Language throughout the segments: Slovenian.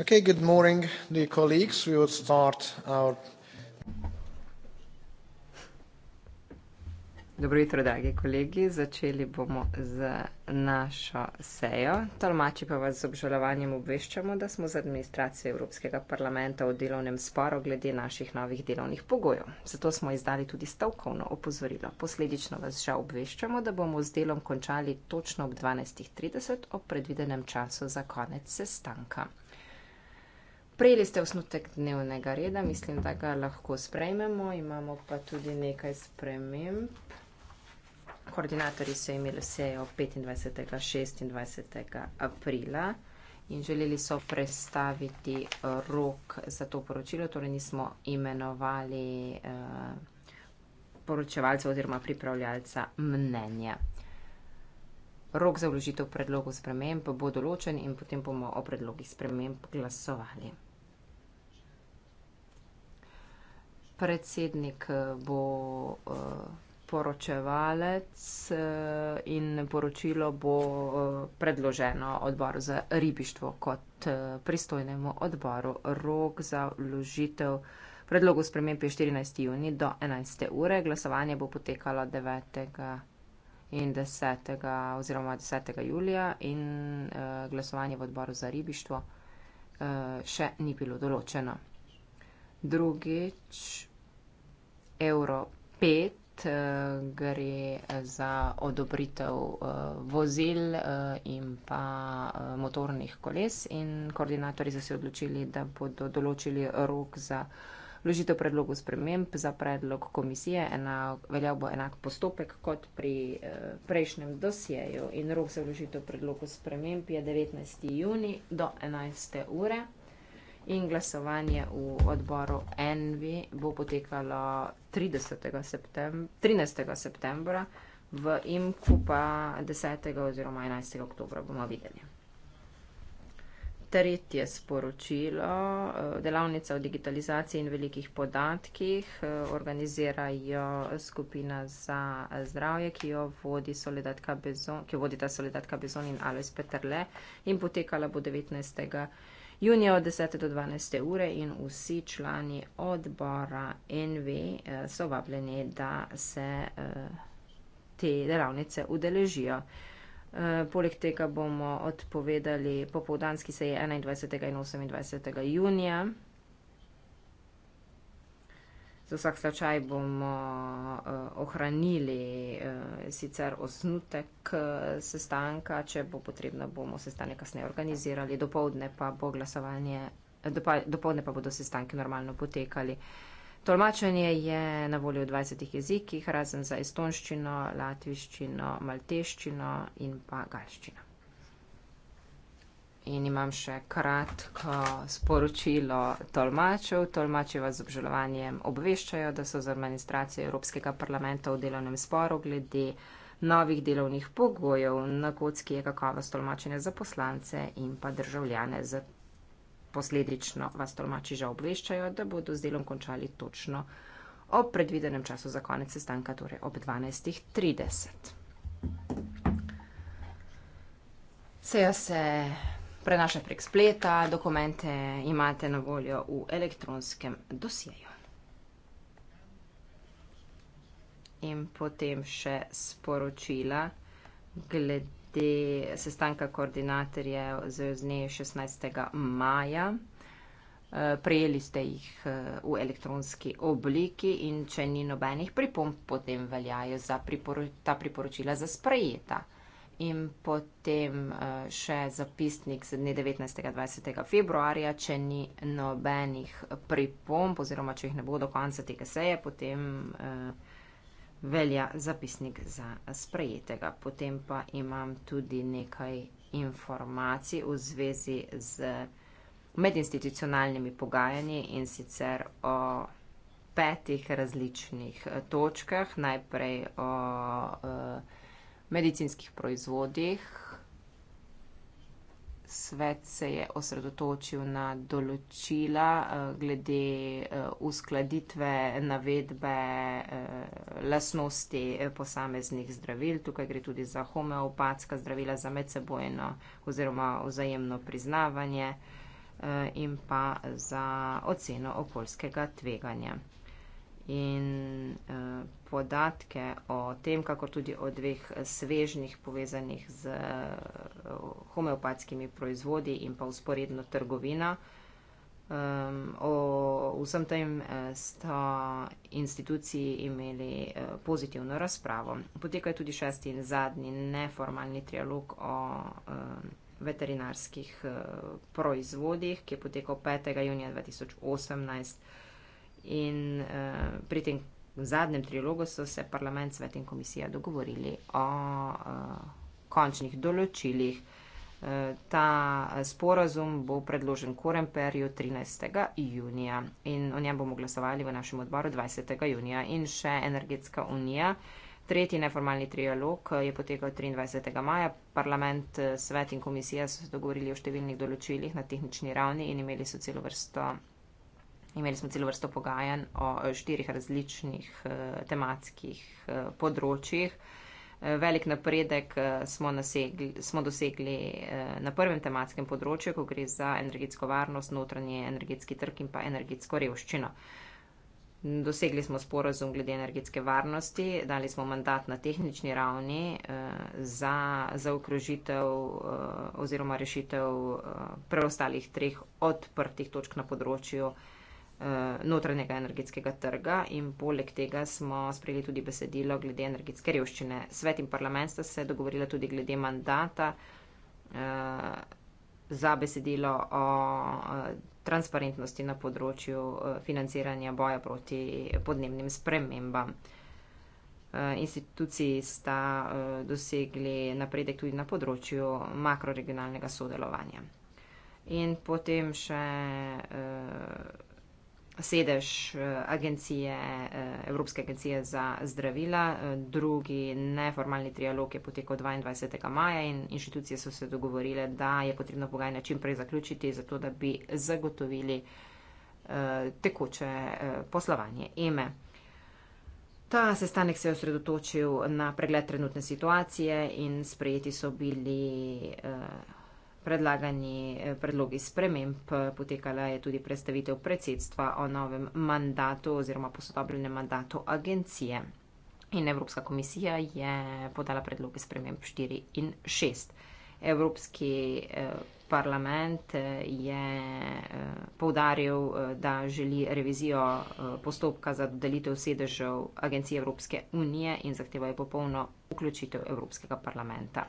Okay, good morning, dear colleagues. We will start our. Dobro jutro, dragi kolegi. Začeli bomo z našo sejo. Tolmači pa vas z obžalovanjem obveščamo, da smo z administracijo Evropskega parlamenta v delovnem sporu glede naših novih delovnih pogojev. Zato smo izdali tudi stavkovno opozorilo. Posledično vas žal obveščamo, da bomo z delom končali točno ob 12.30 ob predvidenem času za konec sestanka. Prejeli ste osnutek dnevnega reda, mislim, da ga lahko sprejmemo. Imamo pa tudi nekaj sprememb. Koordinatori so imeli sejo 25. in 26. aprila in želeli so predstaviti rok za to poročilo, torej nismo imenovali uh, poročevalca oziroma pripravljalca mnenja. Rok za vložitev predlogov sprememb bo določen in potem bomo o predlogih sprememb glasovali. predsednik eh, bo eh, poročevalec eh, in poročilo bo predloženo odboru za ribištvo kot pristojnemu odboru. Rok za vložitev predlogov sprememb je 14. juni do 11. ure. Glasovanje bo potekalo 9. in 10. oziroma 10. julija in glasovanje v odboru za ribištvo še ni bilo določeno. Drugič, evro 5 eh, gre za odobritev eh, vozil eh, in pa motornih koles in koordinatori so se odločili, da bodo določili rok za vložitev predlogu sprememb za predlog komisije. Enak, veljav bo enak postopek kot pri prejšnjem dosjeju in rok za vložitev predlogu sprememb je 19. juni do 11. ure in glasovanje v odboru NV bo potekalo 30. Septem 13. septembra, v imku pa 10. oziroma 11. oktobra bomo videli. Tretje sporočilo, eh, delavnica o digitalizaciji in velikih podatkih eh, organizirajo skupina za zdravje, ki jo vodi Soledatka Bezon, ki jo vodita Soledatka Bezon in Alois Peterle in potekala bo 19 junija od 10. do 12. ure in vsi člani odbora NV eh, so vabljeni, da se eh, te delavnice udeležijo. Eh, poleg tega bomo odpovedali popovdanski seji 21. in 28. junija. Za vsak slučaj bomo uh, ohranili uh, sicer osnutek uh, sestanka, če bo potrebno, bomo sestanek kasneje organizirali, dopoldne pa, bo glasovanje, dopa, dopoldne pa bodo sestanki normalno potekali. Tolmačenje je na voljo v 20 jezikih, razen za estonščino, latviščino, malteščino in pa galščino in imam še kratko sporočilo tolmačev. Tolmači vas z obžalovanjem obveščajo, da so z administracijo Evropskega parlamenta v delovnem sporu glede novih delovnih pogojev, na kocki je kakovost tolmačenja za poslance in pa državljane. Posledično vas tolmači že obveščajo, da bodo z delom končali točno ob predvidenem času za konec sestanka, torej ob 12.30. Seja se prenaša prek spleta, dokumente imate na voljo v elektronskem dosjeju. In potem še sporočila glede sestanka koordinatorjev z dne 16. maja. Eh, prejeli ste jih eh, v elektronski obliki in če ni nobenih pripomb, potem veljajo za priporo ta priporočila za sprejeta in potem eh, še zapisnik z dne 19. 20. februarja, če ni nobenih pripomb oziroma če jih ne bo do konca tega seje, potem eh, velja zapisnik za sprejetega. Potem pa imam tudi nekaj informacij v zvezi z medinstitucionalnimi pogajanji in sicer o petih različnih točkah. Najprej o uh, medicinskih proizvodih. Svet se je osredotočil na določila eh, glede eh, uskladitve navedbe eh, lasnosti posameznih zdravil. Tukaj gre tudi za homeopatska zdravila, za medsebojno oziroma vzajemno priznavanje in pa za oceno okoljskega tveganja in uh, podatke o tem, kako tudi o dveh svežnih povezanih z uh, homeopatskimi proizvodi in pa usporedno trgovina. Um, o vsem tem eh, sta instituciji imeli pozitivno razpravo. Poteka je tudi šesti in zadnji neformalni trialog o um, veterinarskih uh, proizvodih, ki je potekal 5. junija 2018. In uh, pri tem zadnjem trilogu so se parlament, svet in komisija dogovorili o uh, končnih določilih. Eh, ta sporazum bo predložen Koremperju 13. junija in o njem bomo glasovali v našem odboru 20. junija. In še Energetska unija. Tretji neformalni trialog je potekal 23. maja. Parlament, svet in komisija so se dogovorili o številnih določilih na tehnični ravni in imeli so celo vrsto Imeli smo celo vrsto pogajanj o eh, štirih različnih eh, tematskih eh, področjih. Velik napredek smo, nasegli, smo dosegli na prvem tematskem področju, ko gre za energetsko varnost, notranje energetski trg in pa energetsko revščino. Dosegli smo sporozum glede energetske varnosti, dali smo mandat na tehnični ravni za, za okrožitev oziroma rešitev preostalih treh odprtih točk na področju energetske varnosti. Eh, notranjega energetskega trga in poleg tega smo sprejeli tudi besedilo glede energetske revščine. Svet in parlament sta se dogovorila tudi glede mandata eh, za besedilo o eh, transparentnosti na področju financiranja boja proti podnebnim spremembam. Instituciji sta dosegli napredek tudi na področju makroregionalnega sodelovanja. In potem še sedež eh, agencije, eh, Evropske agencije za zdravila. Eh, drugi neformalni trialog je potekal 22. maja in inštitucije so se dogovorile, da je potrebno pogajanja čim prej zaključiti, zato da bi zagotovili tekoče poslovanje EME. Ta sestanek se je osredotočil na pregled trenutne situacije in sprejeti so bili predlagani eh, predlogi sprememb. Eh, potekala je tudi predstavitev predsedstva o novem mandatu oziroma posodobljenem mandatu agencije. In Evropska komisija je podala predloge sprememb 4 in 6. Evropski eh, parlament je povdaril, da želi revizijo postopka za dodelitev sedežev Agencije Evropske unije in zahtevajo popolno vključitev Evropskega parlamenta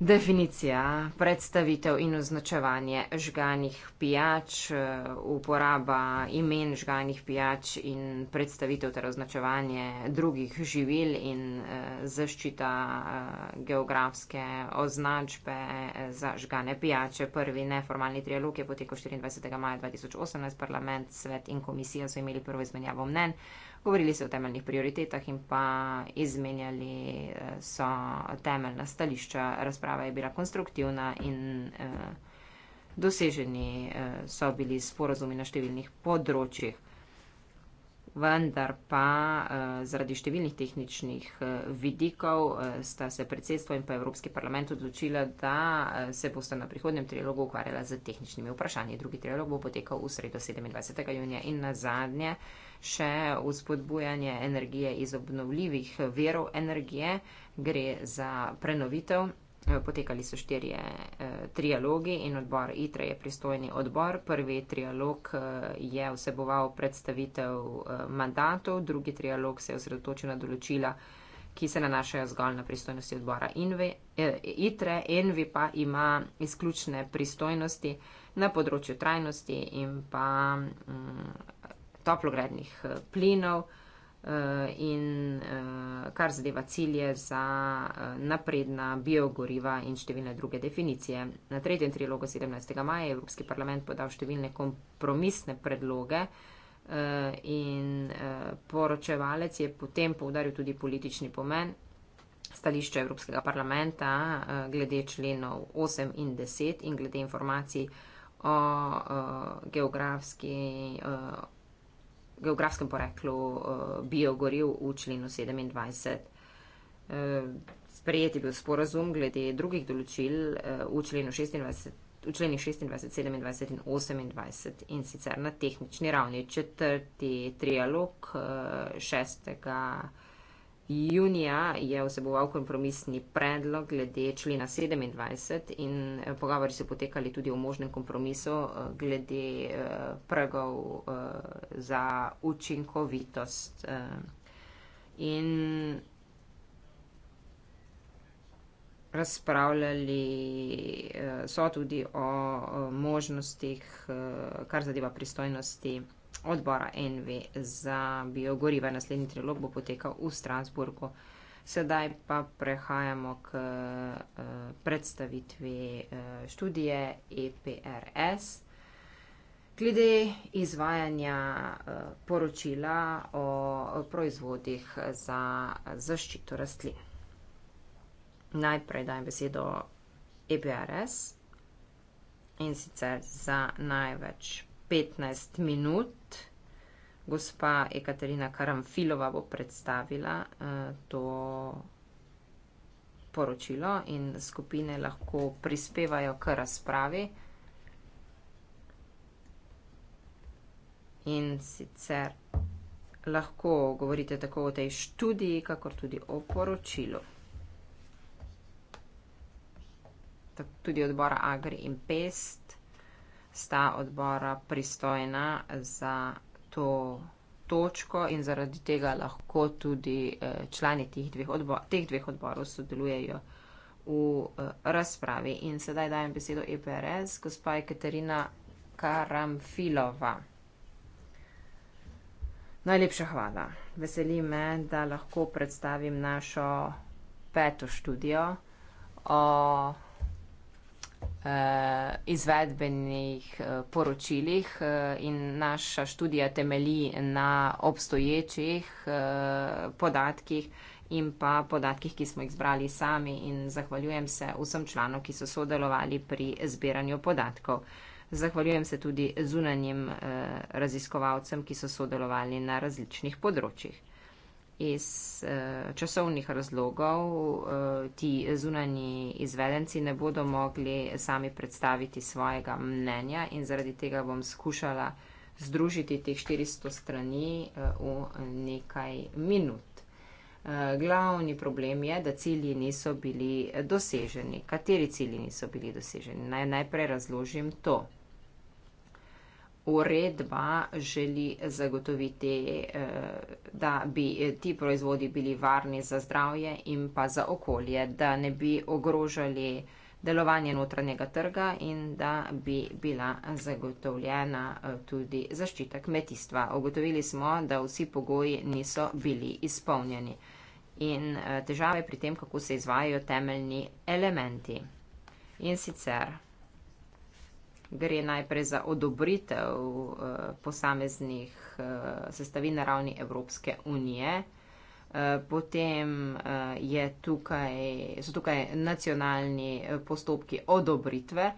Definicija, predstavitev in označevanje žganih pijač, eh, uporaba imen žganih pijač in predstavitev ter označevanje drugih živil in eh, zaščita eh, geografske označbe za žgane pijače. Prvi neformalni trialog je potekal 24. maja 2018. Parlament, svet in komisija so imeli prvo izmenjavo mnen. Govorili so o temeljnih prioritetah in pa izmenjali eh, so temeljna stališča. Razprava je bila konstruktivna in eh, doseženi eh, so bili sporazumi na številnih področjih vendar pa eh, zaradi številnih tehničnih eh, vidikov eh, sta se predsedstvo in pa Evropski parlament odločila, da se boste na prihodnem trilogu ukvarjala z tehničnimi vprašanji. Drugi trilog bo potekal v sredo 27. junija in na zadnje še vzpodbujanje energije iz obnovljivih verov energije gre za prenovitev Eh, potekali so štirje eh, trialogi in odbor ITRE je pristojni odbor. Prvi trialog eh, je vseboval predstavitev eh, mandatov, drugi trialog se je osredotočil na določila, ki se nanašajo zgolj na pristojnosti odbora Inve, eh, ITRE. ENVI pa ima izključne pristojnosti na področju trajnosti in pa hm, toplogrednih eh, plinov. Eh, in eh, kar zadeva cilje za eh, napredna biogoriva in številne druge definicije. Na tretjem trilogu 17. maja je Evropski parlament podal številne kompromisne predloge in poročevalec je potem povdaril tudi politični pomen stališča Evropskega parlamenta glede členov 8 in 10 in glede informacij o geografski geografskem poreklu uh, eh, biogoril v členu 27. Uh, eh, sprejet je bil sporazum glede drugih določil uh, v členu 26. V členi 26, 27 in 28 in sicer na tehnični ravni četrti trialog šestega. Junija je vseboval kompromisni predlog glede člena 27 in eh, pogovori so potekali tudi o možnem kompromisu eh, glede eh, pragov za učinkovitost. In razpravljali so tudi o možnostih, kar zadeva pristojnosti odbora NV za biogoriva. Naslednji trilog bo potekal v Strasburgu. Sedaj pa prehajamo k uh, predstavitvi uh, študije EPRS. Glede izvajanja uh, poročila o proizvodih za zaščito rastlin. Najprej dajem besedo EPRS in sicer za največ 15 minut gospa Ekaterina Karamfilova bo predstavila uh, to poročilo in skupine lahko prispevajo k razpravi. In sicer lahko govorite tako o tej študiji, kakor tudi o poročilu. Tudi odbora Agri in Pest sta odbora pristojna za to točko in zaradi tega lahko tudi eh, člani teh dveh, odbo teh dveh odborov sodelujejo v eh, razpravi. In sedaj dajem besedo EPRS, gospa Ekaterina Karamfilova. Najlepša hvala. Veseli me, da lahko predstavim našo peto študijo o Eh, izvedbenih eh, poročilih eh, in naša študija temelji na obstoječih podatkih in pa podatkih, ki smo jih zbrali sami in zahvaljujem se vsem članom, ki so sodelovali pri zbiranju podatkov. Zahvaljujem se tudi zunanjim raziskovalcem, ki so sodelovali na različnih področjih iz uh, časovnih razlogov uh, ti zunani izvedenci ne bodo mogli sami predstaviti svojega mnenja in zaradi tega bom skušala združiti teh 400 strani uh, v nekaj minut. Uh, glavni problem je, da cilji niso bili doseženi. Kateri cilji niso bili doseženi? Naj najprej razložim to uredba želi zagotoviti, eh, da bi ti proizvodi bili varni za zdravje in pa za okolje, da ne bi ogrožali delovanje notranjega trga in da bi bila zagotovljena eh, tudi zaščita kmetijstva. Ogotovili smo, da vsi pogoji niso bili izpolnjeni in eh, težave pri tem, kako se izvajajo temeljni elementi. In sicer gre najprej za odobritev eh, posameznih eh, sestavin na ravni Evropske unije. Eh, potem je tukaj, so tukaj nacionalni postopki odobritve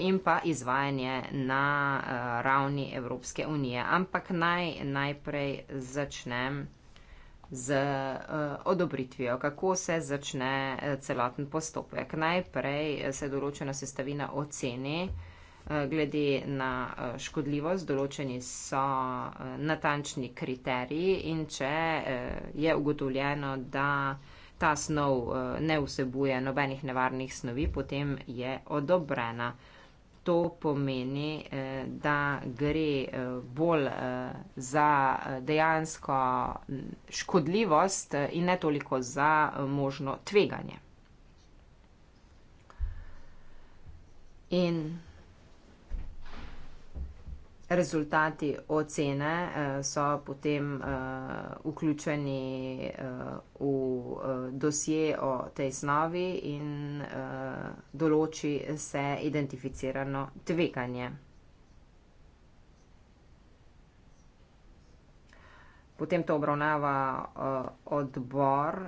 in pa izvajanje na ravni Evropske unije. Ampak naj najprej začnem z odobritvijo, kako se začne celoten postopek. Najprej se določena sestavina oceni. Eh, glede na eh, škodljivost določeni so eh, natančni kriteriji in če je ugotovljeno, da ta snov ne vsebuje nobenih nevarnih snovi, potem je odobrena. To pomeni, da gre bolj za dejansko škodljivost in ne toliko za možno tveganje. In rezultati ocene eh, so potem eh, vključeni eh, v dosje o tej snovi in določi se identificirano tveganje. Potem to obravnava odbor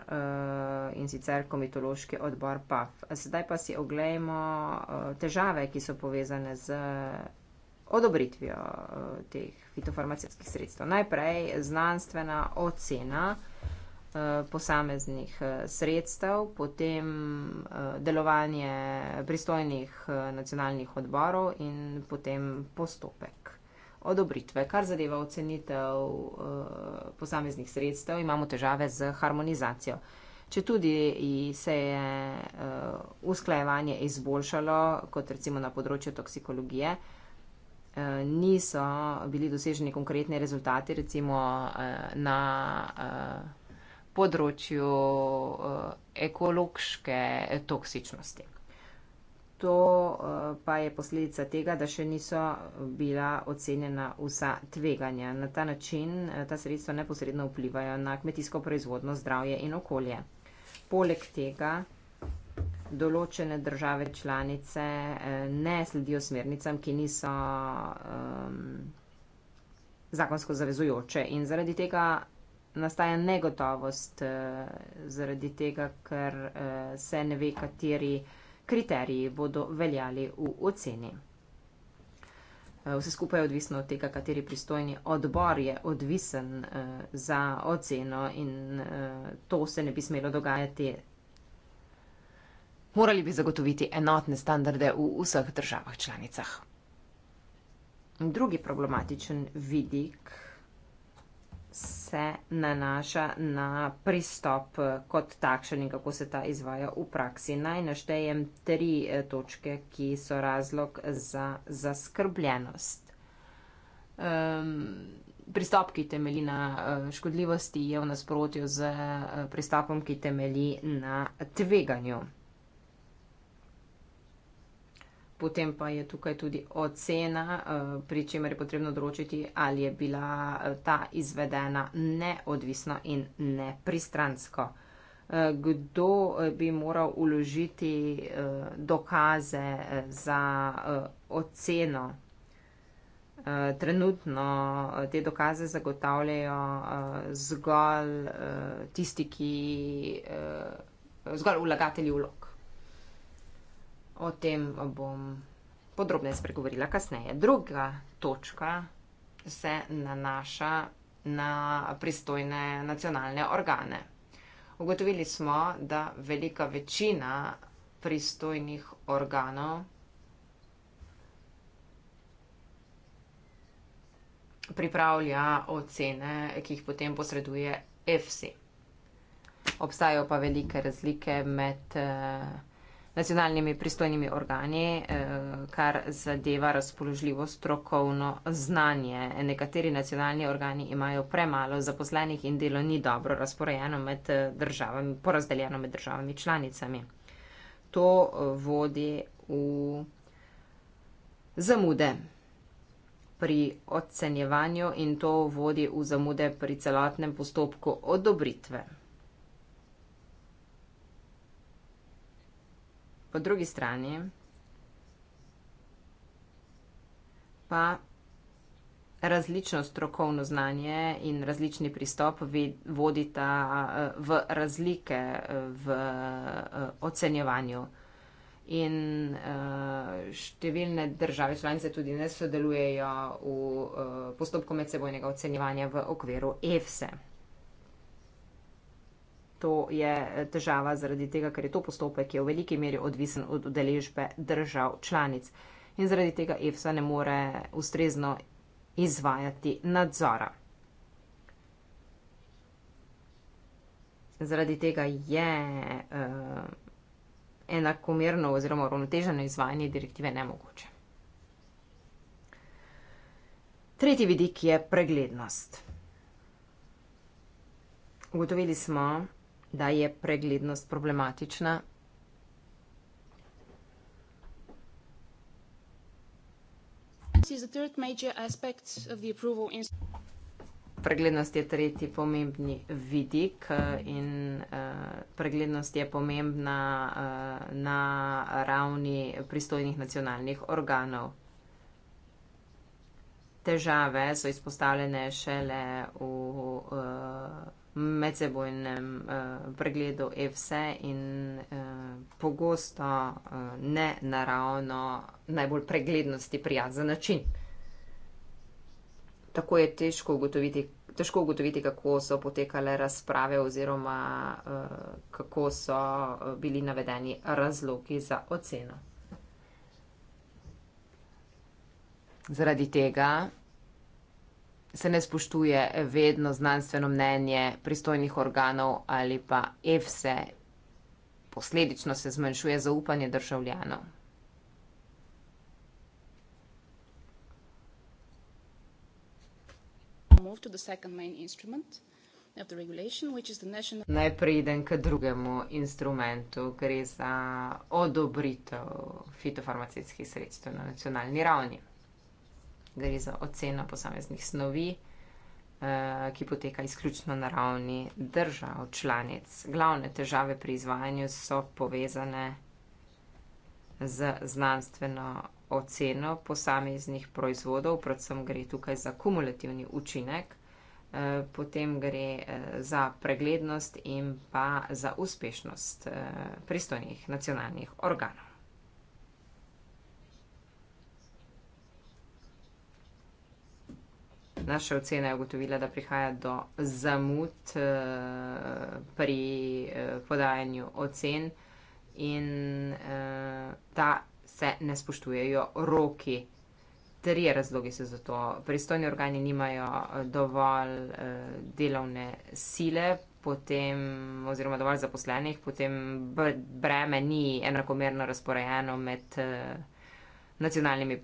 in sicer komitološki odbor PAF. Sedaj pa si oglejmo težave, ki so povezane z odobritvijo eh, teh fitofarmacijskih sredstev. Najprej znanstvena ocena eh, posameznih eh, sredstev, potem delovanje pristojnih nacionalnih odborov in potem postopek odobritve. Kar zadeva ocenitev posameznih sredstev, imamo težave z harmonizacijo. Če tudi se je usklajevanje izboljšalo, kot recimo na področju toksikologije, Eh, niso bili doseženi konkretni rezultati, recimo eh, na eh, področju ekološke toksičnosti. To pa je posledica tega, da še niso bila ocenjena vsa tveganja. Na ta način ta sredstva neposredno vplivajo na kmetijsko proizvodno zdravje in okolje. Poleg tega določene države članice eh, ne sledijo smernicam, ki niso um, zakonsko zavezujoče. In zaradi tega nastaja negotovost, eh, zaradi tega, ker eh, se ne ve, kateri kriteriji bodo veljali v oceni. Vse skupaj je odvisno od tega, kateri pristojni odbor je odvisen za oceno in to se ne bi smelo dogajati Morali bi zagotoviti enotne standarde v vseh državah članicah. Drugi problematičen vidik se nanaša na pristop kot takšen in kako se ta izvaja v praksi. Naj naštejem tri eh, točke, ki so razlog za zaskrbljenost. Um, pristop, ki temelji na eh, škodljivosti, je v nasprotju z eh, pristopom, ki temelji na tveganju. Potem pa je tukaj tudi ocena, eh, pri čemer je potrebno določiti, ali je bila eh, ta izvedena neodvisno in nepristransko. Eh, kdo bi moral uložiti dokaze za oceno? Trenutno te dokaze zagotavljajo zgolj tisti, ki zgolj vlagatelji O tem bom podrobneje spregovorila kasneje. Druga točka se nanaša na pristojne nacionalne organe. Ugotovili smo, da velika večina pristojnih organov pripravlja ocene, ki jih potem posreduje EFSI. Obstajajo pa velike razlike med. Eh, nacionalnimi pristojnimi organi, eh, kar zadeva razpoložljivo strokovno znanje. Nekateri nacionalni organi imajo premalo zaposlenih in delo ni dobro razporejeno med eh, državami, porazdeljeno med državami članicami. To eh, vodi v zamude pri ocenjevanju in to vodi v zamude pri celotnem postopku odobritve. Od po drugi strani pa različno strokovno znanje in različni pristop vodita eh, v razlike eh, v eh, ocenjevanju. In številne države članice tudi ne sodelujejo v postopku medsebojnega ocenjevanja v okviru EFSE to je težava zaradi tega, ker je to postopek, ki je v veliki meri odvisen od udeležbe držav članic. In zaradi tega EFSA ne more ustrezno izvajati nadzora. Zaradi tega je uh, enakomerno oziroma uravnoteženo izvajanje direktive nemogoče. Tretji vidik je preglednost. Ugotovili smo, da je preglednost problematična. Preglednost je tretji pomembni vidik eh, in uh, preglednost je pomembna uh, na ravni pristojnih nacionalnih organov. Težave so izpostavljene šele v. Uh, medsebojnem uh, pregledu EFSE in uh, pogosto uh, ne naravno najbolj preglednosti prijazen način. Tako je težko ugotoviti, težko ugotoviti, kako so potekale razprave oziroma uh, kako so bili navedeni razlogi za oceno. Zaradi tega se ne spoštuje vedno znanstveno mnenje pristojnih organov ali pa EFSE, posledično se zmanjšuje zaupanje državljanov. Naj preidem k drugemu instrumentu, gre za odobritev fitofarmacijskih sredstev na nacionalni ravni gre za oceno posameznih snovi, eh, ki poteka izključno na ravni držav članic. Glavne težave pri izvajanju so povezane z znanstveno oceno posameznih proizvodov, predvsem gre tukaj za kumulativni učinek, eh, potem gre eh, za preglednost in pa za uspešnost pristojnih nacionalnih organov. naša ocena je ugotovila, da prihaja do zamud uh, pri uh, podajanju ocen in uh, eh, da se ne spoštujejo roki. Trije razlogi so za to. Pristojni organi nimajo dovolj uh, delovne sile, potem, oziroma dovolj zaposlenih, potem breme ni enakomerno razporejeno med uh, nacionalnimi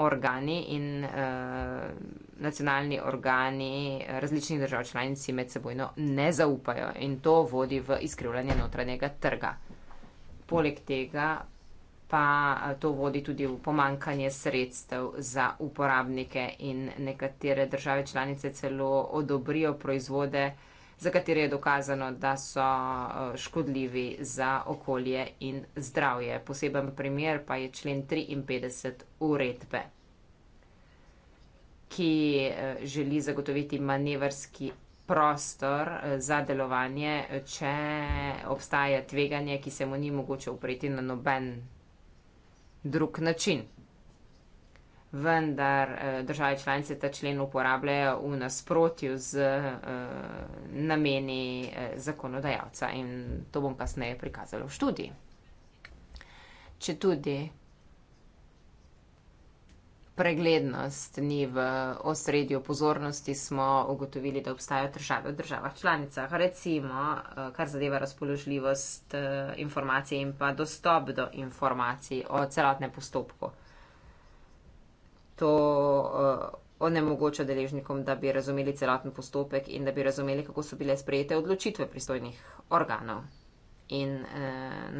organi in uh, nacionalni organi različnih držav članic si med sebojno ne zaupajo in to vodi v izkrivljanje notranjega trga. Poleg tega pa eh, to vodi tudi v pomankanje sredstev za uporabnike in nekatere države članice celo odobrijo proizvode uh, za katere je dokazano, da so eh, škodljivi za okolje in zdravje. Poseben primer pa je člen 53 uredbe, ki eh, želi zagotoviti manevrski prostor eh, za delovanje, če obstaja tveganje, ki se mu ni mogoče upreti na noben drug način vendar eh, države članice ta člen uporabljajo v nasprotju z eh, nameni eh, zakonodajalca in to bom kasneje prikazala v študiji. Če tudi preglednost ni v osredju pozornosti, smo ugotovili, da obstajajo države v državah članicah. Recimo, kar zadeva razpoložljivost informacij in pa dostop do informacij o celotnem postopku to uh, onemogoča deležnikom, da bi razumeli celoten postopek in da bi razumeli, kako so bile sprejete odločitve pristojnih organov. In uh,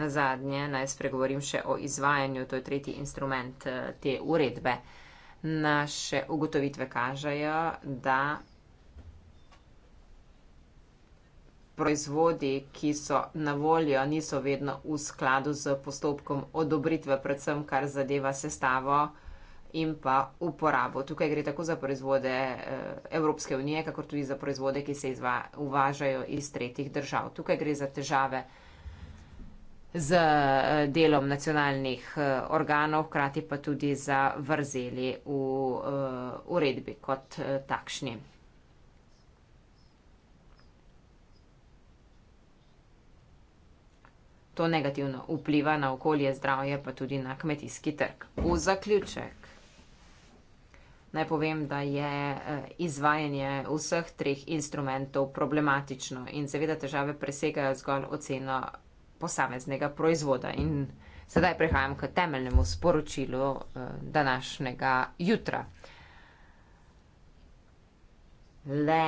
na zadnje naj spregovorim še o izvajanju, to je tretji instrument uh, te uredbe. Naše ugotovitve kažejo, da proizvodi, ki so na voljo, niso vedno v skladu z postopkom odobritve, predvsem kar zadeva sestavo uh, in pa uporabo. Tukaj gre tako za proizvode eh, Evropske unije, kakor tudi za proizvode, ki se izva, uvažajo iz tretjih držav. Tukaj gre za težave z eh, delom nacionalnih eh, organov, hkrati pa tudi za vrzeli v uredbi kot takšni. To negativno vpliva na okolje, zdravje, pa tudi na kmetijski trg. V zaključek. Naj povem, da je eh, izvajanje vseh treh instrumentov problematično in seveda težave presegajo zgolj oceno posameznega proizvoda. In sedaj prehajam k temeljnemu sporočilu eh, današnjega jutra. Le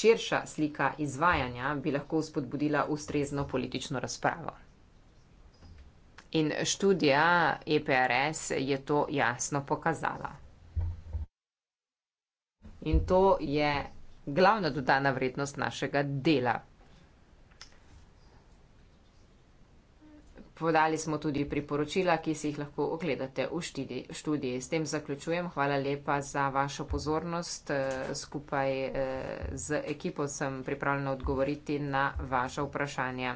širša slika izvajanja bi lahko spodbudila ustrezno politično razpravo. In študija EPRS je to jasno pokazala. In to je glavna dodana vrednost našega dela. Podali smo tudi priporočila, ki si jih lahko ogledate v študiji. S tem zaključujem. Hvala lepa za vašo pozornost. Skupaj eh, z ekipo sem pripravljena odgovoriti na vaše vprašanje.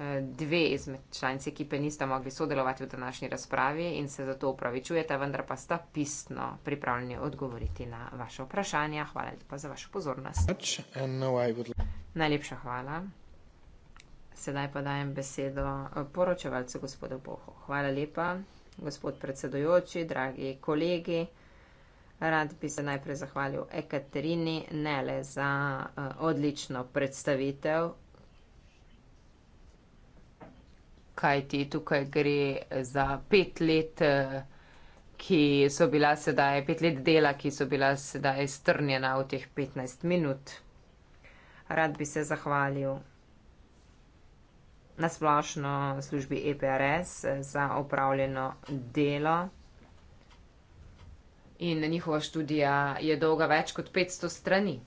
Eh, dve izmed članic ekipe nista mogli sodelovati v današnji razpravi in se zato upravičujete, vendar pa sta pisno pripravljeni odgovoriti na vaše vprašanja. Hvala lepa za vašo pozornost. Najlepša hvala. Sedaj pa dajem besedo eh, poročevalcu gospodu Bohu. Hvala lepa, gospod predsedujoči, dragi kolegi. Rad bi se najprej zahvalil Ekaterini, ne le za uh, odlično predstavitev kajti tukaj gre za pet let, eh, ki so bila sedaj, pet let dela, ki so bila sedaj strnjena v teh 15 minut. Rad bi se zahvalil na splošno službi EPRS eh, za opravljeno delo. In njihova študija je dolga več kot 500 strani.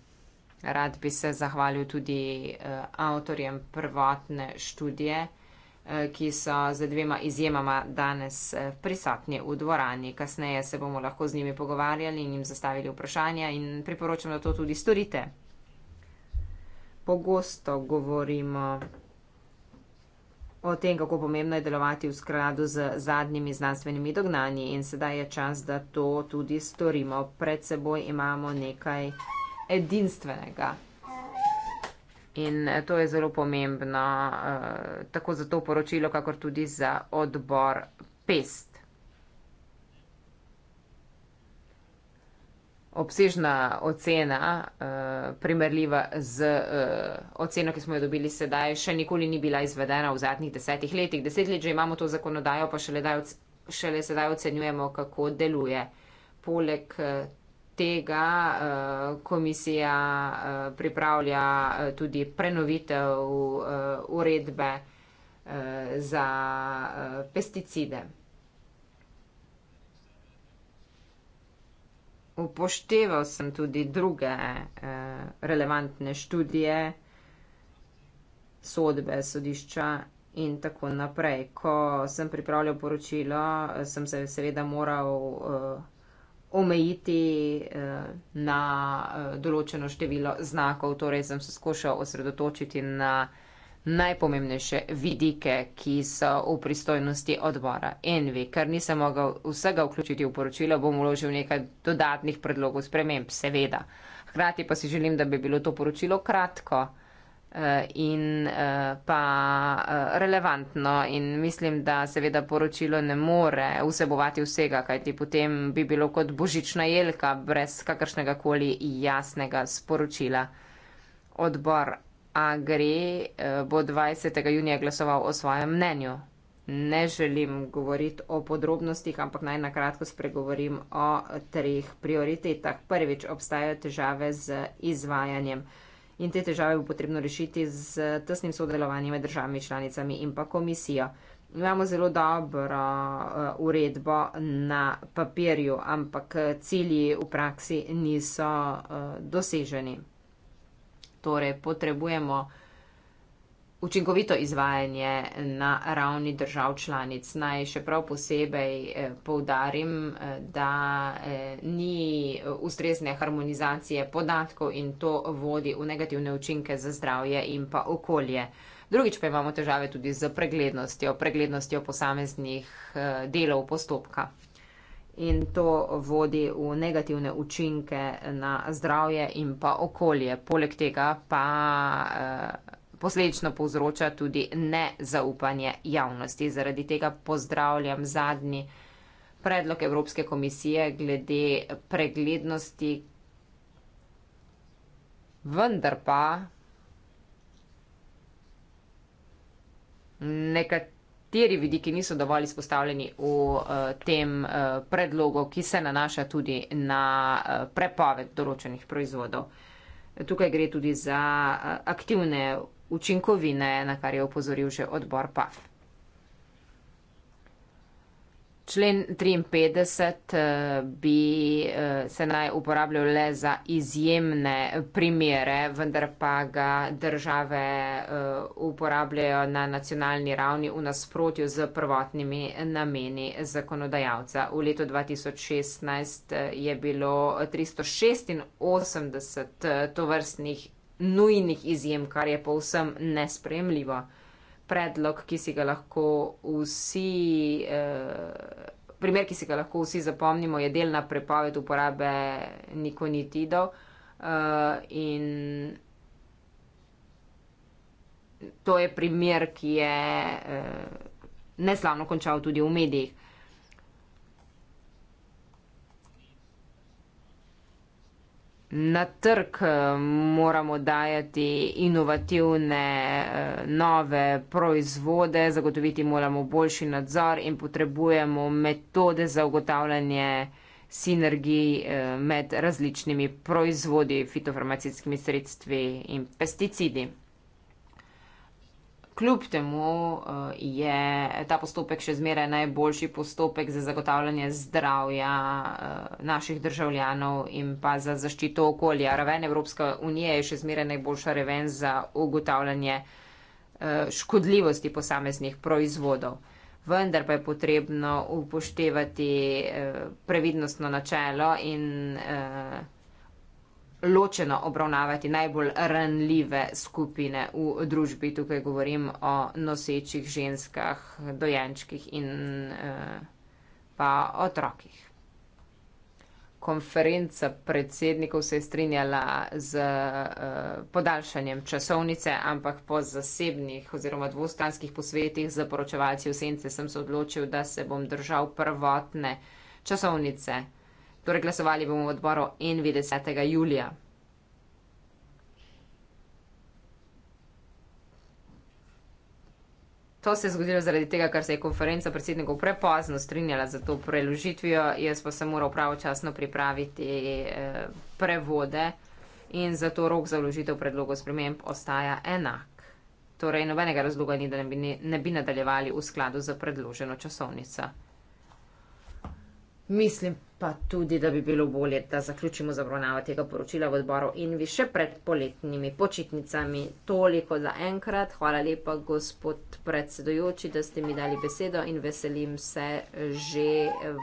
Rad bi se zahvalil tudi uh, avtorjem prvotne študije. Eh, ki so z dvema izjemama danes eh, prisotni v dvorani. Kasneje se bomo lahko z njimi pogovarjali in jim zastavili vprašanja in priporočam, da to tudi storite. Pogosto govorimo o tem, kako pomembno je delovati v skladu z zadnjimi znanstvenimi dognanji in sedaj je čas, da to tudi storimo. Pred seboj imamo nekaj edinstvenega. In eh, to je zelo pomembno eh, tako za to poročilo, kakor tudi za odbor PEST. Obsežna ocena, eh, primerljiva z oceno, ki smo jo dobili sedaj, še nikoli ni bila izvedena v zadnjih desetih letih. Deset let že imamo to zakonodajo, pa šele, daj, šele sedaj ocenjujemo, kako deluje. Poleg tega eh, komisija eh, pripravlja eh, tudi prenovitev uredbe za pesticide. Upošteval sem tudi druge relevantne študije, sodbe sodišča in tako naprej. Ko sem pripravljal poročilo, sem se seveda moral omejiti eh, na eh, določeno število znakov, torej sem se skušal osredotočiti na najpomembnejše vidike, ki so v pristojnosti odbora. Envi, ker nisem mogel vsega vključiti v poročilo, bom vložil nekaj dodatnih predlogov sprememb, seveda. Hkrati pa si želim, da bi bilo to poročilo kratko. Eh, in eh, pa eh, relevantno in mislim, da seveda poročilo ne more vsebovati vsega, kajti potem bi bilo kot božična jelka brez kakršnega koli jasnega sporočila. Odbor AGRI bo 20. junija glasoval o svojem mnenju. Ne želim govoriti o podrobnostih, ampak naj na kratko spregovorim o treh prioritetah. Prvič, obstajajo težave z izvajanjem in te težave bo potrebno rešiti z tesnim sodelovanjem med državami članicami in pa komisijo. Imamo zelo dobro eh, uredbo na papirju, ampak cilji v praksi niso eh, doseženi. Torej, potrebujemo uh, učinkovito izvajanje na ravni držav članic. Naj še prav posebej eh, poudarim, eh, da eh, ni ustrezne harmonizacije podatkov in to vodi v negativne učinke za zdravje in pa okolje. Drugič pa imamo težave tudi z preglednostjo, preglednostjo posameznih delov postopka. In to vodi v negativne učinke na zdravje in pa okolje. Poleg tega pa eh, posledično povzroča tudi nezaupanje javnosti. Zaradi tega pozdravljam zadnji predlog Evropske komisije glede preglednosti, vendar pa nekateri vidiki niso dovolj izpostavljeni v eh, tem eh, predlogu, ki se nanaša tudi na eh, prepoved določenih proizvodov. Tukaj gre tudi za aktivne učinkovine, na kar je upozoril že odbor PAF. Člen 53 eh, bi eh, se naj uporabljal le za izjemne primere, vendar pa ga države eh, uporabljajo na nacionalni ravni v nasprotju z prvotnimi nameni zakonodajalca. V letu 2016 je bilo 386 tovrstnih nujnih izjem, kar je povsem nespremljivo. Predlog, ki si ga lahko vsi, eh, primer, ki si ga lahko vsi zapomnimo, je delna prepoved uporabe nikonitidov eh, in to je primer, ki je eh, neslavno končal tudi v medijih. na trg eh, moramo dajati inovativne, eh, nove proizvode, zagotoviti moramo boljši nadzor in potrebujemo metode za ugotavljanje sinergij eh, med različnimi proizvodi, fitofarmacijskimi sredstvi in pesticidi. Kljub temu eh, je ta postopek še zmeraj najboljši postopek za zagotavljanje zdravja eh, naših državljanov in pa za zaščito okolja. Raven Evropske unije je še zmeraj najboljša raven za ugotavljanje eh, škodljivosti posameznih proizvodov. Vendar pa je potrebno upoštevati previdnostno načelo in ločeno obravnavati najbolj ranljive skupine v družbi. Tukaj govorim o nosečih ženskah, dojenčkih in eh, pa otrokih. Konferenca predsednikov se je strinjala z eh, podaljšanjem časovnice, ampak po zasebnih oziroma dvostranskih posvetih z poročevalci v Sence sem se odločil, da se bom držal prvotne časovnice. Torej, glasovali bomo v odboru 21. julija. To se je zgodilo zaradi tega, ker se je konferenca predsednikov prepozno strinjala za to preložitvijo. Jaz pa sem moral pravočasno pripraviti eh, prevode in zato rok za vložitev predlogov sprememb ostaja enak. Torej, nobenega razloga ni, da ne bi, ne bi nadaljevali v skladu z predloženo časovnico. Mislim pa tudi, da bi bilo bolje, da zaključimo zabronavo tega poročila v odboru in vi še pred poletnimi počitnicami. Toliko za enkrat. Hvala lepa, gospod predsedujoči, da ste mi dali besedo in veselim se že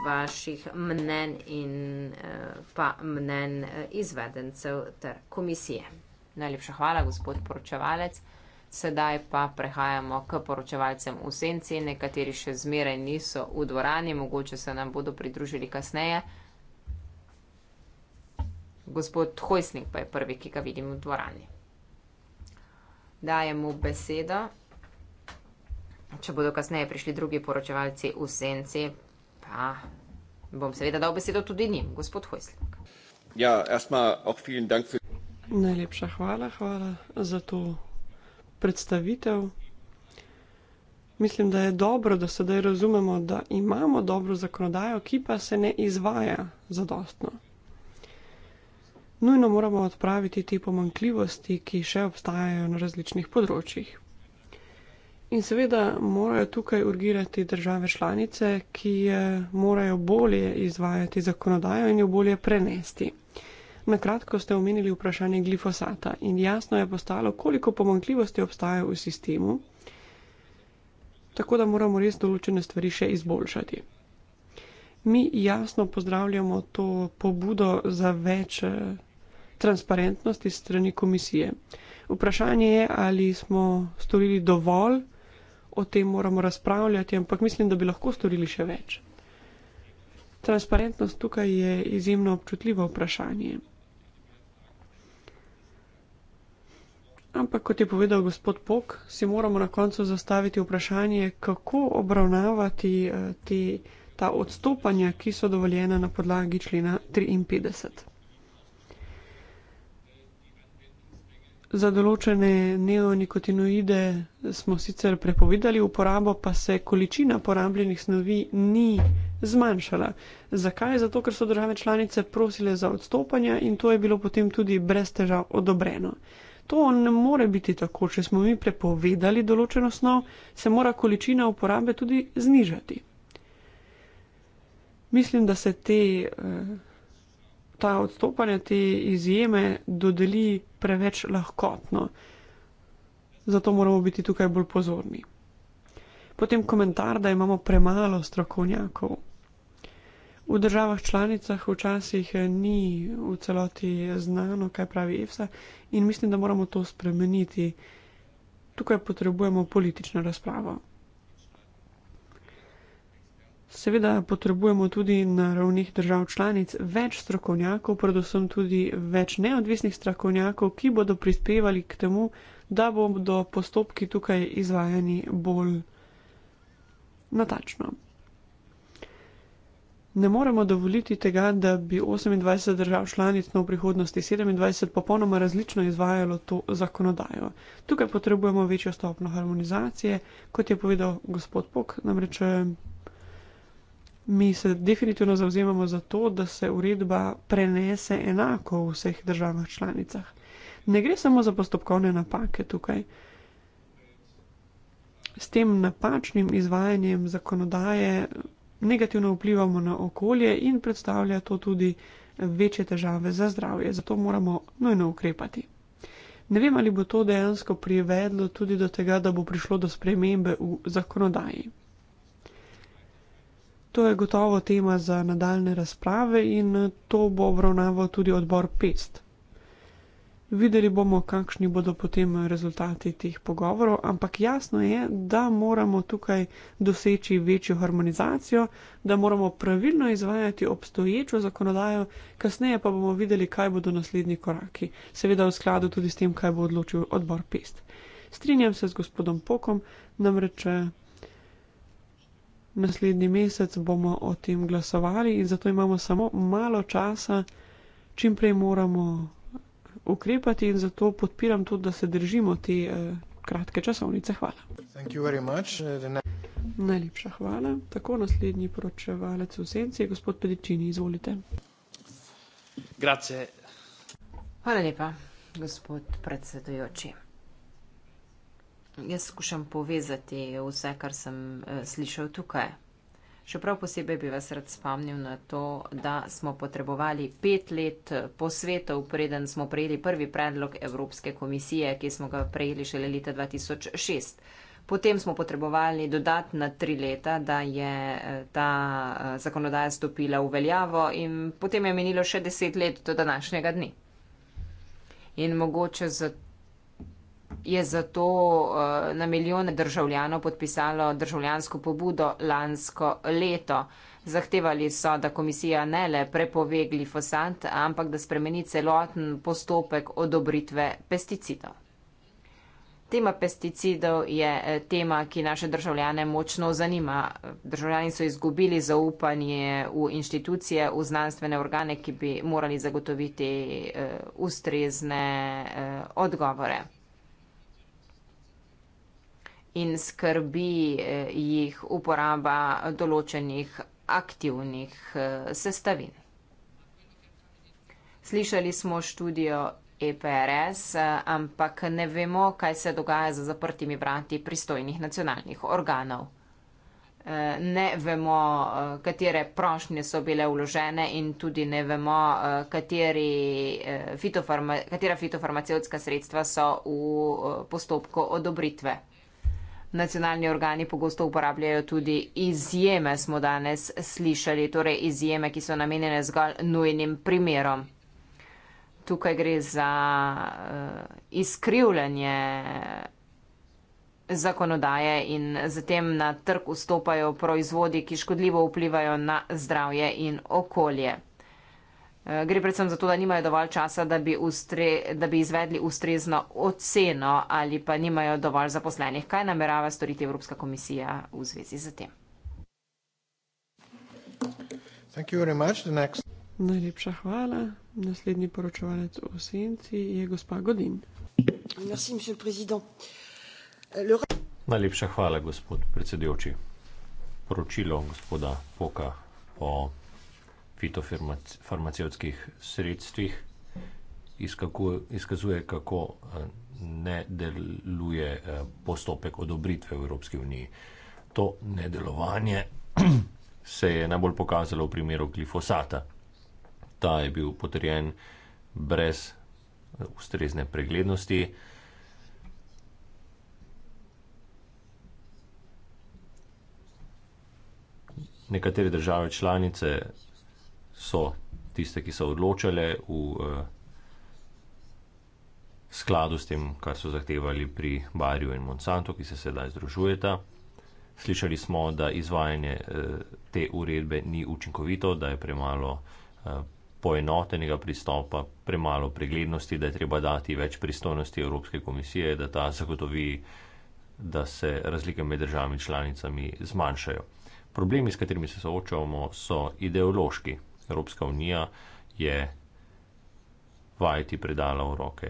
vaših mnen in eh, pa mnen eh, izvedencev ter komisije. Najlepša hvala, gospod poročevalec. Sedaj pa prehajamo k poročevalcem v senci, nekateri še zmeraj niso v dvorani, mogoče se nam bodo pridružili kasneje. Gospod Hojsnik pa je prvi, ki ga vidim v dvorani. Dajem mu besedo. Če bodo kasneje prišli drugi poročevalci v senci, pa bom seveda dal besedo tudi njim, gospod Hojsnik. Ja, jaz sem, ok, vielen dank. Najlepša hvala, hvala za to predstavitev. Mislim, da je dobro, da sedaj razumemo, da imamo dobro zakonodajo, ki pa se ne izvaja zadostno. Nujno moramo odpraviti te pomankljivosti, ki še obstajajo na različnih področjih. In seveda morajo tukaj urgirati države članice, ki morajo bolje izvajati zakonodajo in jo bolje prenesti. Na kratko ste omenili vprašanje glifosata in jasno je postalo, koliko pomankljivosti obstaja v sistemu, tako da moramo res določene stvari še izboljšati. Mi jasno pozdravljamo to pobudo za več eh, transparentnosti strani komisije. Vprašanje je, ali smo storili dovolj, o tem moramo razpravljati, ampak mislim, da bi lahko storili še več. Transparentnost tukaj je izjemno občutljivo vprašanje. Ampak, kot je povedal gospod Pok, si moramo na koncu zastaviti vprašanje, kako obravnavati eh, te, ta odstopanja, ki so dovoljena na podlagi člena 53. Za določene neonikotinoide smo sicer prepovedali uporabo, pa se količina porabljenih snovi ni zmanjšala. Zakaj? Zato, ker so države članice prosile za odstopanja in to je bilo potem tudi brez težav odobreno to ne more biti tako. Če smo mi prepovedali določeno snov, se mora količina uporabe tudi znižati. Mislim, da se te, eh, ta odstopanja, te izjeme dodeli preveč lahkotno. Zato moramo biti tukaj bolj pozorni. Potem komentar, da imamo premalo strokovnjakov v državah članicah včasih eh, ni v celoti znano, kaj pravi EFSA in mislim, da moramo to spremeniti. Tukaj potrebujemo politično razpravo. Seveda potrebujemo tudi na ravnih držav članic več strokovnjakov, predvsem tudi več neodvisnih strokovnjakov, ki bodo prispevali k temu, da bodo postopki tukaj izvajani bolj natačno ne moremo dovoliti tega, da bi 28 držav članic na prihodnosti 27 popolnoma različno izvajalo to zakonodajo. Tukaj potrebujemo večjo stopno harmonizacije, kot je povedal gospod Pok, namreč eh, mi se definitivno zauzemamo za to, da se uredba prenese enako v vseh državah članicah. Ne gre samo za postopkovne napake tukaj. S tem napačnim izvajanjem zakonodaje negativno vplivamo na okolje in predstavlja to tudi večje težave za zdravje, zato moramo nujno ukrepati. Ne vem, ali bo to dejansko privedlo tudi do tega, da bo prišlo do spremembe v zakonodaji. To je gotovo tema za nadaljne razprave in to bo obravnaval tudi odbor PEST. Videli bomo, kakšni bodo potem rezultati teh pogovorov, ampak jasno je, da moramo tukaj doseči večjo harmonizacijo, da moramo pravilno izvajati obstoječo zakonodajo, kasneje pa bomo videli, kaj bodo naslednji koraki, seveda v skladu tudi s tem, kaj bo odločil odbor PEST. Strinjam se z gospodom Pokom, namreč eh, naslednji mesec bomo o tem glasovali in zato imamo samo malo časa, čimprej moramo ukrepati in zato podpiram tudi, da se držimo te eh, kratke časovnice. Hvala. Uh, Najlepša hvala. Tako naslednji poročevalec v senci, gospod Pedičini, izvolite. Grazie. Hvala lepa, gospod predsedujoči. Jaz skušam povezati vse, kar sem eh, slišal tukaj. Še prav posebej bi vas rad spomnil na to, da smo potrebovali pet let posvetov, preden smo prejeli prvi predlog Evropske komisije, ki smo ga prejeli šele leta 2006. Potem smo potrebovali dodatna tri leta, da je eh, ta eh, zakonodaja stopila v veljavo in potem je menilo še deset let do današnjega dne. In mogoče zato je zato eh, na milijone državljanov podpisalo državljansko pobudo lansko leto. Zahtevali so, da komisija ne le prepove glifosat, ampak da spremeni celoten postopek odobritve pesticidov. Tema pesticidov je eh, tema, ki naše državljane močno zanima. Državljani so izgubili zaupanje v inštitucije, v znanstvene organe, ki bi morali zagotoviti eh, ustrezne odgovore in skrbi eh, jih uporaba določenih aktivnih eh, sestavin. Slišali smo študijo EPRS, eh, ampak ne vemo, kaj se dogaja za zaprtimi vrati pristojnih nacionalnih organov. Ne vemo, katere prošnje so bile vložene in tudi ne vemo, fitofarma, katera fitofarmacevtska sredstva so v postopku odobritve nacionalni organi pogosto uporabljajo tudi izjeme, smo danes slišali, torej izjeme, ki so namenjene zgolj nujnim primerom. Tukaj gre za uh, izkrivljanje zakonodaje in zatem na trg vstopajo proizvodi, ki škodljivo vplivajo na zdravje in okolje. Eh, gre predvsem zato, da nimajo dovolj časa, da bi, ustre, da bi izvedli ustrezno oceno ali pa nimajo dovolj zaposlenih. Kaj namerava storiti Evropska komisija v zvezi z tem? Najlepša hvala. Naslednji poročevalec v senci je gospa Godin. Merci, Le... Euh, Najlepša hvala, gospod predsedujoči. Poročilo gospoda Poka o fitofarmacevskih sredstvih, izkaku, izkazuje, kako eh, ne deluje eh, postopek odobritve v Evropski uniji. To nedelovanje se je najbolj pokazalo v primeru glifosata. Ta je bil potrjen brez eh, ustrezne preglednosti. Nekatere države članice so tiste, ki so odločale v uh, skladu s tem, kar so zahtevali pri Barju in Monsanto, ki se sedaj združujeta. Slišali smo, da izvajanje uh, te uredbe ni učinkovito, da je premalo uh, poenotenega pristopa, premalo preglednosti, da je treba dati več pristojnosti Evropske komisije, da ta zagotovi, da se razlike med državami članicami zmanjšajo. Problemi, s katerimi se soočamo, so ideološki. Evropska unija je vajeti predala v roke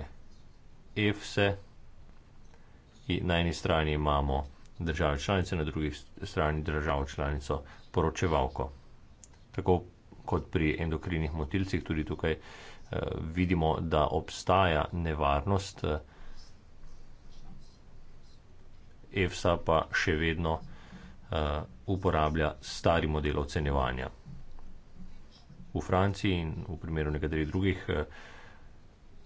EFSE. Na eni strani imamo države članice, na drugi strani državo članico poročevalko. Tako kot pri endokrinih motilcih, tudi tukaj eh, vidimo, da obstaja nevarnost, eh, EFSA pa še vedno eh, uporablja stari model ocenjevanja v Franciji in v primeru nekaterih drugih eh,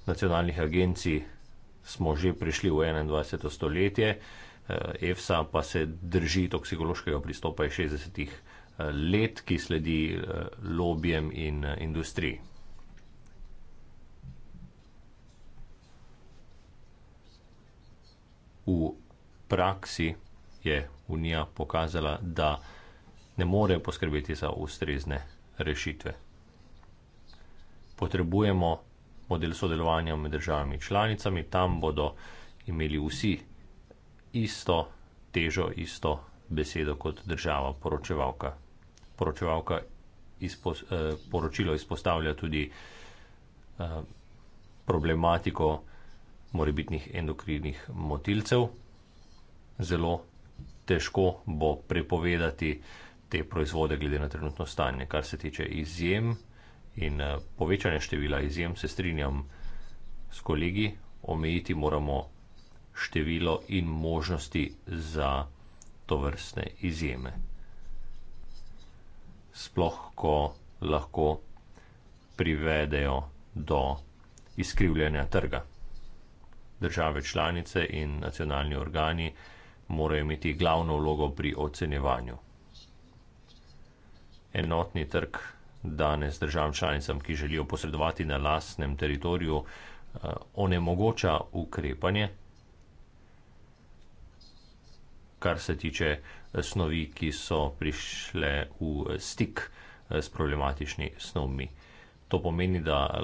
nacionalnih agencij smo že prišli v 21. stoletje. Eh, EFSA pa se drži toksikološkega pristopa iz 60. Eh, let, ki sledi lobijem in industriji. V praksi je Unija pokazala, da ne more poskrbeti za ustrezne rešitve potrebujemo model sodelovanja med državami članicami, tam bodo imeli vsi isto težo, isto besedo kot država poročevalka. Poročevalka izpo, eh, poročilo izpostavlja tudi eh, problematiko morebitnih endokrinih motilcev. Zelo težko bo prepovedati te proizvode glede na trenutno stanje, kar se tiče izjem. In eh, povečanje števila izjem se strinjam s kolegi, omejiti moramo število in možnosti za to vrstne izjeme. Sploh, ko lahko privedejo do izkrivljanja trga. Države članice in nacionalni organi morajo imeti glavno vlogo pri ocenjevanju. Enotni trg danes državam članicam, ki želijo posredovati na lastnem teritoriju, eh, onemogoča ukrepanje, kar se tiče eh, snovi, ki so prišle v eh, stik s problematični snovmi. To pomeni, da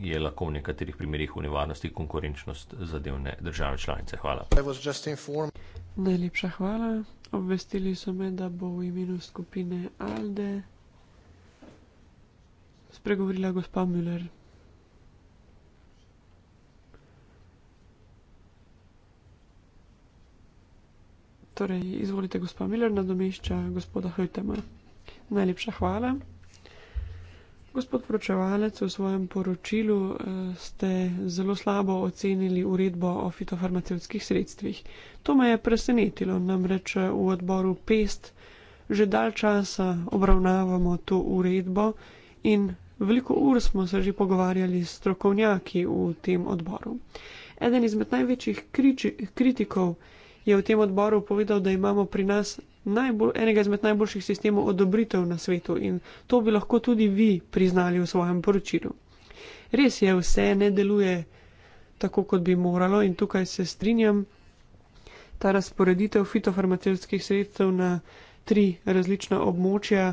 je lahko v nekaterih primerjih v nevarnosti konkurenčnost zadevne države članice. Hvala. Najlepša hvala. Obvestili so me, da bo v imenu skupine ALDE spregovorila gospa Müller. Torej, izvolite, gospa Müller, nadomešča gospoda Hrtema. Najlepša hvala. Gospod poročevalec, v svojem poročilu eh, ste zelo slabo ocenili uredbo o fitofarmacevskih sredstvih. To me je presenetilo, namreč eh, v odboru PEST že dal časa obravnavamo to uredbo in Veliko ur smo se že pogovarjali s strokovnjaki v tem odboru. Eden izmed največjih kriči, kritikov je v tem odboru povedal, da imamo pri nas najbol, enega izmed najboljših sistemov odobritev na svetu in to bi lahko tudi vi priznali v svojem poročilu. Res je, vse ne deluje tako, kot bi moralo in tukaj se strinjam. Ta razporeditev fitofarmacevskih sredstev na tri različna območja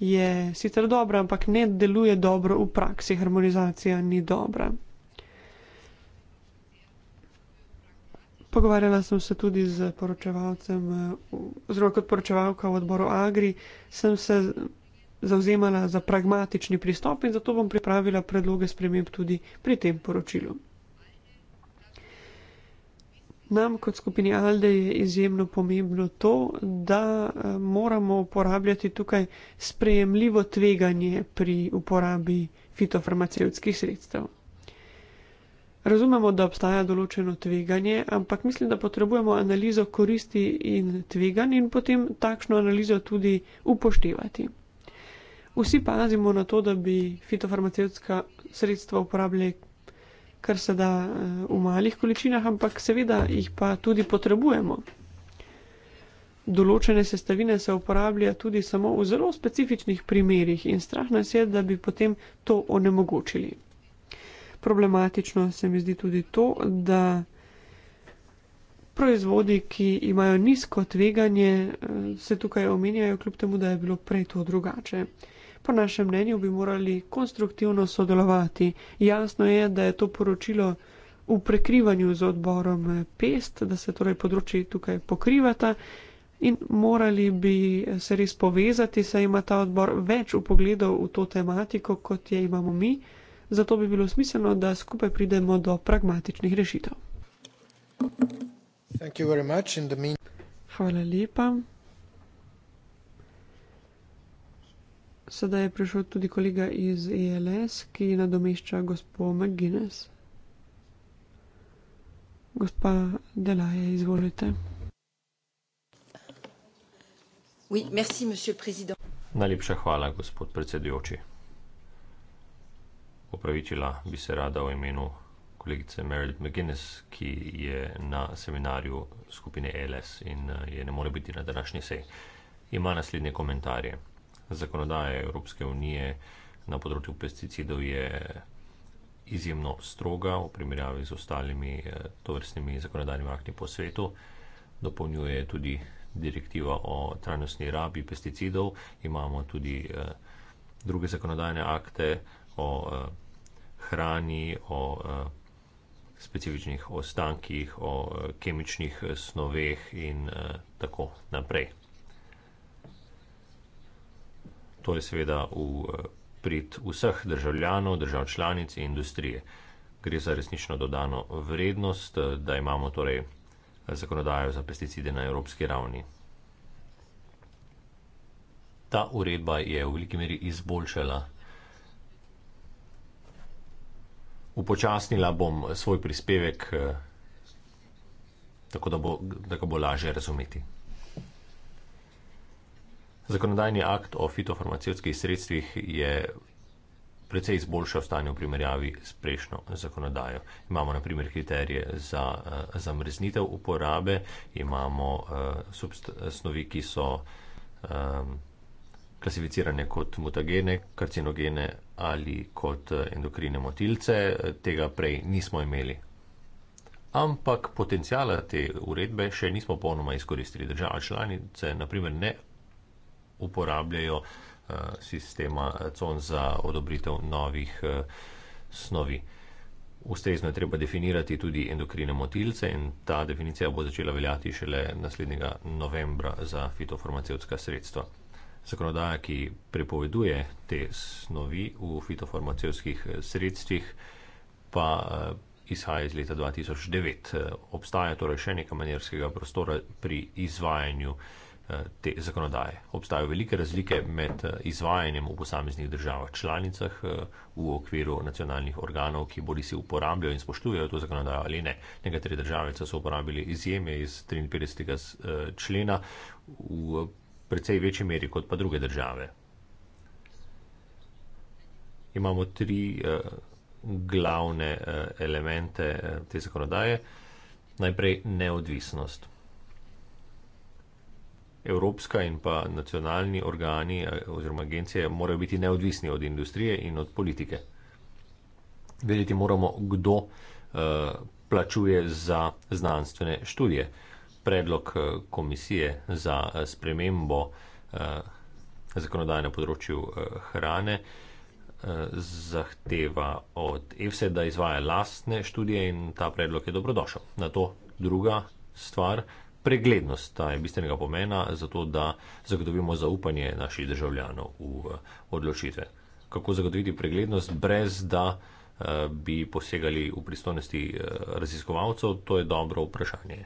je sicer dobra, ampak ne deluje dobro v praksi, harmonizacija ni dobra. Pogovarjala sem se tudi z poročevalcem, oziroma kot poročevalka v odboru Agri, sem se zauzemala za pragmatični pristop in zato bom pripravila predloge sprememb tudi pri tem poročilu. Nam kot skupini Alde je izjemno pomembno to, da eh, moramo uporabljati tukaj sprejemljivo tveganje pri uporabi fitofarmacevskih sredstev. Razumemo, da obstaja določeno tveganje, ampak mislim, da potrebujemo analizo koristi in tveganj in potem takšno analizo tudi upoštevati. Vsi pazimo na to, da bi fitofarmacevska sredstva uporabljali kar se da eh, v malih količinah, ampak seveda jih pa tudi potrebujemo. Določene sestavine se uporablja tudi samo v zelo specifičnih primerjih in strah nas je, da bi potem to onemogočili. Problematično se mi zdi tudi to, da proizvodi, ki imajo nizko tveganje, eh, se tukaj omenjajo, kljub temu, da je bilo prej to drugače. Po našem mnenju bi morali konstruktivno sodelovati. Jasno je, da je to poročilo v prekrivanju z odborom PEST, da se torej področji tukaj pokrivata in morali bi se res povezati, saj ima ta odbor več upogledov v to tematiko, kot je imamo mi. Zato bi bilo smiselno, da skupaj pridemo do pragmatičnih rešitev. Hvala lepa. Sedaj je prišel tudi kolega iz ELS, ki nadomešča gospo McGuinness. Gospa Delaje, izvolite. Oui, merci, Najlepša hvala, gospod predsedujoči. Opravičila bi se rada v imenu kolegice Meredith McGuinness, ki je na seminarju skupine ELS in eh, je ne more biti na današnji seji. Ima naslednje komentarje zakonodaje Evropske unije na področju pesticidov je izjemno stroga v primerjavi z ostalimi eh, tovrstnimi zakonodajnimi akti po svetu. Dopolnjuje tudi direktiva o trajnostni rabi pesticidov, imamo tudi eh, druge zakonodajne akte o eh, hrani, o specifičnih ostankih, o kemičnih snoveh in tako naprej. to je seveda v eh, prid vseh državljanov, držav članic in industrije. Gre za resnično dodano vrednost, eh, da imamo torej eh, zakonodajo za pesticide na evropski ravni. Ta uredba je v veliki meri izboljšala, upočasnila bom svoj prispevek, tako da ga bo, bo lažje razumeti. Zakonodajni akt o fitofarmacevskih sredstvih je predvsej izboljšal stanje v primerjavi s prejšnjo zakonodajo. Imamo na primer kriterije za eh, zamrznitev uporabe, imamo eh, snovi, ki so eh, klasificirane kot mutagene, karcinogene ali kot endokrine motilce. Tega prej nismo imeli. Ampak potencijala te uredbe še nismo polnoma izkoristili. Država članice naprimer ne uporabljajo eh, sistema CON za odobritev novih eh, snovi. Ustrezno je treba definirati tudi endokrine motilce in ta definicija bo začela veljati šele naslednjega novembra za fitofarmacevtska sredstva. Zakonodaja, ki prepoveduje te snovi v fitofarmacevskih eh, sredstvih, pa izhaja iz leta 2009. Obstaja torej še nekaj manjerskega prostora pri izvajanju uh, Eh, te zakonodaje. Obstajajo velike razlike med eh, izvajanjem v posameznih državah članicah eh, v okviru nacionalnih organov, ki bodi si uporabljajo in spoštujejo to zakonodajo ali ne. Nekatere države so uporabili izjeme iz 53. člena v precej večji meri kot pa druge države. Imamo tri glavne elemente te zakonodaje. Najprej neodvisnost evropska in pa nacionalni organi eh, oziroma agencije morajo biti neodvisni od industrije in od politike. Vedeti moramo, kdo eh, plačuje za znanstvene študije. Predlog eh, komisije za spremembo zakonodajne področju hrane zahteva od EFSE, da izvaja lastne študije in ta predlog je dobrodošel. Na to druga stvar, preglednost ta je bistvenega pomena za to, da zagotovimo zaupanje naših državljanov v eh, odločitve. Kako zagotoviti preglednost, brez da eh, bi posegali v pristojnosti eh, raziskovalcev, to je dobro vprašanje.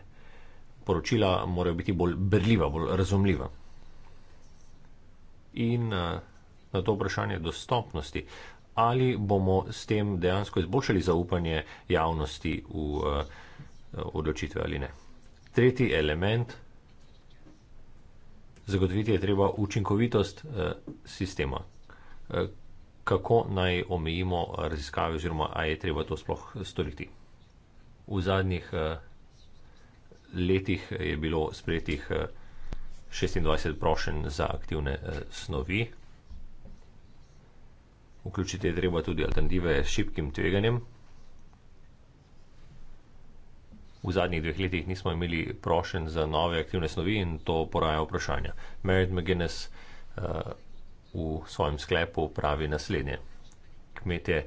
Poročila morajo biti bolj brljiva, bolj razumljiva. In na to vprašanje dostopnosti, ali bomo s tem dejansko izboljšali zaupanje javnosti v odločitve ali ne. Tretji element, zagotoviti je treba učinkovitost eh, sistema. Eh, kako naj omejimo raziskave oziroma, a je treba to sploh storiti. V zadnjih eh, letih je bilo sprejetih eh, 26 prošen za aktivne eh, snovi. Vključiti je treba tudi alternative s šipkim tveganjem. v zadnjih dveh letih nismo imeli prošen za nove aktivne snovi in to poraja vprašanja. Merit McGuinness uh, v svojem sklepu pravi naslednje. Kmetje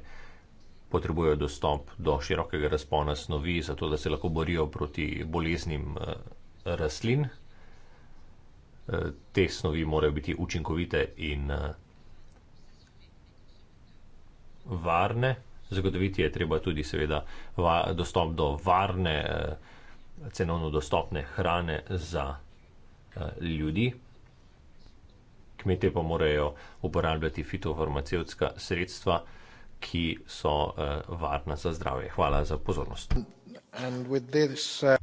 potrebujejo dostop do širokega razpona snovi, zato da se lahko borijo proti boleznim uh, rastlin. Uh, te snovi morajo biti učinkovite in uh, varne. Zagotoviti je treba tudi seveda va, dostop do varne, eh, cenovno dostopne hrane za eh, ljudi. Kmetje pa morajo uporabljati fitofarmacevtska sredstva, ki so eh, varna za zdravje. Hvala za pozornost. This, uh...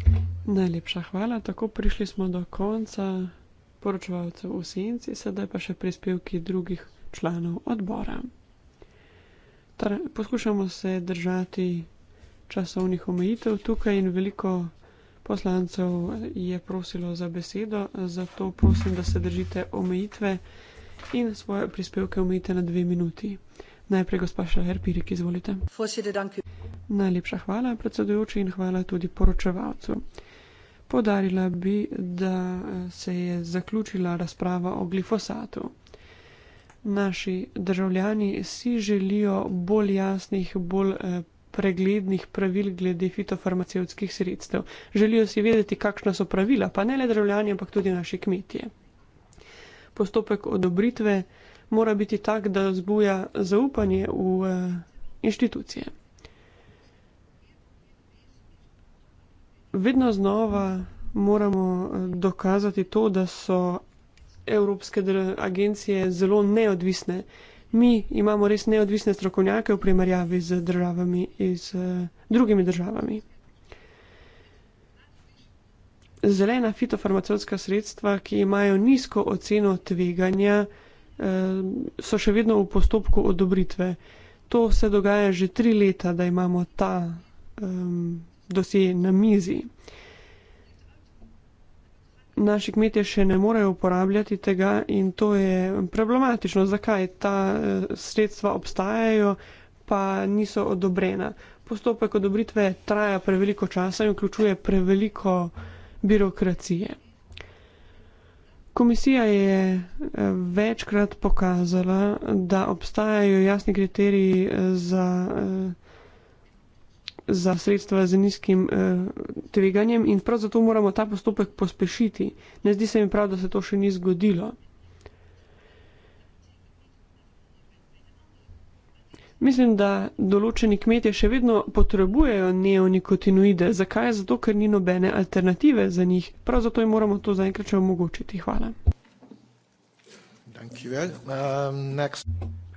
Najlepša hvala. Tako prišli smo do konca poročevalcev v senci, sedaj pa še prispevki drugih članov odbora. Poskušamo se držati časovnih omejitev tukaj in veliko poslancev je prosilo za besedo, zato prosim, da se držite omejitve in svoje prispevke omejite na dve minuti. Najprej gospa Šaher Pirik, izvolite. Najlepša hvala, predsedujoči, in hvala tudi poročevalcu. Podarila bi, da eh, se je zaključila razprava o glifosatu naši državljani si želijo bolj jasnih, bolj eh, preglednih pravil glede fitofarmacevskih sredstev. Želijo si vedeti, kakšna so pravila, pa ne le državljani, ampak tudi naši kmetije. Postopek odobritve mora biti tak, da zbuja zaupanje v eh, inštitucije. Vedno znova moramo eh, dokazati to, da so evropske agencije zelo neodvisne. Mi imamo res neodvisne strokovnjake v primerjavi z državami in eh, drugimi državami. Zelena fitofarmacevtska sredstva, ki imajo nizko oceno tveganja, eh, so še vedno v postopku odobritve. To se dogaja že tri leta, da imamo ta um, dosje na mizi naši kmetje še ne morejo uporabljati tega in to je problematično, zakaj ta eh, sredstva obstajajo, pa niso odobrena. Postopek odobritve traja preveliko časa in vključuje preveliko birokracije. Komisija je eh, večkrat pokazala, da obstajajo jasni kriteriji eh, za. Eh, za sredstva z nizkim eh, tveganjem in prav zato moramo ta postopek pospešiti. Ne zdi se mi prav, da se to še ni zgodilo. Mislim, da določeni kmetje še vedno potrebujejo neonikotinoide. Zakaj? Zato, ker ni nobene alternative za njih. Prav zato jim moramo to zaenkrat še omogočiti. Hvala. Well. Um,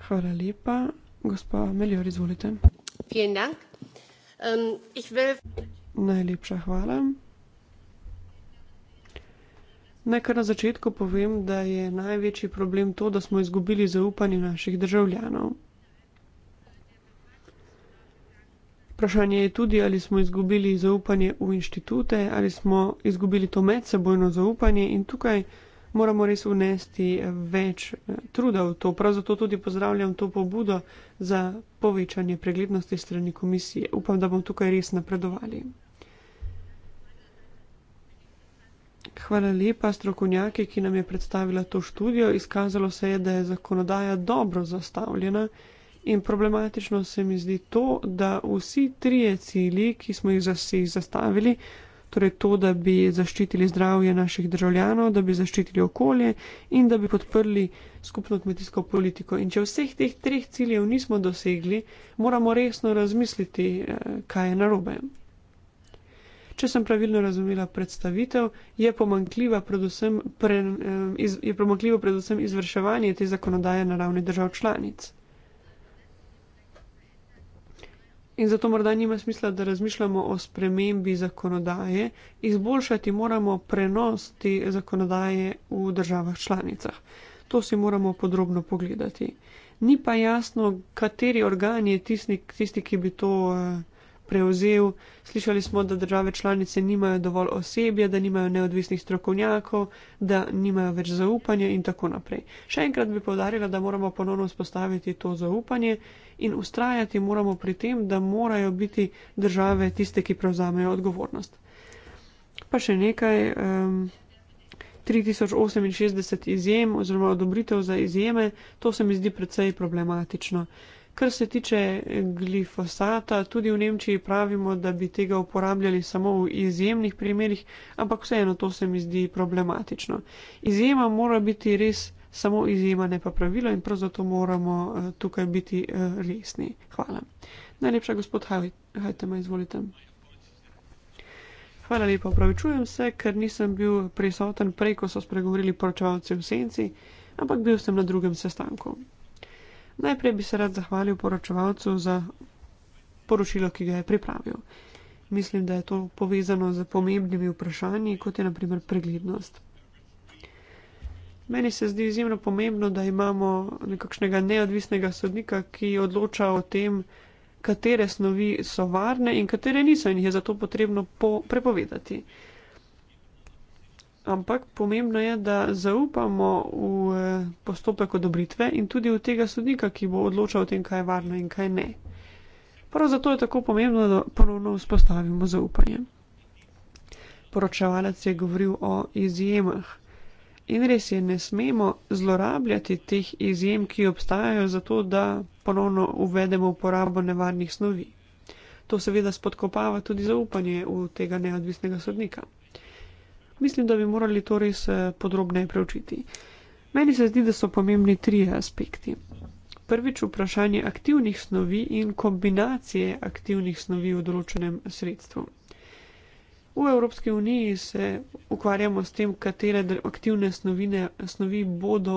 Hvala lepa. Gospa Melior, izvolite. Dank. Um, ich will... Najlepša hvala. Naj kar na začetku povem, da je največji problem to, da smo izgubili zaupanje naših državljanov. Vprašanje je tudi, ali smo izgubili zaupanje v inštitute, ali smo izgubili to medsebojno zaupanje in tukaj moramo res vnesti več eh, truda v to. Prav zato tudi pozdravljam to pobudo za povečanje preglednosti strani komisije. Upam, da bomo tukaj res napredovali. Hvala lepa strokovnjaki, ki nam je predstavila to študijo. Izkazalo se je, da je zakonodaja dobro zastavljena in problematično se mi zdi to, da vsi trije cilji, ki smo jih zase zastavili, torej to, da bi zaščitili zdravje naših državljanov, da bi zaščitili okolje in da bi podprli skupno kmetijsko politiko. In če vseh teh treh ciljev nismo dosegli, moramo resno razmisliti, eh, kaj je narobe. Če sem pravilno razumela predstavitev, je pomankljivo predvsem, pre, eh, predvsem izvrševanje te zakonodaje na ravni držav članic. In zato morda nima smisla, da razmišljamo o spremembi zakonodaje, izboljšati moramo prenos te zakonodaje v državah članicah. To si moramo podrobno pogledati. Ni pa jasno, kateri organ je tisti, tisti ki bi to. Uh, prevzel. Slišali smo, da države članice nimajo dovolj osebja, da nimajo neodvisnih strokovnjakov, da nimajo več zaupanja in tako naprej. Še enkrat bi povdarjala, da moramo ponovno vzpostaviti to zaupanje in ustrajati moramo pri tem, da morajo biti države tiste, ki prevzamejo odgovornost. Pa še nekaj. Um, 3068 izjem oziroma odobritev za izjeme, to se mi zdi precej problematično. Kar se tiče glifosata, tudi v Nemčiji pravimo, da bi tega uporabljali samo v izjemnih primerih, ampak vseeno to se mi zdi problematično. Izjema mora biti res samo izjema, ne pa pravilo in prav zato moramo eh, tukaj biti eh, resni. Hvala. Najlepša gospod Hajtema, izvolite. Hvala lepa, upravičujem se, ker nisem bil prisoten prej, ko so spregovorili poročevalci v senci, ampak bil sem na drugem sestanku. Najprej bi se rad zahvalil poročevalcu za poročilo, ki ga je pripravil. Mislim, da je to povezano z pomembnimi vprašanji, kot je naprimer preglednost. Meni se zdi izjemno pomembno, da imamo nekakšnega neodvisnega sodnika, ki odloča o tem, katere snovi so varne in katere niso in jih je zato potrebno po prepovedati ampak pomembno je, da zaupamo v eh, postopek odobritve in tudi v tega sodnika, ki bo odločal o tem, kaj je varno in kaj ne. Prav zato je tako pomembno, da ponovno vzpostavimo zaupanje. Poročevalec je govoril o izjemah. In res je, ne smemo zlorabljati teh izjem, ki obstajajo, zato da ponovno uvedemo uporabo nevarnih snovi. To seveda spodkopava tudi zaupanje v tega neodvisnega sodnika. Mislim, da bi morali to res eh, podrobneje preučiti. Meni se zdi, da so pomembni tri aspekti. Prvič vprašanje aktivnih snovi in kombinacije aktivnih snovi v določenem sredstvu. V Evropski uniji se ukvarjamo s tem, katere aktivne snovine, snovi bodo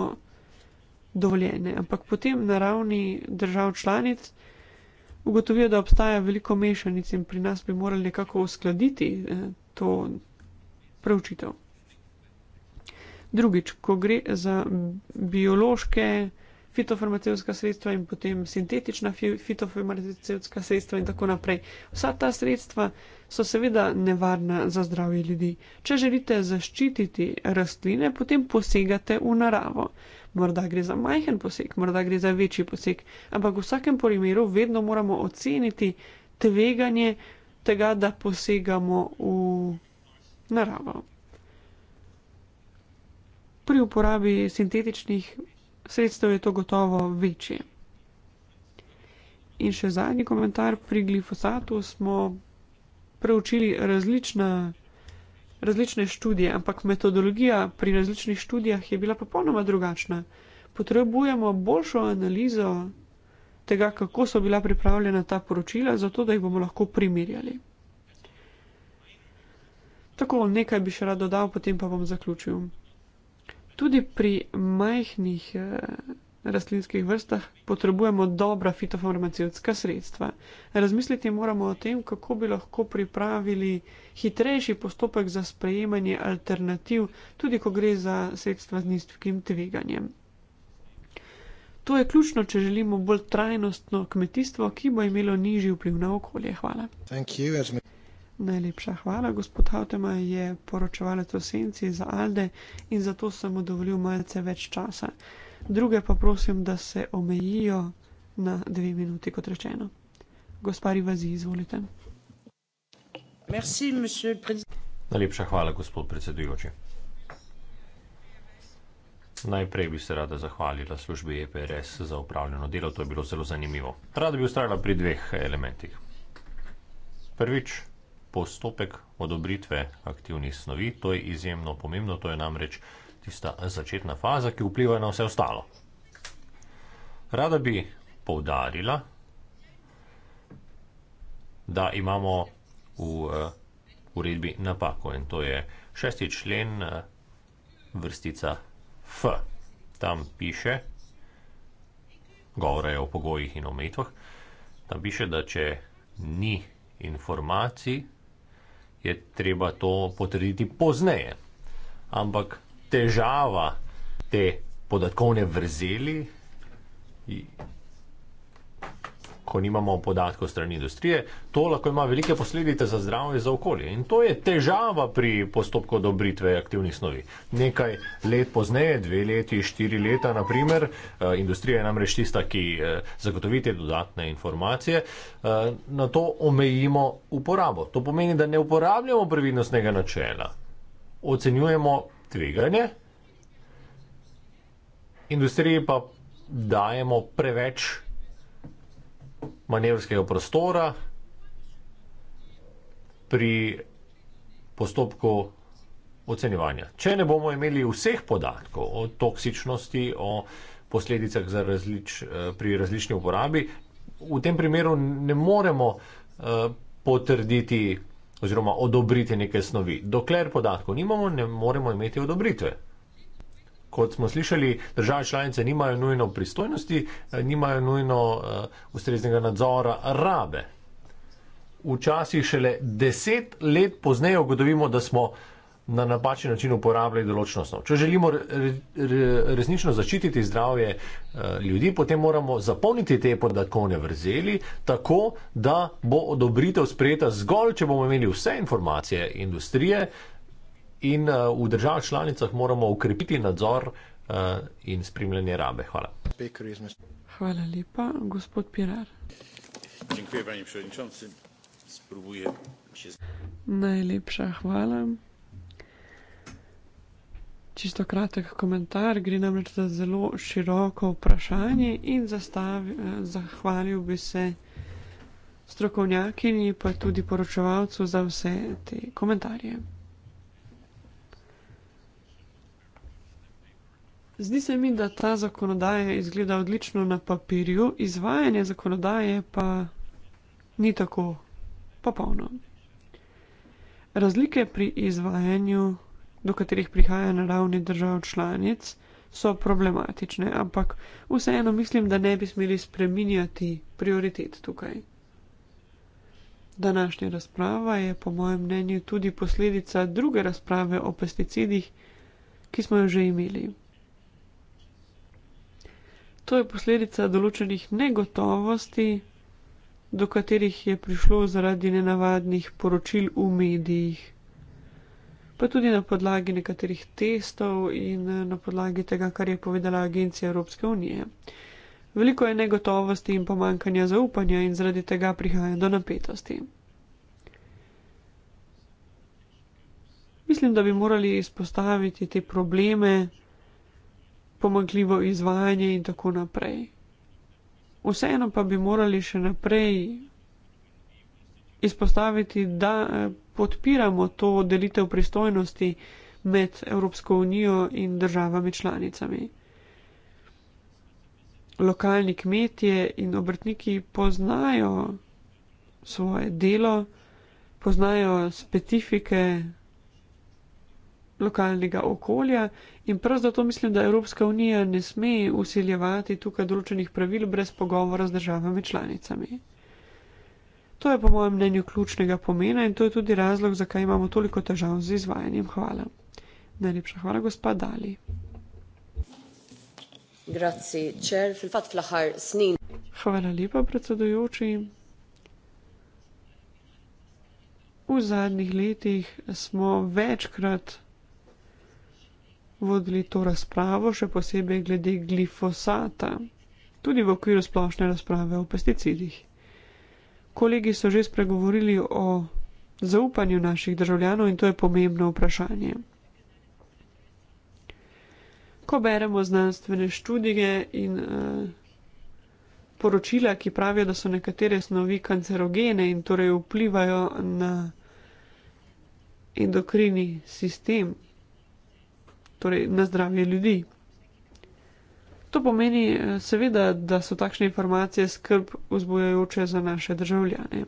dovoljene, ampak potem na ravni držav članic ugotovijo, da obstaja veliko mešanic in pri nas bi morali nekako uskladiti eh, to preučitev. Drugič, ko gre za biološke fitofarmacevska sredstva in potem sintetična fitofarmacevska sredstva in tako naprej. Vsa ta sredstva so seveda nevarna za zdravje ljudi. Če želite zaščititi rastline, potem posegate v naravo. Morda gre za majhen poseg, morda gre za večji poseg, ampak v vsakem primeru vedno moramo oceniti tveganje tega, da posegamo v naravo naravo. Pri uporabi sintetičnih sredstev je to gotovo večje. In še zadnji komentar. Pri glifosatu smo preučili različna, različne študije, ampak metodologija pri različnih študijah je bila popolnoma drugačna. Potrebujemo boljšo analizo tega, kako so bila pripravljena ta poročila, zato da jih bomo lahko primerjali. Tako nekaj bi še rad dodal, potem pa bom zaključil. Tudi pri majhnih eh, rastlinskih vrstah potrebujemo dobra fitofarmacevtska sredstva. Razmisliti moramo o tem, kako bi lahko pripravili hitrejši postopek za sprejemanje alternativ, tudi ko gre za sredstva z nizkim tveganjem. To je ključno, če želimo bolj trajnostno kmetijstvo, ki bo imelo nižji vpliv na okolje. Hvala. Thank you, Esme. Najlepša hvala, gospod Hautema je poročevalec v senci za Alde in zato sem mu dovolil malce več časa. Druge pa prosim, da se omejijo na dve minuti, kot rečeno. Gospa Rivazi, izvolite. Merci, Najlepša hvala, gospod predsedujoči. Najprej bi se rada zahvalila službi EPRS za upravljeno delo, to je bilo zelo zanimivo. Rada bi ustrajala pri dveh elementih. Prvič, postopek odobritve aktivnih snovi. To je izjemno pomembno, to je namreč tista začetna faza, ki vpliva na vse ostalo. Rada bi povdarila, da imamo v eh, uredbi napako in to je šesti člen eh, vrstica F. Tam piše, govora je o pogojih in omejitvah, tam piše, da če ni informacij, je treba to potrditi pozneje. Ampak težava te podatkovne vrzeli ko nimamo podatkov strani industrije, to lahko ima velike posledice za zdravje in za okolje. In to je težava pri postopku odobritve aktivnih snovi. Nekaj let pozneje, dve leti, štiri leta, naprimer, eh, industrija je namreč tista, ki eh, zagotovi te dodatne informacije, eh, na to omejimo uporabo. To pomeni, da ne uporabljamo previdnostnega načela, ocenjujemo tveganje, industriji pa dajemo preveč manevrskega prostora pri postopku ocenjevanja. Če ne bomo imeli vseh podatkov o toksičnosti, o posledicah različ, eh, pri različni uporabi, v tem primeru ne moremo uh, potrditi oziroma odobriti neke snovi. Dokler podatkov nimamo, ne moremo imeti odobritve kot smo slišali, države članice nimajo nujno pristojnosti, eh, nimajo nujno uh, ustreznega nadzora rabe. Včasih šele deset let pozneje ugotovimo, da smo na napačen način uporabljali določeno snov. Če želimo re, re, resnično zaščititi zdravje e, ljudi, potem moramo zapolniti te podatkovne vrzeli tako, da bo odobritev sprejeta zgolj, če bomo imeli vse informacije industrije, in uh, v državah članicah moramo ukrepiti nadzor uh, in spremljanje rabe. Hvala. Hvala lepa, gospod Pirar. Dziękuję, pani przewodniczący. Spróbuję się. Najlepša hvala. Čisto kratek komentar, gre namreč za zelo široko vprašanje in zastavi, eh, zahvalil bi se strokovnjakinji, pa tudi poročevalcu za vse te komentarje. Zdi se mi, da ta zakonodaja izgleda odlično na papirju, izvajanje zakonodaje pa ni tako popolno. Razlike pri izvajanju, do katerih prihaja na ravni držav članic, so problematične, ampak vseeno mislim, da ne bi smeli spreminjati prioritet tukaj. Današnja razprava je po mojem mnenju tudi posledica druge razprave o pesticidih, ki smo jo že imeli. To je posledica določenih negotovosti, do katerih je prišlo zaradi nenavadnih poročil v medijih, pa tudi na podlagi nekaterih testov in na podlagi tega, kar je povedala Agencija Evropske unije. Veliko je negotovosti in pomankanja zaupanja in zaradi tega prihaja do napetosti. Mislim, da bi morali izpostaviti te probleme pomankljivo izvajanje in tako naprej. Vseeno pa bi morali še naprej izpostaviti, da eh, podpiramo to delitev pristojnosti med Evropsko unijo in državami članicami. Lokalni kmetje in obrtniki poznajo svoje delo, poznajo specifike lokalnega okolja in prav zato mislim, da Evropska unija ne sme usiljevati tukaj določenih pravil brez pogovora z državami članicami. To je po mojem mnenju ključnega pomena in to je tudi razlog, zakaj imamo toliko težav z izvajanjem. Hvala. Najlepša hvala, gospa Dali. Hvala lepa, predsedujoči. V zadnjih letih smo večkrat vodili to razpravo, še posebej glede glifosata, tudi v okviru splošne razprave o pesticidih. Kolegi so že spregovorili o zaupanju naših državljanov in to je pomembno vprašanje. Ko beremo znanstvene študije in eh, poročila, ki pravijo, da so nekatere snovi kancerogene in torej vplivajo na endokrini sistem torej na zdravje ljudi. To pomeni eh, seveda, da so takšne informacije skrb vzbujajoče za naše državljane.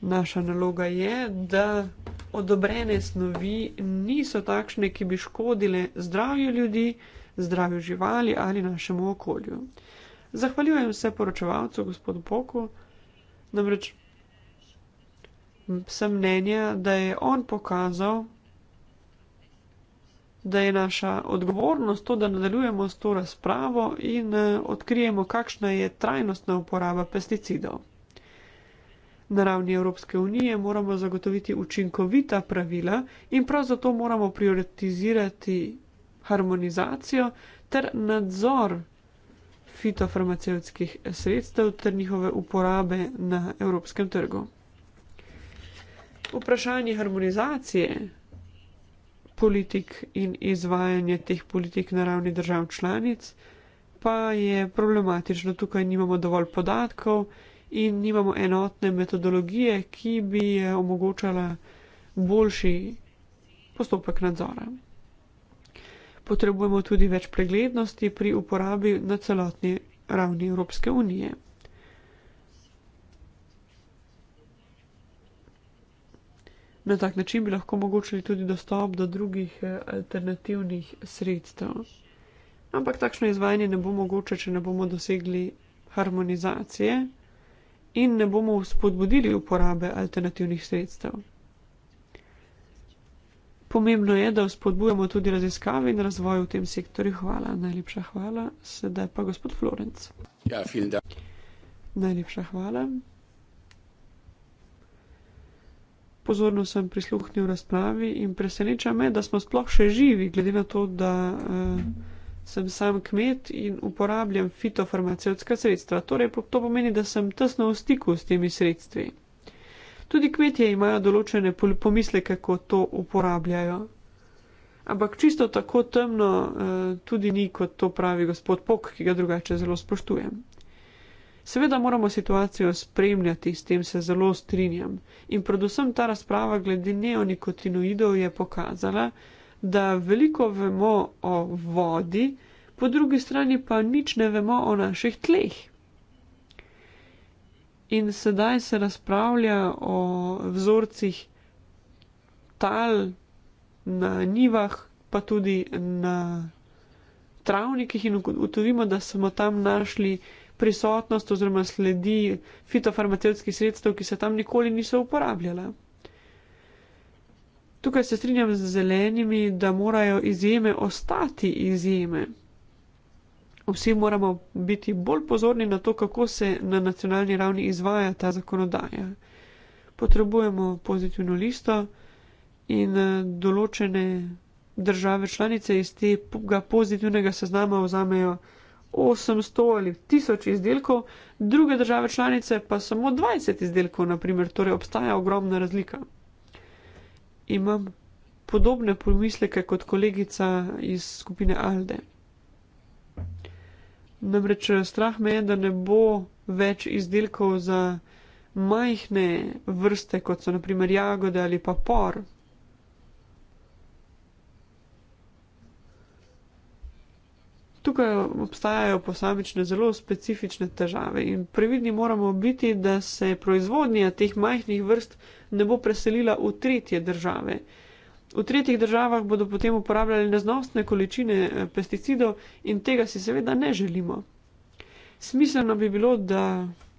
Naša naloga je, da odobrene snovi niso takšne, ki bi škodile zdravju ljudi, zdravju živali ali našemu okolju. Zahvaljujem se poročevalcu gospodu Poku, namreč sem mnenja, da je on pokazal, da je naša odgovornost to, da nadaljujemo s to razpravo in eh, odkrijemo, kakšna je trajnostna uporaba pesticidov. Na ravni Evropske unije moramo zagotoviti učinkovita pravila in prav zato moramo prioritizirati harmonizacijo ter nadzor fitofarmacevskih sredstev ter njihove uporabe na evropskem trgu. Vprašanje harmonizacije politik in izvajanje teh politik na ravni držav članic, pa je problematično. Tukaj nimamo dovolj podatkov in nimamo enotne metodologije, ki bi eh, omogočala boljši postopek nadzora. Potrebujemo tudi več preglednosti pri uporabi na celotni ravni Evropske unije. na tak način bi lahko omogočili tudi dostop do drugih eh, alternativnih sredstev. Ampak takšno izvajanje ne bo mogoče, če ne bomo dosegli harmonizacije in ne bomo spodbudili uporabe alternativnih sredstev. Pomembno je, da spodbujamo tudi raziskave in razvoj v tem sektorju. Hvala, najlepša hvala. Sedaj pa gospod Florenc. Ja, Najlepša hvala. pozorno sem prisluhnil razpravi in preseneča me, da smo sploh še živi, glede na to, da uh, sem sam kmet in uporabljam fitofarmacevtska sredstva. Torej, to pomeni, da sem tesno v stiku s temi sredstvi. Tudi kmetje imajo določene pomisle, kako to uporabljajo. Ampak čisto tako temno uh, tudi ni, kot to pravi gospod Pok, ki ga drugače zelo spoštujem. Seveda moramo situacijo spremljati, s tem se zelo strinjam. In predvsem ta razprava glede neonikotinoidov je pokazala, da veliko vemo o vodi, po drugi strani pa nič ne vemo o naših tleh. In sedaj se razpravlja o vzorcih tal na nivah, pa tudi na travnikih in ugotovimo, da smo tam našli prisotnost oziroma sledi fitofarmacevskih sredstev, ki se tam nikoli niso uporabljala. Tukaj se strinjam z zelenimi, da morajo izjeme ostati izjeme. Vsi moramo biti bolj pozorni na to, kako se na nacionalni ravni izvaja ta zakonodaja. Potrebujemo pozitivno listo in eh, določene države članice iz tega pozitivnega seznama vzamejo. 800 ali 1000 izdelkov, druge države članice pa samo 20 izdelkov, naprimer, torej obstaja ogromna razlika. Imam podobne pomisleke kot kolegica iz skupine Alde. Namreč strah me je, da ne bo več izdelkov za majhne vrste, kot so naprimer jagode ali pa por. tukaj obstajajo posamične zelo specifične težave in previdni moramo biti, da se proizvodnja teh majhnih vrst ne bo preselila v tretje države. V tretjih državah bodo potem uporabljali neznosne količine eh, pesticidov in tega si seveda ne želimo. Smiselno bi bilo, da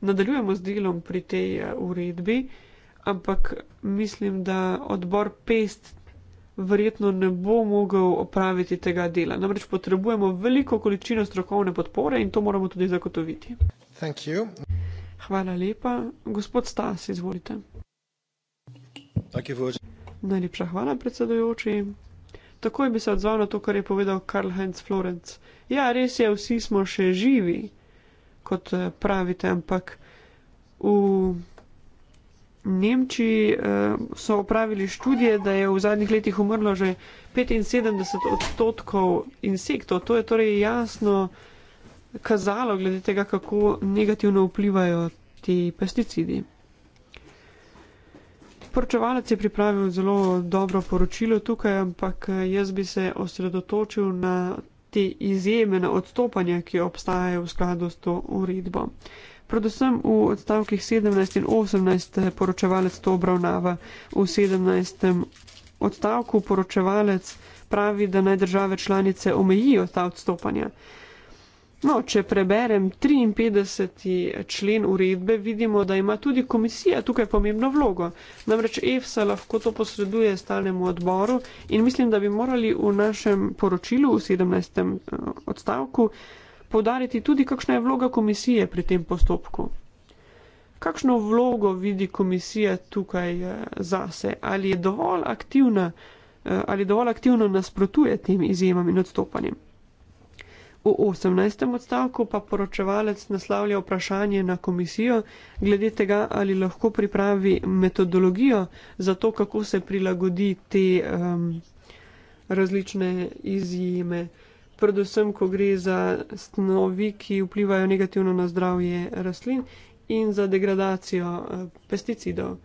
nadaljujemo z delom pri tej eh, uredbi, ampak mislim, da odbor pest verjetno ne bo mogel opraviti tega dela. Namreč potrebujemo veliko količino strokovne podpore in to moramo tudi zagotoviti. Hvala lepa. Gospod Stas, izvolite. Najlepša hvala, predsedujoči. Takoj bi se odzval na to, kar je povedal Karl Heinz Florenc. Ja, res je, vsi smo še živi, kot eh, pravite, ampak v. Nemčiji eh, so opravili študije, da je v zadnjih letih umrlo že 75 odstotkov insektov. To je torej jasno kazalo glede tega, kako negativno vplivajo ti pesticidi. Poročevalec je pripravil zelo dobro poročilo tukaj, ampak eh, jaz bi se osredotočil na te izjeme, na odstopanja, ki obstajajo v skladu s to uredbo predvsem v odstavkih 17 in 18 eh, poročevalec to obravnava. V 17. odstavku poročevalec pravi, da naj države članice omejijo ta odstopanja. No, če preberem 53. Eh, člen uredbe, vidimo, da ima tudi komisija tukaj pomembno vlogo. Namreč EFSA lahko to posreduje stalnemu odboru in mislim, da bi morali v našem poročilu v 17. Eh, odstavku podariti tudi, kakšna je vloga komisije pri tem postopku. Kakšno vlogo vidi komisija tukaj eh, zase? Ali je dovolj aktivna, eh, ali dovolj aktivno nasprotuje tem izjemam in odstopanjem? V 18. odstavku pa poročevalec naslavlja vprašanje na komisijo glede tega, ali lahko pripravi metodologijo za to, kako se prilagodi te um, različne izjeme predvsem, ko gre za snovi, ki vplivajo negativno na zdravje rastlin in za degradacijo eh, pesticidov.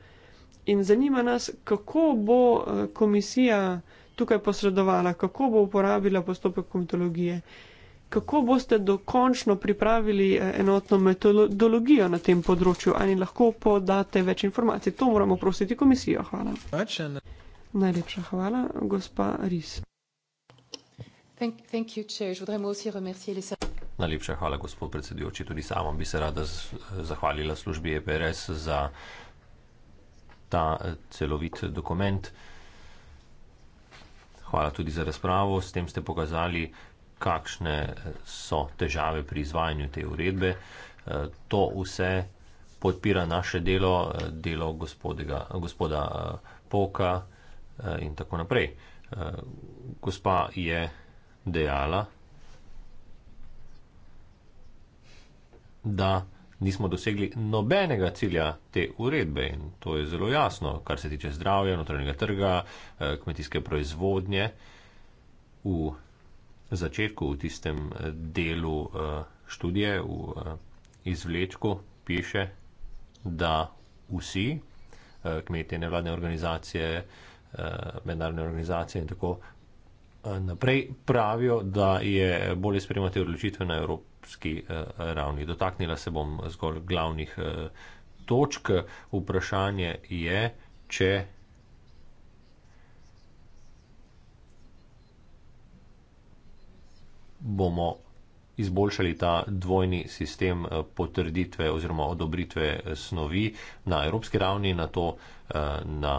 In zanima nas, kako bo eh, komisija tukaj posredovala, kako bo uporabila postopek komitologije, kako boste dokončno pripravili eh, enotno metodologijo na tem področju, ali lahko podate več informacij. To moramo prositi komisijo. Hvala. Najlepša hvala, gospa Ris. Thank, thank you, Najlepša hvala, gospod predsedujoči. Tudi sama bi se rada zahvalila službi EPRS za ta celovit dokument. Hvala tudi za razpravo. S tem ste pokazali, kakšne so težave pri izvajanju te uredbe. To vse podpira naše delo, delo gospodega, gospoda Poka in tako naprej. Gospa je dejala, da nismo dosegli nobenega cilja te uredbe in to je zelo jasno, kar se tiče zdravja, notranjega trga, eh, kmetijske proizvodnje v začetku, v tistem eh, delu eh, študije, v izvlečku piše, da vsi kmetje, nevladne organizacije, mednarodne organizacije in tako Eh, naprej pravijo, da je bolje sprejemati odločitve na evropski eh, ravni. Dotaknila se bom zgolj glavnih eh, točk. Vprašanje je, če. bomo izboljšali ta dvojni sistem potrditve oziroma odobritve snovi na evropski ravni, na to na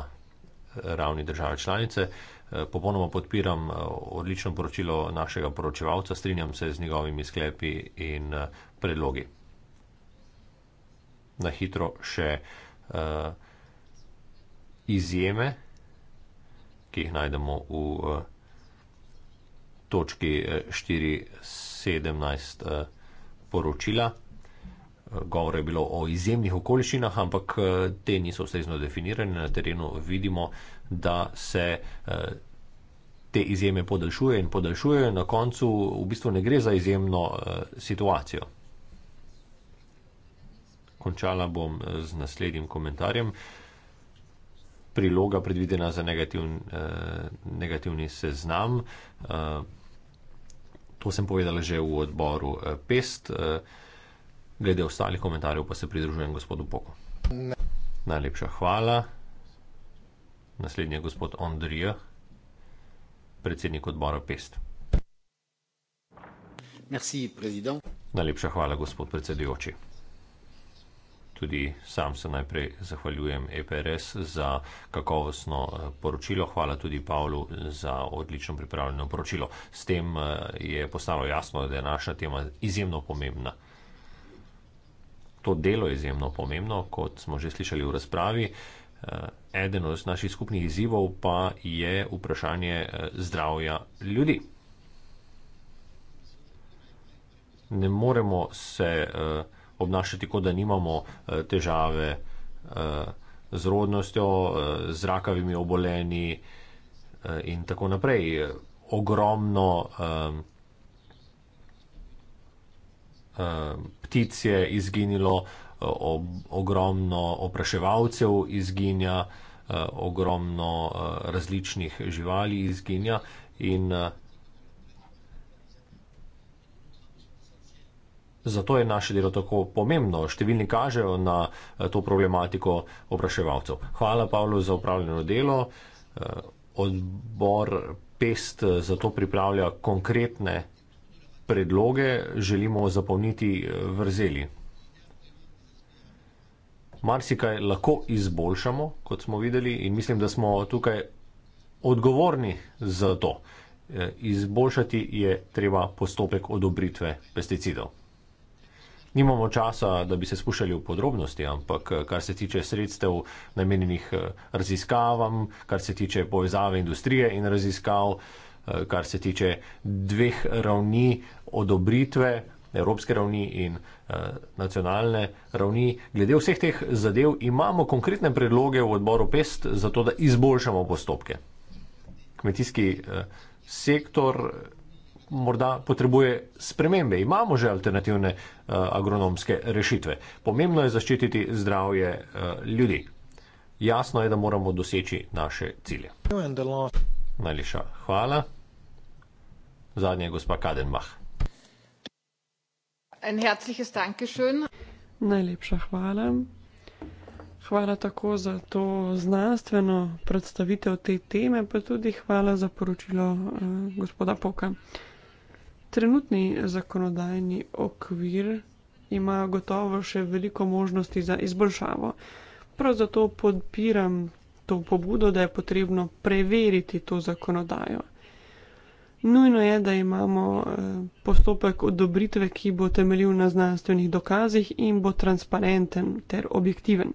ravni države članice. Uh, Eh, popolnoma podpiram eh, odlično poročilo našega poročevalca, strinjam se z njegovimi sklepi in eh, predlogi. Na hitro še uh, izjeme, ki jih najdemo v uh, točki 4.17 uh, poročila govore bilo o izjemnih okoliščinah, ampak eh, te niso ustrezno definirane. Na terenu vidimo, da se eh, te izjeme podaljšuje in podaljšuje, na koncu v bistvu ne gre za izjemno eh, situacijo. Končala bom z naslednjim komentarjem. Priloga predvidena za negativn, eh, negativni seznam. Eh, to sem povedala že v odboru eh, Pest. Eh, Glede ostalih komentarjev pa se pridružujem gospodu Poku. Ne. Najlepša hvala. Naslednji je gospod Andrija, predsednik odbora PEST. Merci, Najlepša hvala, gospod predsedujoči. Tudi sam se najprej zahvaljujem EPRS za kakovostno eh, poročilo, hvala tudi Pavlu za odlično pripravljeno poročilo. S tem eh, je postalo jasno, da je naša tema izjemno pomembna to delo izjemno pomembno, kot smo že slišali v razpravi. Eh, eden od naših skupnih izzivov pa je vprašanje eh, zdravja ljudi. Ne moremo se eh, obnašati, kot da nimamo težave z rodnostjo, z rakavimi obolenji in tako naprej. Ogromno Eh, ptic je izginilo, eh, ogromno opraševalcev izginja, eh, ogromno različnih živali izginja in zato je naše delo tako pomembno. Številni kažejo na to problematiko opraševalcev. Hvala, Pavlo, za upravljeno delo. Odbor PEST zato pripravlja konkretne predloge želimo zapolniti eh, vrzeli. Marsikaj lahko izboljšamo, kot smo videli, in mislim, da smo tukaj odgovorni za to. Eh, izboljšati je treba postopek odobritve pesticidov. Nimamo časa, da bi se spuščali v podrobnosti, ampak eh, kar se tiče sredstev namenjenih raziskavam, kar se tiče povezave industrije in raziskav, Eh, kar se tiče dveh ravni odobritve, evropske ravni in eh, nacionalne ravni. Glede vseh teh zadev imamo konkretne predloge v odboru PEST za to, da izboljšamo postopke. Kmetijski eh, sektor morda potrebuje spremembe. Imamo že alternativne agronomske rešitve. Pomembno je zaščititi zdravje ljudi. Jasno je, da moramo doseči naše cilje. Najlepša hvala. Zadnja je gospa Kadenbach. Najlepša hvala. Hvala tako za to znanstveno predstavitev te teme, pa tudi hvala za poročilo uh, gospoda Poka. Trenutni zakonodajni okvir ima gotovo še veliko možnosti za izboljšavo. Prav zato podpiram to pobudo, da je potrebno preveriti to zakonodajo. Nujno je, da imamo eh, postopek odobritve, ki bo temeljil na znanstvenih dokazih in bo transparenten ter objektiven.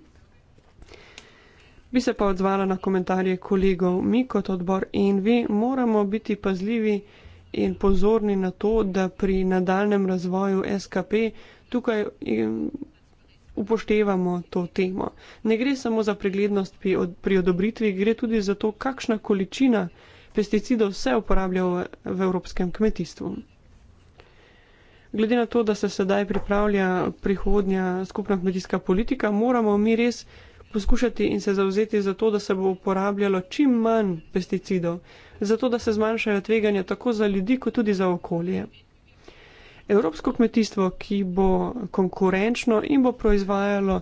Bi se pa odzvala na komentarje kolegov. Mi kot odbor in vi moramo biti pazljivi in pozorni na to, da pri nadaljem razvoju SKP tukaj eh, upoštevamo to temo. Ne gre samo za preglednost pri, od, pri odobritvi, gre tudi za to, kakšna količina pesticidov se uporablja v, v evropskem kmetijstvu. Glede na to, da se sedaj pripravlja prihodnja skupna kmetijska politika, moramo mi res poskušati in se zauzeti za to, da se bo uporabljalo čim manj pesticidov, zato da se zmanjšajo tveganja tako za ljudi, kot tudi za okolje evropsko kmetijstvo, ki bo konkurenčno in bo proizvajalo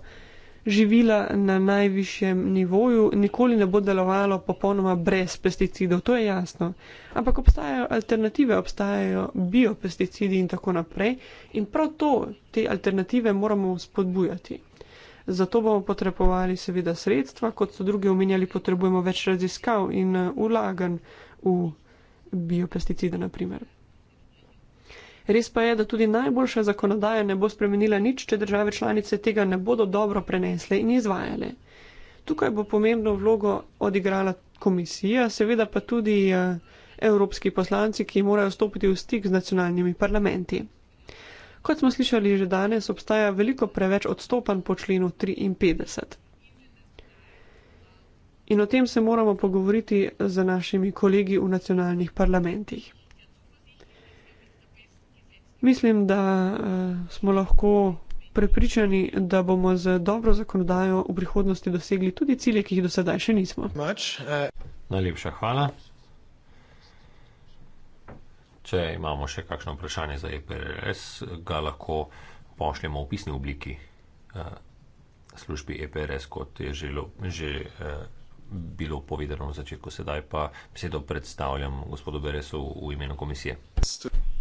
živila na najvišjem nivoju, nikoli ne bo delovalo popolnoma brez pesticidov, to je jasno. Ampak obstajajo alternative, obstajajo biopesticidi in tako naprej in prav to, te alternative moramo spodbujati. Zato bomo potrebovali seveda sredstva, kot so drugi omenjali, potrebujemo več raziskav in ulagan eh, v biopesticide, na primer. Res pa je, da tudi najboljša zakonodaja ne bo spremenila nič, če države članice tega ne bodo dobro prenesle in izvajale. Tukaj bo pomembno vlogo odigrala komisija, seveda pa tudi eh, evropski poslanci, ki morajo stopiti v stik z nacionalnimi parlamenti. Kot smo slišali že danes, obstaja veliko preveč odstopanj po členu 53. In o tem se moramo pogovoriti z našimi kolegi v nacionalnih parlamentih. Mislim, da uh, smo lahko prepričani, da bomo z dobro zakonodajo v prihodnosti dosegli tudi cilje, ki jih do sedaj še nismo. Much, uh... Najlepša hvala. Če imamo še kakšno vprašanje za EPRS, ga lahko pošljemo v pisni obliki uh, službi EPRS, kot je želo, že uh, bilo povedano v začetku. Sedaj pa besedo predstavljam gospodu Beresu v imenu komisije.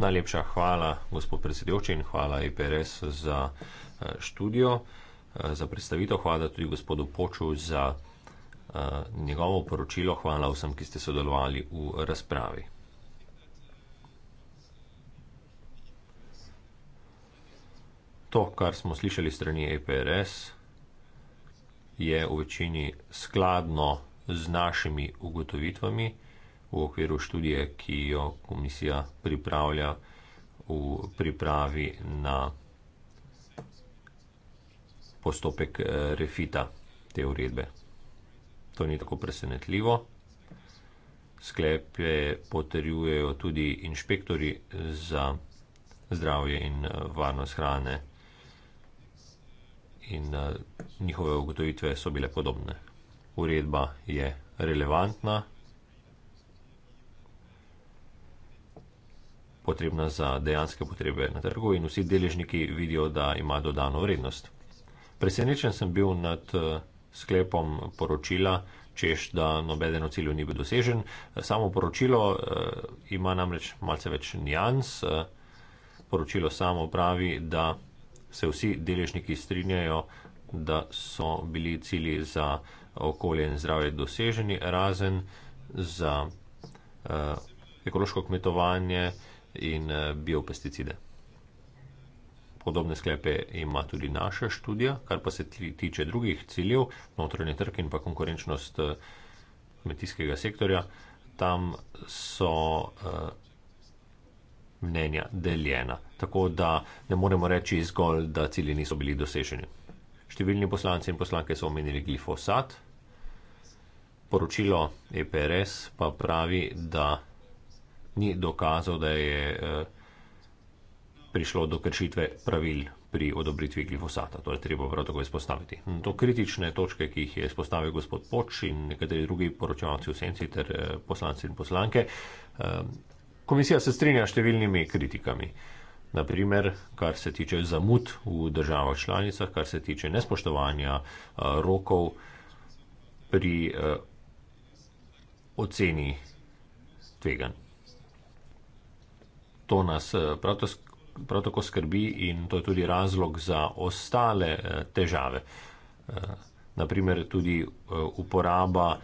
Najlepša hvala, gospod predsedujoči, in hvala IPRS e za eh, študijo, eh, za predstavitev, hvala tudi gospodu Poču za eh, njegovo poročilo, hvala vsem, ki ste sodelovali v razpravi. To, kar smo slišali strani IPRS, e je v večini skladno z našimi ugotovitvami v okviru študije, ki jo komisija pripravlja v pripravi na postopek eh, refita te uredbe. To ni tako presenetljivo. Sklepe potrjujejo tudi inšpektori za zdravje in eh, varnost hrane in eh, njihove ugotovitve so bile podobne. Uredba je relevantna. potrebna za dejanske potrebe na trgu in vsi deležniki vidijo, da ima dodano vrednost. Presenečen sem bil nad eh, sklepom poročila, češ, da nobeden od ciljev ni bil dosežen. Samo poročilo eh, ima namreč malce več nijans. Eh, poročilo samo pravi, da se vsi deležniki strinjajo, da so bili cilji za okolje in zdravje doseženi, razen za eh, ekološko kmetovanje, eh, in eh, biopesticide. Podobne sklepe ima tudi naša študija, kar pa se tiče drugih ciljev, notranje trg in pa konkurenčnost eh, kmetijskega sektorja, tam so eh, mnenja deljena. Tako da ne moremo reči zgolj, da cilji niso bili dosežene. Številni poslanci in poslanke so omenili glifosat, poročilo EPRS pa pravi, da ni dokazal, da je eh, prišlo do kršitve pravil pri odobritvi glifosata. To je treba prav tako izpostaviti. To kritične točke, ki jih je izpostavil gospod Poč in nekateri drugi poročevalci v senci ter eh, poslanci in poslanke, eh, komisija se strinja s številnimi kritikami. Naprimer, kar se tiče zamud v državah članicah, kar se tiče nespoštovanja rokov pri oceni tveganj to nas eh, prav tako skrbi in to je tudi razlog za ostale eh, težave. Eh, Naprimer tudi uporaba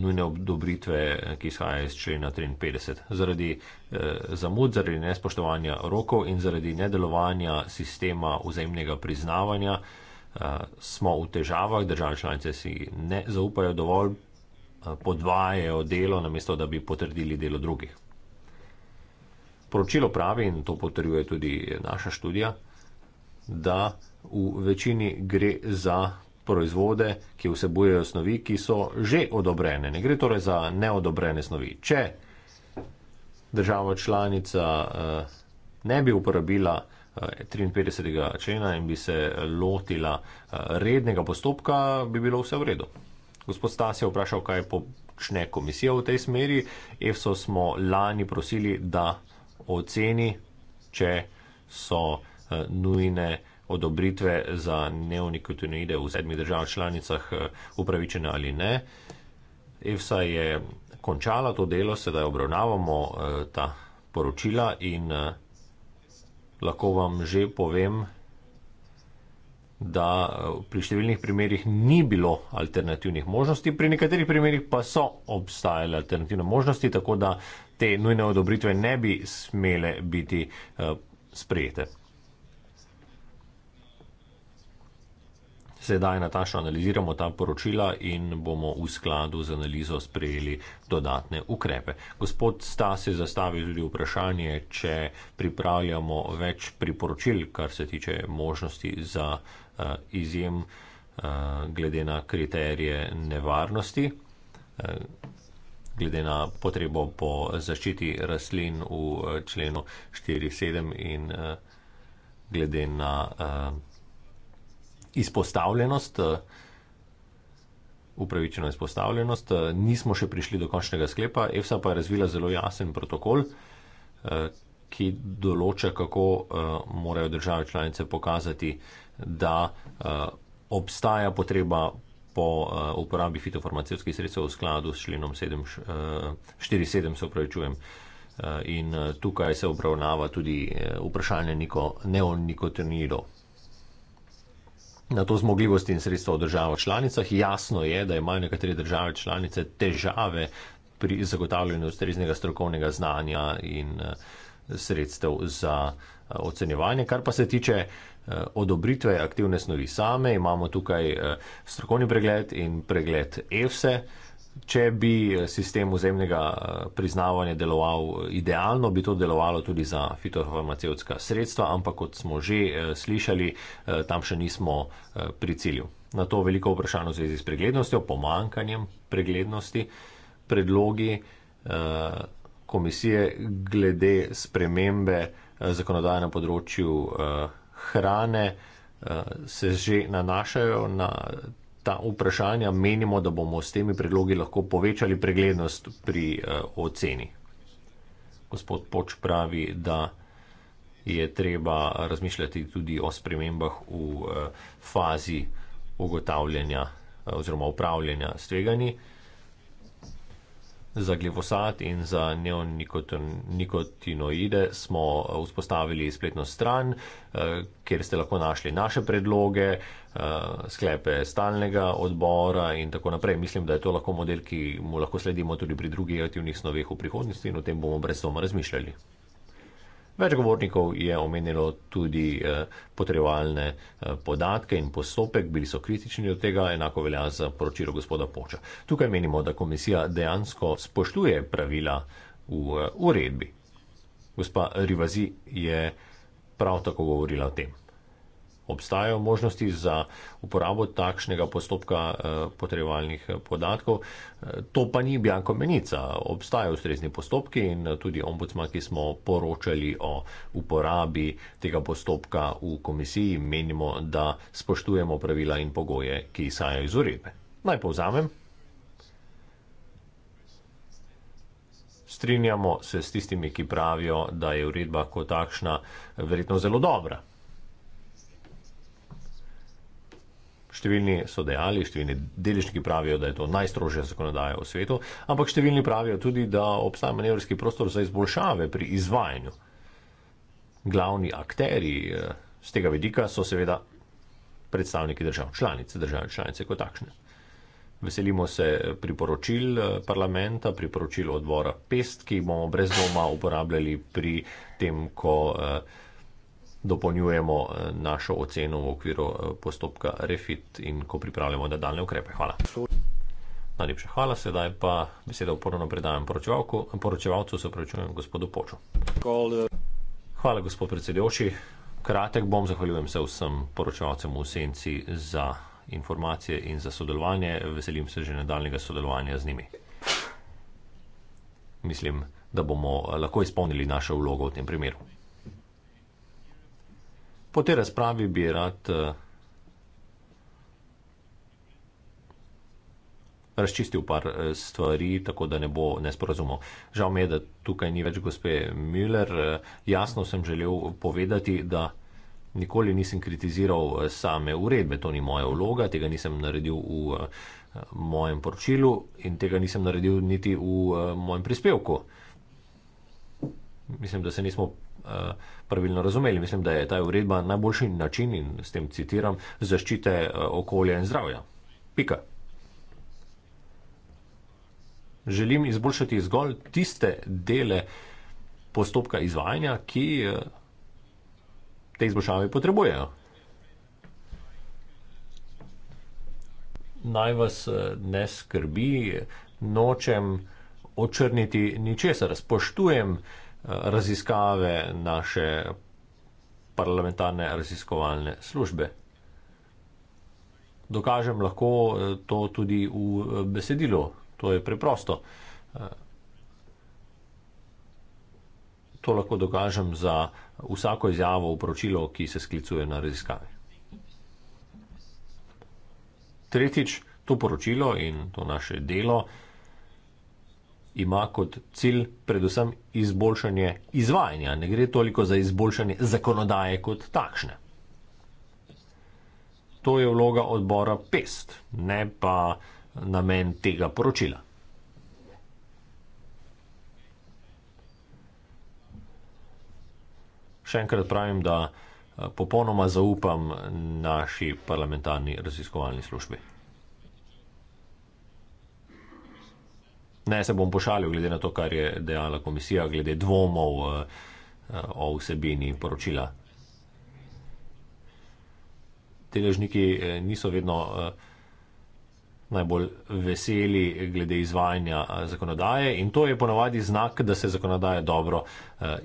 nujne obdobritve, ki izhaja iz člena 53. Zaradi zamud, zaradi nespoštovanja rokov in zaradi nedelovanja sistema vzajemnega priznavanja smo v težavah, države članice si ne zaupajo dovolj, podvajajo delo, namesto da bi potrdili delo drugih. Poročilo pravi, in to potrjuje tudi naša študija, da v večini gre za proizvode, ki vsebujejo snovi, ki so že odobrene. Ne gre torej za neodobrene snovi. Če država članica eh, ne bi uporabila 53. Eh, člena in bi se lotila eh, rednega postopka, bi bilo vse v redu. Gospod Stas je vprašal, kaj počne komisija v tej smeri. EFSO smo lani prosili, da oceni, če so uh, nujne odobritve za neonikotinoide v sedmih držav članicah eh, upravičene ali ne. EFSA je končala to delo, sedaj obravnavamo uh, ta poročila in uh, lahko vam že povem, da pri številnih primerjih ni bilo alternativnih možnosti, pri nekaterih primerjih pa so obstajale alternativne možnosti, tako da te nujne odobritve ne bi smele biti uh, sprejete. Sedaj natančno analiziramo ta poročila in bomo v skladu z analizo sprejeli dodatne ukrepe. Gospod Stas je zastavil tudi vprašanje, če pripravljamo več priporočil, kar se tiče možnosti za uh, izjem uh, glede na kriterije nevarnosti. Uh, glede na potrebo po zaščiti rastlin v eh, členu 4.7 in eh, glede na eh, izpostavljenost, upravičeno izpostavljenost. Nismo še prišli do končnega sklepa, EFSA pa je razvila zelo jasen protokol, ki določa, kako morajo države članice pokazati, da obstaja potreba po uh, uporabi fitofarmacijskih sredstev v skladu s členom 47, eh, se upravičujem. Uh, eh, in uh, tukaj se obravnava tudi uh, vprašanje neonikotinido. Na to zmogljivosti in sredstva v državah članicah. Jasno je, da imajo nekatere države članice težave pri zagotavljanju ustreznega strokovnega znanja in sredstev za ocenjevanje. Kar pa se tiče Eh, odobritve aktivne snovi same, imamo tukaj eh, strokovni pregled in pregled EFSE. Če bi eh, sistem vzemnega priznavanja deloval idealno, bi to delovalo tudi za fitofarmacevtska sredstva, ampak kot smo že slišali, tam še nismo pri cilju. Na to veliko vprašanj v zvezi s preglednostjo, pomankanjem preglednosti, predlogi komisije glede spremembe zakonodaje na področju hrane eh, se že nanašajo na ta vprašanja, menimo, da bomo s temi predlogi lahko povečali preglednost pri eh, oceni. Gospod Poč pravi, da je treba razmišljati tudi o spremembah v eh, fazi ugotavljanja oziroma upravljanja streganji. Za glifosat in za neonikotinoide smo eh, vzpostavili spletno stran, eh, kjer ste lahko našli naše predloge, eh, sklepe stalnega odbora in tako naprej. Mislim, da je to lahko model, ki mu lahko sledimo tudi pri drugih aktivnih snoveh v prihodnosti in o tem bomo brez doma razmišljali. Več govornikov je omenilo tudi eh, potrebovalne eh, podatke in postopek, bili so kritični od tega, enako velja za poročilo gospoda Poča. Tukaj menimo, da komisija dejansko spoštuje pravila v eh, uredbi. Gospa Rivazi je prav tako govorila o tem obstajajo možnosti za uporabo takšnega postopka eh, potrebovalnih eh, podatkov. Eh, to pa ni bjanko menica. Obstajajo ustrezni postopki in tudi ombudsman, ki smo poročali o uporabi tega postopka v komisiji, menimo, da spoštujemo pravila in pogoje, ki izhajajo iz uredbe. Naj povzamem. Strinjamo se s tistimi, ki pravijo, da je uredba kot takšna verjetno zelo dobra. Številni so dejali, številni deležniki pravijo, da je to najstrožja zakonodaja v svetu, ampak številni pravijo tudi, da obstaja manevrski prostor za izboljšave pri izvajanju. Glavni akteri z eh, tega vidika so seveda predstavniki držav članice, države članice kot takšne. Veselimo se priporočil eh, parlamenta, priporočil odbora PEST, ki bomo brez dvoma uporabljali pri tem, ko. Uh, dopolnjujemo eh, našo oceno v okviru eh, postopka REFIT in ko pripravljamo nadaljne ukrepe. Hvala. Najlepša hvala, sedaj pa besedo uporno predajam poročevalcu, se pravičujem gospodu Poču. Hvala, gospod predsedujoči. Kratek bom, zahvaljujem se vsem poročevalcem v senci za informacije in za sodelovanje. Veselim se že nadaljnega sodelovanja z njimi. Mislim, da bomo eh, lahko izpolnili našo vlogo v tem primeru. Po tej razpravi bi rad eh, razčistil par eh, stvari, tako da ne bo nesporazumov. Žal mi je, da tukaj ni več gospe Müller. Eh, jasno sem želel povedati, da nikoli nisem kritiziral same uredbe, to ni moja vloga, tega nisem naredil v mojem poročilu in tega nisem naredil niti v mojem prispevku. Mislim, da se nismo Eh, pravilno razumeli. Mislim, da je ta uredba najboljši način in s tem citiram zaščite eh, okolja in zdravja. Pika. Želim izboljšati zgolj tiste dele postopka izvajanja, ki eh, te izboljšave potrebujejo. Naj vas ne skrbi, nočem očrniti ničesar, spoštujem raziskave naše parlamentarne raziskovalne službe. Dokažem lahko eh, to tudi v eh, besedilu, to je preprosto. Eh, to lahko dokažem za vsako izjavo v poročilo, ki se sklicuje na raziskave. Tretjič, to poročilo in to naše delo ima kot cilj predvsem izboljšanje izvajanja, ne gre toliko za izboljšanje zakonodaje kot takšne. To je vloga odbora PEST, ne pa namen tega poročila. Še enkrat pravim, da eh, popolnoma zaupam naši parlamentarni raziskovalni službi. Ne, se bom pošalil, glede na to, kar je dejala komisija, glede dvomov eh, eh, o vsebini poročila. Teležniki eh, niso vedno najbolj veseli glede izvajanja zakonodaje in to je ponavadi znak, da se zakonodaja dobro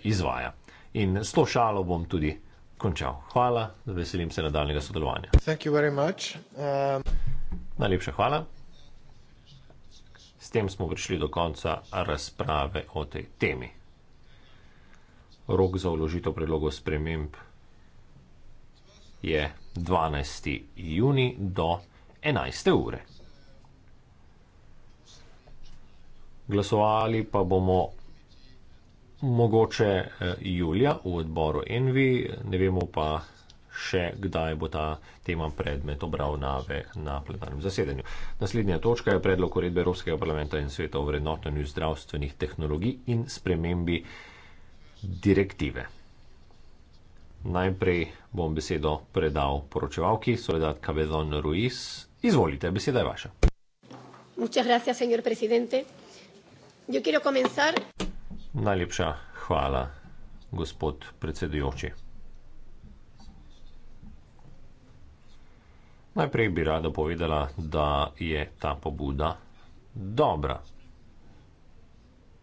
izvaja. In s to šalo bom tudi končal. Hvala, veselim se nadaljnega sodelovanja. Um... Najlepša hvala tem smo prišli do konca razprave o tej temi. Rok za vložitev predlogov sprememb je 12. juni do 11. ure. Glasovali pa bomo mogoče eh, julija v odboru Envi, ne vemo pa, še kdaj bo ta tema predmet obravnave na plenarnem zasedanju. Naslednja točka je predlog uredbe Evropskega parlamenta in sveta o vrednotenju zdravstvenih tehnologij in spremembi direktive. Najprej bom besedo predal poročevalki, soledad Cabezon Ruiz. Izvolite, beseda je vaša. Najlepša hvala, gospod predsedujoči. Najprej bi rada povedala, da je ta pobuda dobra.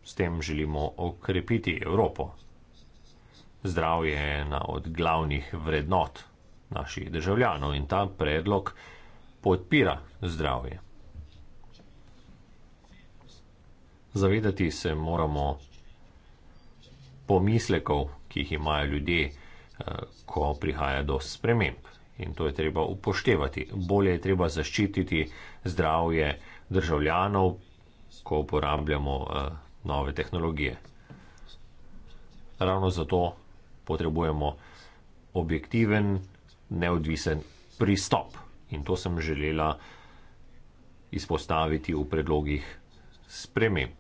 S tem želimo okrepiti Evropo. Zdravje je ena od glavnih vrednot naših državljanov in ta predlog podpira zdravje. Zavedati se moramo pomislekov, ki jih imajo ljudje, eh, ko prihaja do sprememb in to je treba upoštevati. Bolje je treba zaščititi zdravje državljanov, ko uporabljamo uh, nove tehnologije. Ravno zato potrebujemo objektiven, neodvisen pristop in to sem želela izpostaviti v predlogih sprememb.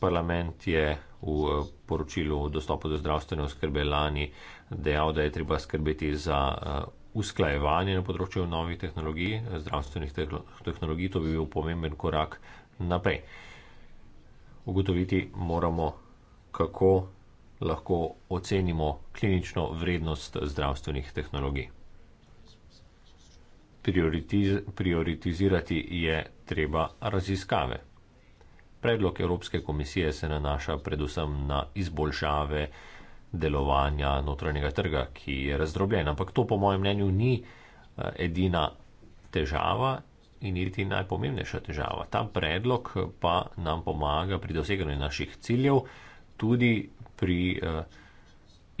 Parlament je v eh, poročilu o dostopu do zdravstvene oskrbe lani dejal, da je treba skrbeti za eh, usklajevanje na področju novih tehnologij, zdravstvenih tehnologij. To bi bil pomemben korak naprej. Ugotoviti moramo, kako lahko ocenimo klinično vrednost zdravstvenih tehnologij. Prioritiz prioritizirati je treba raziskave. Predlog Evropske komisije se nanaša predvsem na izboljšave delovanja notranjega trga, ki je razdrobljen. Ampak to, po mojem mnenju, ni eh, edina težava in niti najpomembnejša težava. Ta predlog pa nam pomaga pri doseganju naših ciljev, tudi pri eh,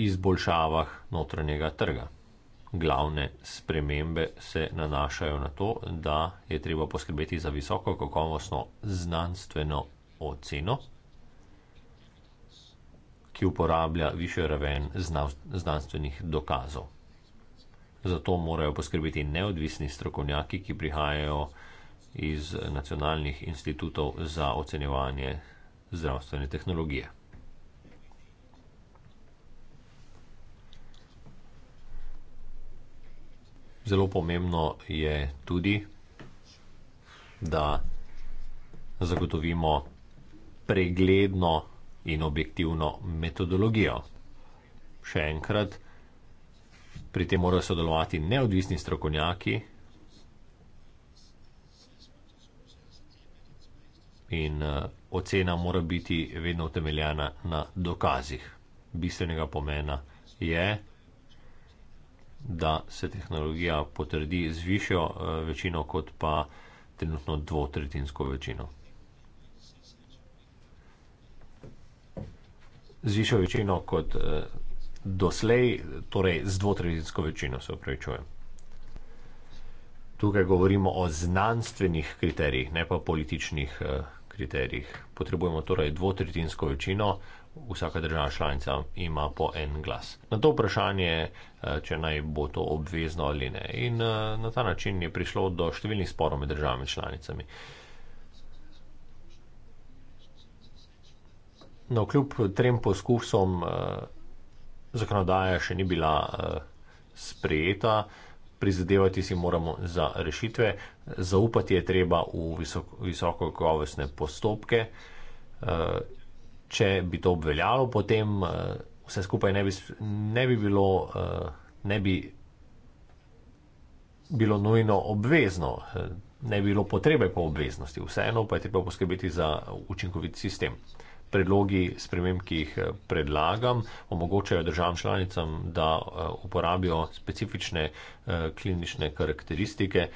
izboljšavah notranjega trga. Glavne spremembe se nanašajo na to, da je treba poskrbeti za visoko kakovostno znanstveno oceno ki uporablja više raven znanstvenih dokazov. Zato morajo poskrbeti neodvisni strokovnjaki, ki prihajajo iz nacionalnih institutov za ocenjevanje zdravstvene tehnologije. Zelo pomembno je tudi, da zagotovimo pregledno in objektivno metodologijo. Še enkrat, pri tem morajo sodelovati neodvisni strokovnjaki in eh, ocena mora biti vedno utemeljena na dokazih. Bistvenega pomena je, da se tehnologija potrdi z višjo eh, večino kot pa trenutno dvotretinsko večino. z višjo večino kot eh, doslej, torej z dvotrezinsko večino, se upravičujem. Tukaj govorimo o znanstvenih kriterijih, ne pa političnih eh, kriterijih. Potrebujemo torej dvotrezinsko večino, vsaka država članica ima po en glas. Na to vprašanje, eh, če naj bo to obvezno ali ne. In eh, na ta način je prišlo do številnih sporov med državami članicami. Eh, No, kljub trem poskusom eh, zakonodaja še ni bila eh, sprejeta, prizadevati si moramo za rešitve, zaupati je treba v visoko kakovostne postopke. Eh, če bi to obveljalo, potem eh, vse skupaj ne bi, ne bi bilo. Eh, ne bi bilo nujno obvezno, eh, ne bilo potrebe po obveznosti, vseeno pa je treba poskrbeti za učinkovit sistem predlogi sprememb, ki jih eh, predlagam, omogočajo državam članicam, da eh, uporabijo specifične eh, klinične karakteristike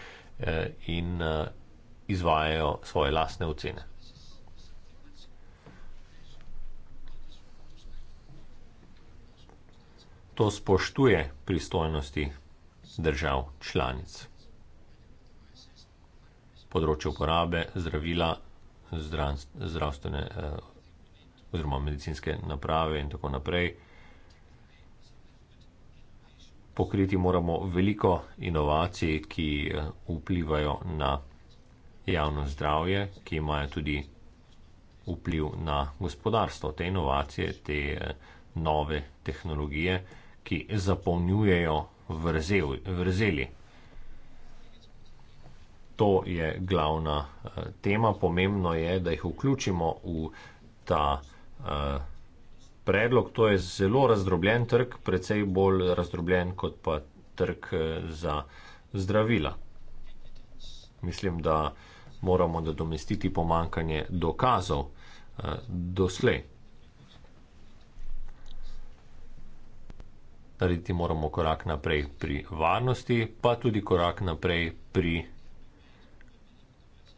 in izvajajo svoje lastne ocene. To spoštuje pristojnosti držav članic. Področje uporabe zdravila, zdravstvene oziroma medicinske naprave in tako naprej. Pokriti moramo veliko inovacij, ki eh, vplivajo na javno zdravje, ki imajo tudi vpliv na gospodarstvo. Te inovacije, te eh, nove tehnologije, ki zapolnjujejo vrzel, vrzeli. To je glavna eh, tema. Pomembno je, da jih vključimo v ta predlog. To je zelo razdrobljen trg, precej bolj razdrobljen kot pa trg e, za zdravila. Mislim, da moramo nadomestiti pomankanje dokazov e, doslej. Narediti moramo korak naprej pri varnosti, pa tudi korak naprej pri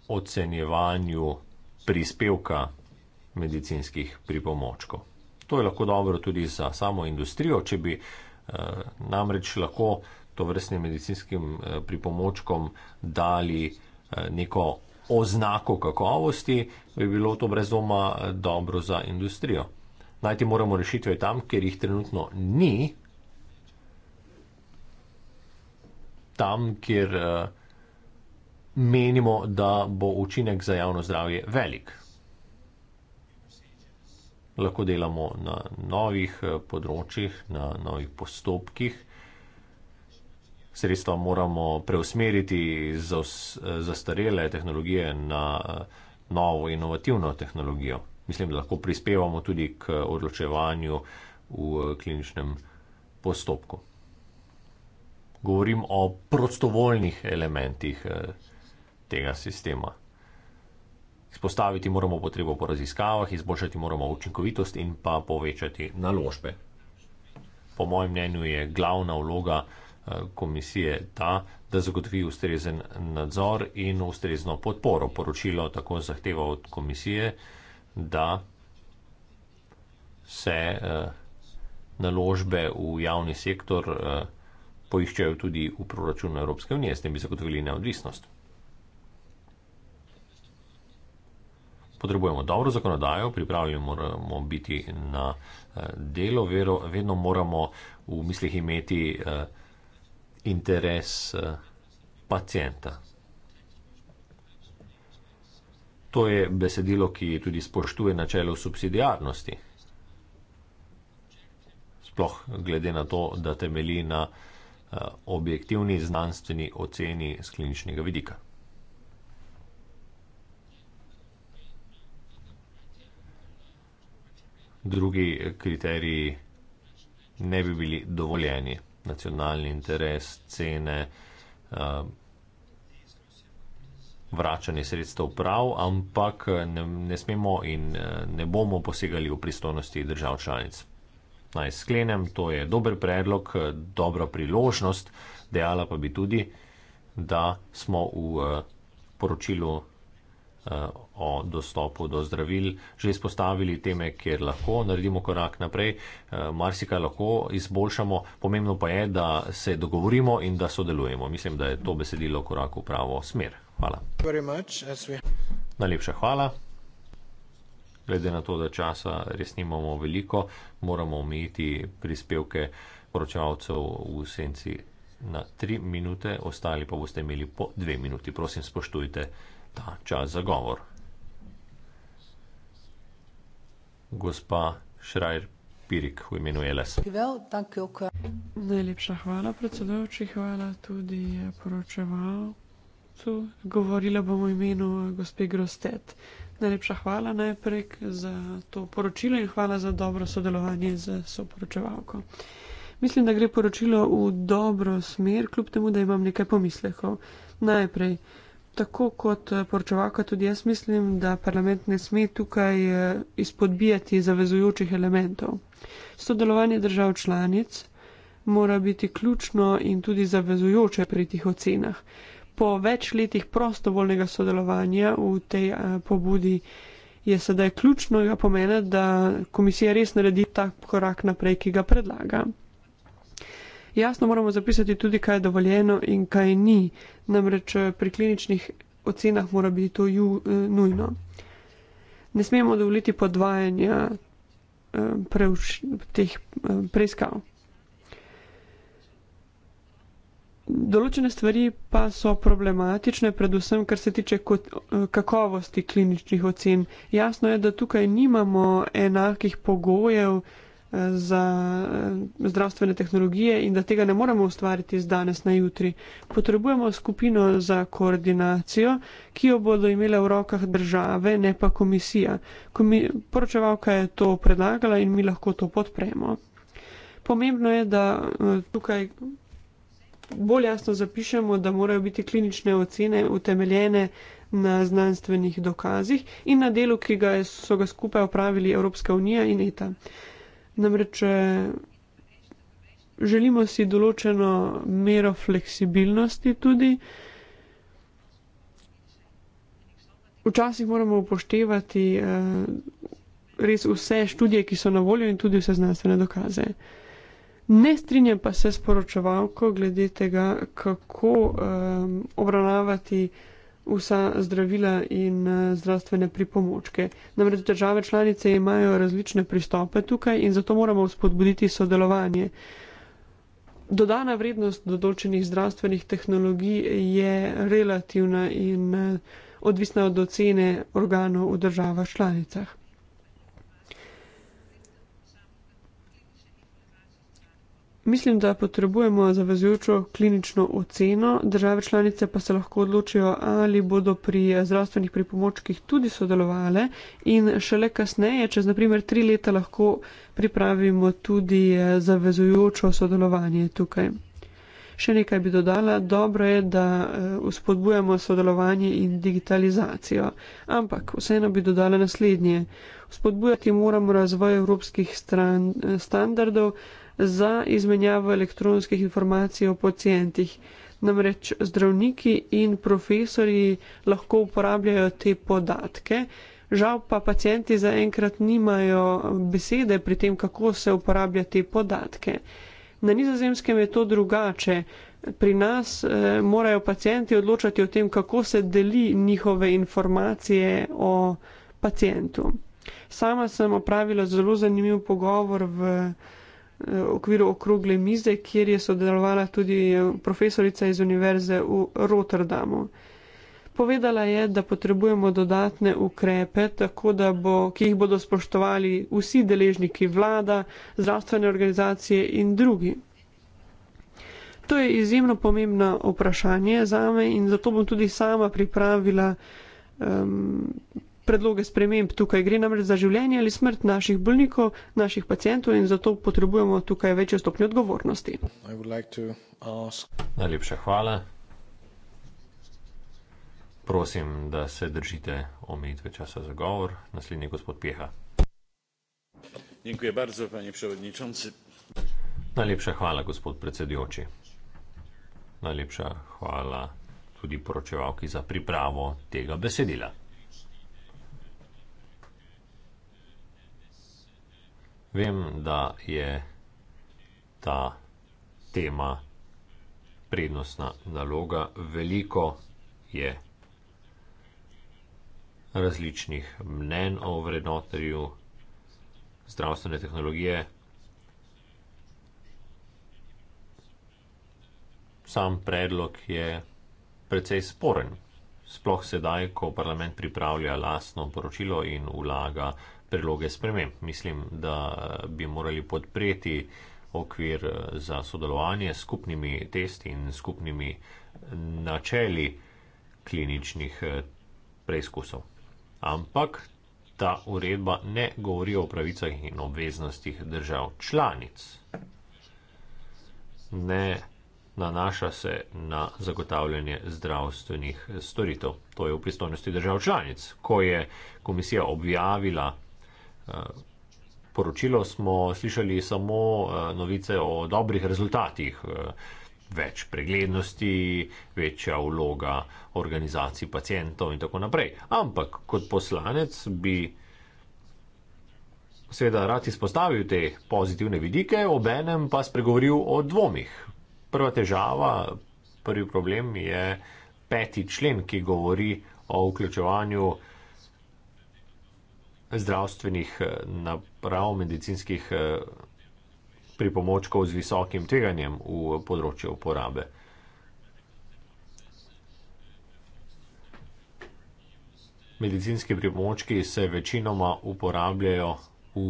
ocenjevanju prispevka medicinskih pripomočkov. To je lahko dobro tudi za samo industrijo, če bi eh, namreč lahko to vrstnim medicinskim eh, pripomočkom dali eh, neko oznako kakovosti, bi bilo to brez doma dobro za industrijo. Najti moramo rešitve tam, kjer jih trenutno ni, tam, kjer menimo, da bo učinek za javno zdravje velik lahko delamo na novih eh, področjih, na novih postopkih. Sredstva moramo preusmeriti za, eh, za starele tehnologije na eh, novo inovativno tehnologijo. Mislim, da lahko prispevamo tudi k odločevanju v kliničnem postopku. Govorim o prostovoljnih elementih tega sistema. Spostaviti moramo potrebo po raziskavah, izboljšati moramo učinkovitost in pa povečati naložbe. Po mojem mnenju je glavna vloga eh, komisije ta, da zagotovi ustrezen nadzor in ustrezno podporo. Poročilo tako zahteva od komisije, da se eh, naložbe v javni sektor eh, poiščajo tudi v proračunu Evropske unije, s tem bi zagotovili neodvisnost. potrebujemo dobro zakonodajo, pripravljeni moramo biti na eh, delo, vero, vedno moramo v mislih imeti eh, interes eh, pacijenta. To je besedilo, ki tudi spoštuje načelo subsidijarnosti. Sploh glede na to, da temelji na objektivni znanstveni oceni z kliničnega vidika. drugi kriteriji ne bi bili dovoljeni. Nacionalni interes, cene, uh, vračanje sredstev prav, ampak ne, ne smemo in eh, ne bomo posegali v pristojnosti držav članic. Naj sklenem, to je dober predlog, dobra priložnost, dejala pa bi tudi, da smo v uh, poročilu Eh, o dostopu do zdravil, že izpostavili teme, kjer lahko naredimo korak naprej, eh, marsikaj lahko izboljšamo, pomembno pa je, da se dogovorimo in da sodelujemo. Mislim, da je to besedilo korak v pravo smer. Hvala. Najlepša hvala. Glede na to, da časa res nimamo veliko, moramo omejiti prispevke poročevalcev v senci na tri minute, ostali pa boste imeli po dve minuti. Prosim, spoštujte ta čas za govor. Gospa Šrajer Pirik v imenu LS. Najlepša hvala, predsedovči, hvala tudi poročevalcu. Govorila bom v imenu gospe Grostet. Najlepša hvala najprej za to poročilo in hvala za dobro sodelovanje z soporočevalko. Mislim, da gre poročilo v dobro smer, kljub temu, da imam nekaj pomislekov. Najprej. Tako kot eh, poročevalka tudi jaz mislim, da parlament ne sme tukaj eh, izpodbijati zavezujočih elementov. Sodelovanje držav članic mora biti ključno in tudi zavezujoče pri tih ocenah. Po več letih prostovoljnega sodelovanja v tej eh, pobudi je sedaj ključnega pomena, da komisija res naredi ta korak naprej, ki ga predlaga jasno moramo zapisati tudi, kaj je dovoljeno in kaj ni. Namreč eh, pri kliničnih ocenah mora biti to ju, eh, nujno. Ne smemo dovoliti podvajanja eh, preuš, teh preiskav. Določene stvari pa so problematične, predvsem kar se tiče kot, kakovosti kliničnih ocen. Jasno je, da tukaj nimamo enakih pogojev za eh, zdravstvene tehnologije in da tega ne moremo ustvariti z danes na jutri. Potrebujemo skupino za koordinacijo, ki jo bodo imele v rokah države, ne pa komisija. Komi poročevalka je to predlagala in mi lahko to podpremo. Pomembno je, da eh, tukaj bolj jasno zapišemo, da morajo biti klinične ocene utemeljene na znanstvenih dokazih in na delu, ki ga so ga skupaj opravili Evropska unija in ETA. Namreč, eh, želimo si določeno mero fleksibilnosti tudi. Včasih moramo upoštevati eh, res vse študije, ki so na voljo in tudi vse znanstvene dokaze. Ne strinjam pa se s poročevalko glede tega, kako eh, obravnavati eh, vsa zdravila in eh, zdravstvene pripomočke. Namreč države članice imajo različne pristope tukaj in zato moramo spodbuditi sodelovanje. Dodana vrednost določenih zdravstvenih tehnologij je relativna in eh, odvisna od ocene organov v državah članicah. Mislim, da potrebujemo zavezujočo klinično oceno, države članice pa se lahko odločijo, ali bodo pri zdravstvenih pripomočkih tudi sodelovali in šele kasneje, čez naprimer tri leta, lahko pripravimo tudi eh, zavezujočo sodelovanje tukaj. Še nekaj bi dodala, dobro je, da uspodbujamo eh, sodelovanje in digitalizacijo, ampak vseeno bi dodala naslednje. Uspodbujati moramo razvoj evropskih stran, eh, standardov, za izmenjavo elektronskih informacij o pacijentih. Namreč zdravniki in profesori lahko uporabljajo te podatke, žal pa pacijenti zaenkrat nimajo besede pri tem, kako se uporablja te podatke. Na nizozemskem je to drugače. Pri nas eh, morajo pacijenti odločati o tem, kako se deli njihove informacije o pacijentu. Sama sem opravila zelo zanimiv pogovor v v eh, okviru okrogle mize, kjer je sodelovala tudi eh, profesorica iz univerze v Rotterdamu. Povedala je, da potrebujemo dodatne ukrepe, tako da bo, ki jih bodo spoštovali vsi deležniki vlada, zdravstvene organizacije in drugi. To je izjemno pomembno vprašanje za me in zato bom tudi sama pripravila um, predloge sprememb. Tukaj gre namreč za življenje ali smrt naših bolnikov, naših pacijentov in zato potrebujemo tukaj večjo stopnjo odgovornosti. Like ask... Najlepša hvala. Prosim, da se držite omejitve časa za govor. Naslednji gospod Pjeha. Bardzo, Najlepša hvala, gospod predsedujoči. Najlepša hvala tudi poročevalki za pripravo tega besedila. vem, da je ta tema prednostna naloga. Veliko je različnih mnen o vrednotenju zdravstvene tehnologije. Sam predlog je precej sporen. Sploh sedaj, ko parlament pripravlja lastno poročilo in vlaga predloge sprememb. Mislim, da bi morali podpreti okvir eh, za sodelovanje s skupnimi testi in skupnimi eh, načeli kliničnih eh, preizkusov. Ampak ta uredba ne govori o pravicah in obveznostih držav članic. Ne nanaša se na zagotavljanje zdravstvenih storitev. To je v pristojnosti držav članic. Ko je komisija objavila Eh, poročilo smo slišali samo eh, novice o dobrih rezultatih, eh, več preglednosti, večja vloga organizacij pacijentov in tako naprej. Ampak kot poslanec bi seveda rad izpostavil te pozitivne vidike, obenem pa spregovoril o dvomih. Prva težava, prvi problem je peti člen, ki govori o vključevanju zdravstvenih eh, naprav, medicinskih eh, pripomočkov z visokim tveganjem v področju uporabe. Medicinski pripomočki se večinoma uporabljajo v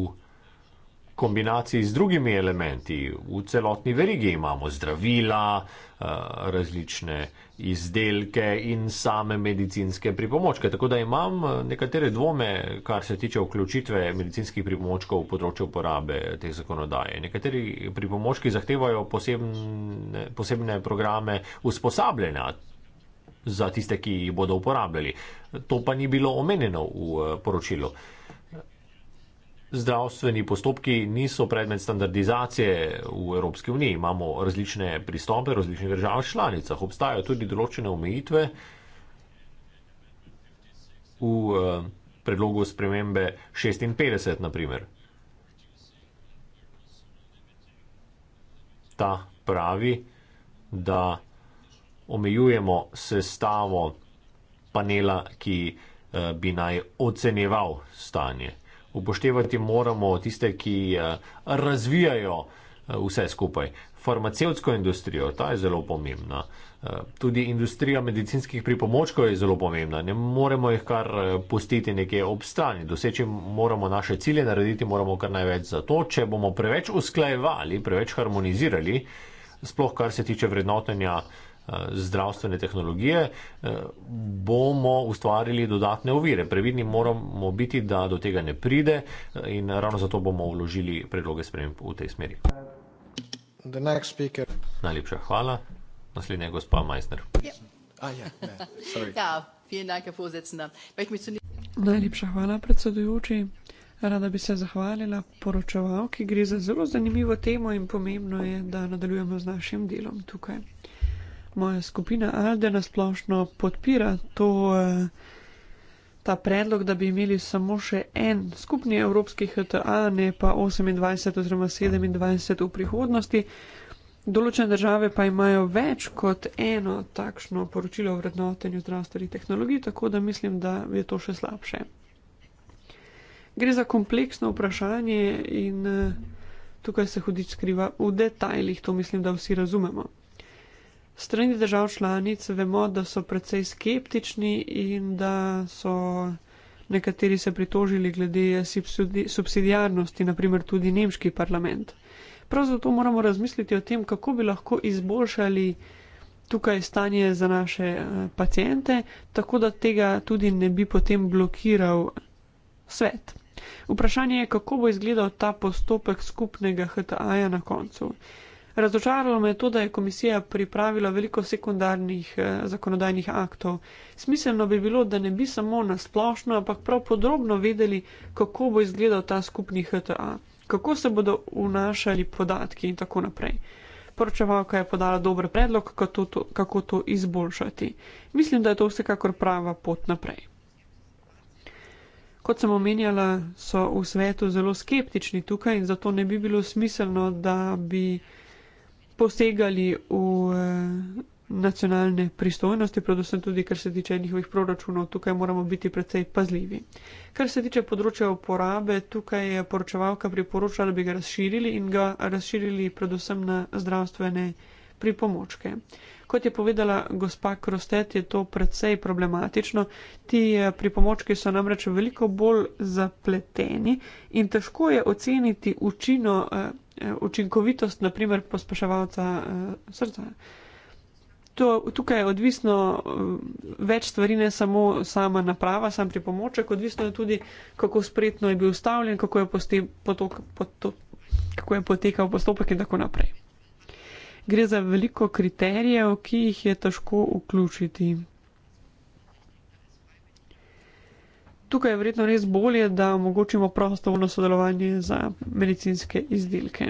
kombinaciji z drugimi elementi. V celotni verigi imamo zdravila, eh, različne izdelke in same medicinske pripomočke. Tako da imam eh, nekatere dvome, kar se tiče vključitve medicinskih pripomočkov v področju uporabe te zakonodaje. Nekateri pripomočki zahtevajo posebne, posebne programe usposabljanja za tiste, ki jih bodo uporabljali. To pa ni bilo omenjeno v eh, poročilu. Zdravstveni postopki niso predmet standardizacije v Evropski uniji. Imamo različne pristope v različnih državah članicah. Obstajajo tudi določene omejitve v eh, predlogu spremembe 56, naprimer. Ta pravi, da omejujemo sestavo panela, ki eh, bi naj oceneval stanje upoštevati moramo tiste, ki eh, razvijajo eh, vse skupaj. Farmacevtsko industrijo, ta je zelo pomembna. Eh, tudi industrija medicinskih pripomočkov je zelo pomembna. Ne moremo jih kar pustiti nekje ob strani. Doseči moramo naše cilje, narediti moramo kar največ za to. Če bomo preveč usklajevali, preveč harmonizirali, sploh kar se tiče vrednotenja Eh, zdravstvene tehnologije, eh, bomo ustvarili dodatne ovire. Previdni moramo biti, da do tega ne pride eh, in ravno zato bomo vložili predloge sprememb v tej smeri. Najlepša hvala. Naslednja je gospa Majsner. Ja. Ah, ja, ja, Najlepša hvala, predsedujoči. Rada bi se zahvalila poročevalki, gre za zelo zanimivo temo in pomembno je, da nadaljujemo z našim delom tukaj moja skupina Alde na splošno podpira to, eh, ta predlog, da bi imeli samo še en skupni evropski HTA, ne pa 28 oziroma 27 v prihodnosti. Določene države pa imajo več kot eno takšno poročilo o vrednotenju zdravstvenih tehnologij, tako da mislim, da je to še slabše. Gre za kompleksno vprašanje in eh, tukaj se hudič skriva v detajlih, to mislim, da vsi razumemo strani držav članic vemo, da so precej skeptični in da so nekateri se pritožili glede subsidijarnosti, naprimer tudi nemški parlament. Prav zato moramo razmisliti o tem, kako bi lahko izboljšali tukaj stanje za naše eh, pacijente, tako da tega tudi ne bi potem blokiral svet. Vprašanje je, kako bo izgledal ta postopek skupnega HTA-ja na koncu. Razočaralo me je to, da je komisija pripravila veliko sekundarnih eh, zakonodajnih aktov. Smiselno bi bilo, da ne bi samo nasplošno, ampak prav podrobno vedeli, kako bo izgledal ta skupni HTA, kako se bodo vnašali podatki in tako naprej. Poročevalka je podala dober predlog, kako to, kako to izboljšati. Mislim, da je to vsekakor prava pot naprej. Kot sem omenjala, so v svetu zelo skeptični tukaj in zato ne bi bilo smiselno, da bi posegali v eh, nacionalne pristojnosti, predvsem tudi, kar se tiče njihovih proračunov, tukaj moramo biti predvsej pazljivi. Kar se tiče področja uporabe, tukaj je poročevalka priporočala, da bi ga razširili in ga razširili predvsem na zdravstvene pripomočke. Kot je povedala gospa Krostet, je to predvsej problematično. Ti eh, pripomočki so namreč veliko bolj zapleteni in težko je oceniti učino eh, Eh, učinkovitost, naprimer, pospraševalca uh, eh, srca. To, tukaj je odvisno uh, več stvari, ne samo sama naprava, sam pripomoček, odvisno je tudi, kako spretno je bil ustavljen, kako je, poste, potok, potok, kako je potekal postopek in tako naprej. Gre za veliko kriterijev, ki jih je težko vključiti. tukaj je vredno res bolje, da omogočimo prostovoljno sodelovanje za medicinske izdelke.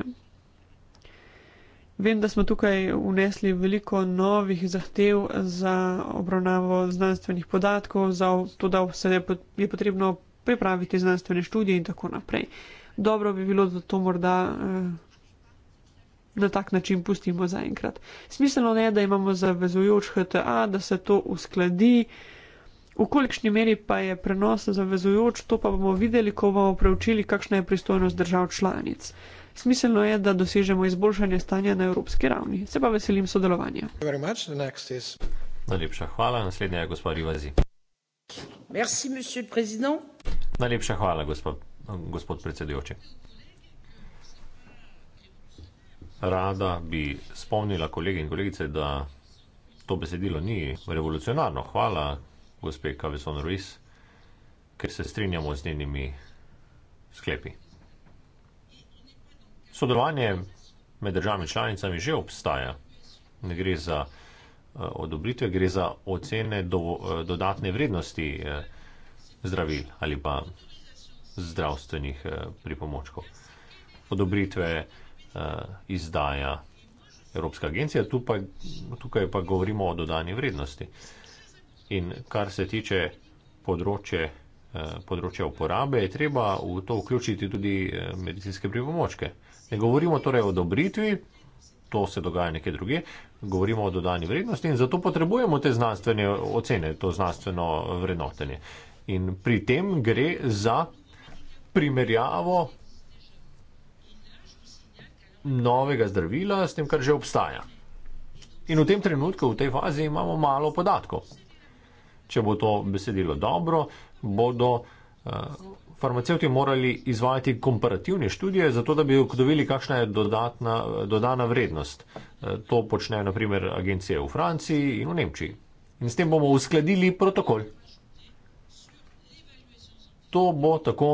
Vem, da smo tukaj unesli veliko novih zahtev za obravnavo znanstvenih podatkov, za to, da se je potrebno pripraviti znanstvene študije in tako naprej. Dobro bi bilo, da to morda eh, na tak način pustimo zaenkrat. Smiselno je, da imamo zavezujoč HTA, da se to uskladi. V kolikšni meri pa je prenos zavezujoč, to pa bomo videli, ko bomo preučili, kakšna je pristojnost držav članic. Smiselno je, da dosežemo izboljšanje stanja na evropski ravni. Se pa veselim sodelovanja. Najlepša hvala, naslednja je gospod Rivazi. Merci, Najlepša hvala, gospod, gospod predsedujoči. Rada bi spomnila kolege in kolegice, da to besedilo ni revolucionarno. Hvala, gospe Kavison Ruiz, ker se strinjamo z njenimi sklepi. Sodelovanje med državami članicami že obstaja. Ne gre za eh, odobritve, gre za ocene do, eh, dodatne vrednosti eh, zdravil ali pa zdravstvenih pripomočkov. Odobritve izdaja Evropska agencija, tu pa, tukaj pa govorimo o dodani vrednosti. In kar se tiče področje, eh, področje uporabe, je treba v to vključiti tudi eh, medicinske pripomočke. Ne govorimo torej o dobritvi, to se dogaja nekje druge, govorimo o dodani vrednosti in zato potrebujemo te znanstvene ocene, to znanstveno vrednotenje. In pri tem gre za primerjavo novega zdravila s tem, kar že obstaja. In v tem trenutku, v tej fazi imamo malo podatkov če bo to besedilo dobro, bodo uh, farmacevti morali izvajati komparativne študije, zato da bi ugotovili, kakšna je dodatna, dodana vrednost. Uh, to počne naprimer agencije v Franciji in v Nemčiji. In s tem bomo uskladili protokol. To bo tako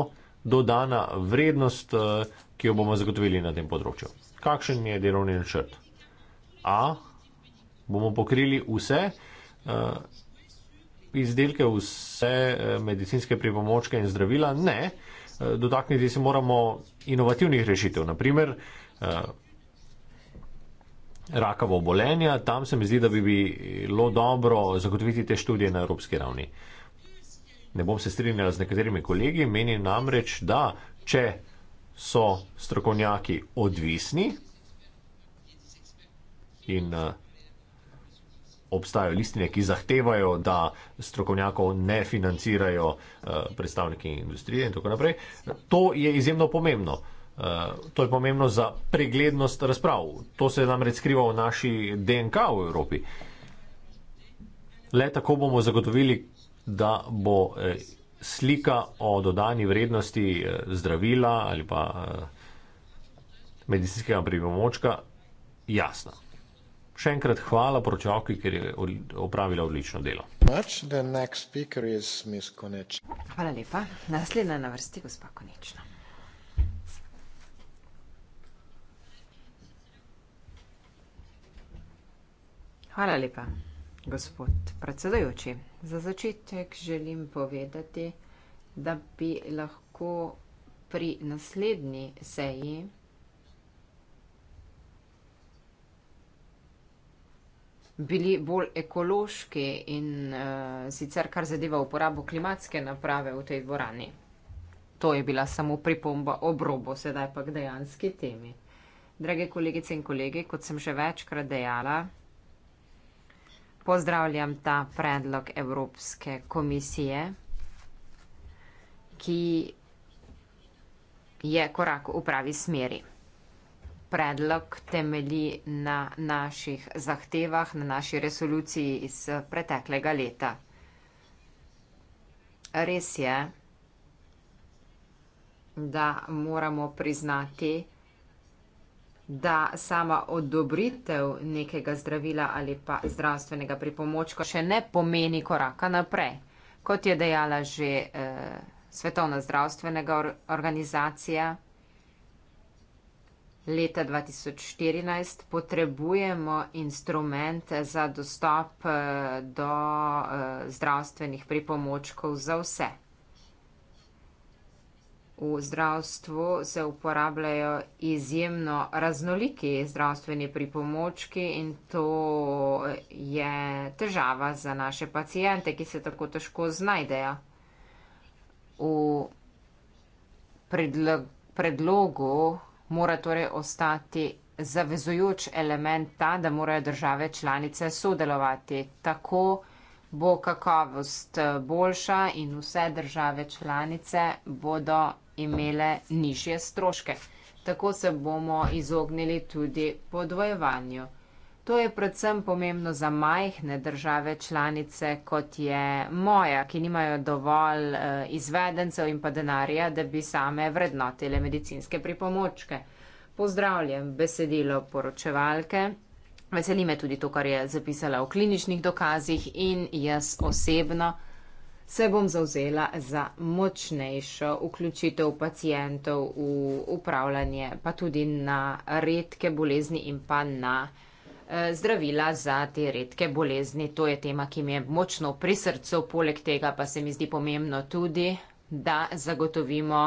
dodana vrednost, eh, ki jo bomo zagotovili na tem področju. Kakšen je delovni načrt? A, bomo pokrili vse, izdelke, vse eh, medicinske pripomočke in zdravila? Ne, eh, dotakniti se moramo inovativnih rešitev. Naprimer, eh, rakavo obolenja, tam se mi zdi, da bi bilo dobro zagotoviti te študije na evropski ravni. Ne bom se strinjala z nekaterimi kolegi, meni namreč, da če so strokovnjaki odvisni in uh, obstajajo listine, ki zahtevajo, da strokovnjakov ne financirajo eh, predstavniki industrije in tako naprej. To je izjemno pomembno. Eh, to je pomembno za preglednost razprav. To se namreč skriva v naši DNK v Evropi. Le tako bomo zagotovili, da bo eh, slika o dodani vrednosti zdravila ali pa medicinskega pripomočka jasna. Še enkrat hvala poročavki, ker je opravila odlično delo. Hvala lepa. Naslednja na vrsti gospa Konečna. Hvala lepa, gospod predsedujoči. Za začetek želim povedati, da bi lahko pri naslednji seji bili bolj ekološki in uh, sicer kar zadeva uporabo klimatske naprave v tej dvorani. To je bila samo pripomba obrobo, sedaj pa k dejanski temi. Drage kolegice in kolegi, kot sem že večkrat dejala, pozdravljam ta predlog Evropske komisije, ki je korak v pravi smeri predlog temelji na naših zahtevah, na naši resoluciji iz preteklega leta. Res je, da moramo priznati, da sama odobritev nekega zdravila ali pa zdravstvenega pripomočka še ne pomeni koraka naprej. Kot je dejala že eh, Svetovna zdravstvena organizacija, leta 2014 potrebujemo instrument za dostop eh, do eh, zdravstvenih pripomočkov za vse. V zdravstvu se uporabljajo izjemno raznoliki zdravstveni pripomočki in to je težava za naše pacijente, ki se tako težko znajdejo. V predlogu mora torej ostati zavezujoč element ta, da morajo države članice sodelovati. Tako bo kakovost eh, boljša in vse države članice bodo imele nižje stroške. Tako se bomo izognili tudi podvojevanju. To je predvsem pomembno za majhne države članice, kot je moja, ki nimajo dovolj eh, izvedencev in pa denarja, da bi same vrednotile medicinske pripomočke. Pozdravljam besedilo poročevalke. Veseli me tudi to, kar je zapisala v kliničnih dokazih in jaz osebno se bom zauzela za močnejšo vključitev pacijentov v upravljanje, pa tudi na redke bolezni in pa na Eh, zdravila za te redke bolezni. To je tema, ki mi je močno pri srcu, poleg tega pa se mi zdi pomembno tudi, da zagotovimo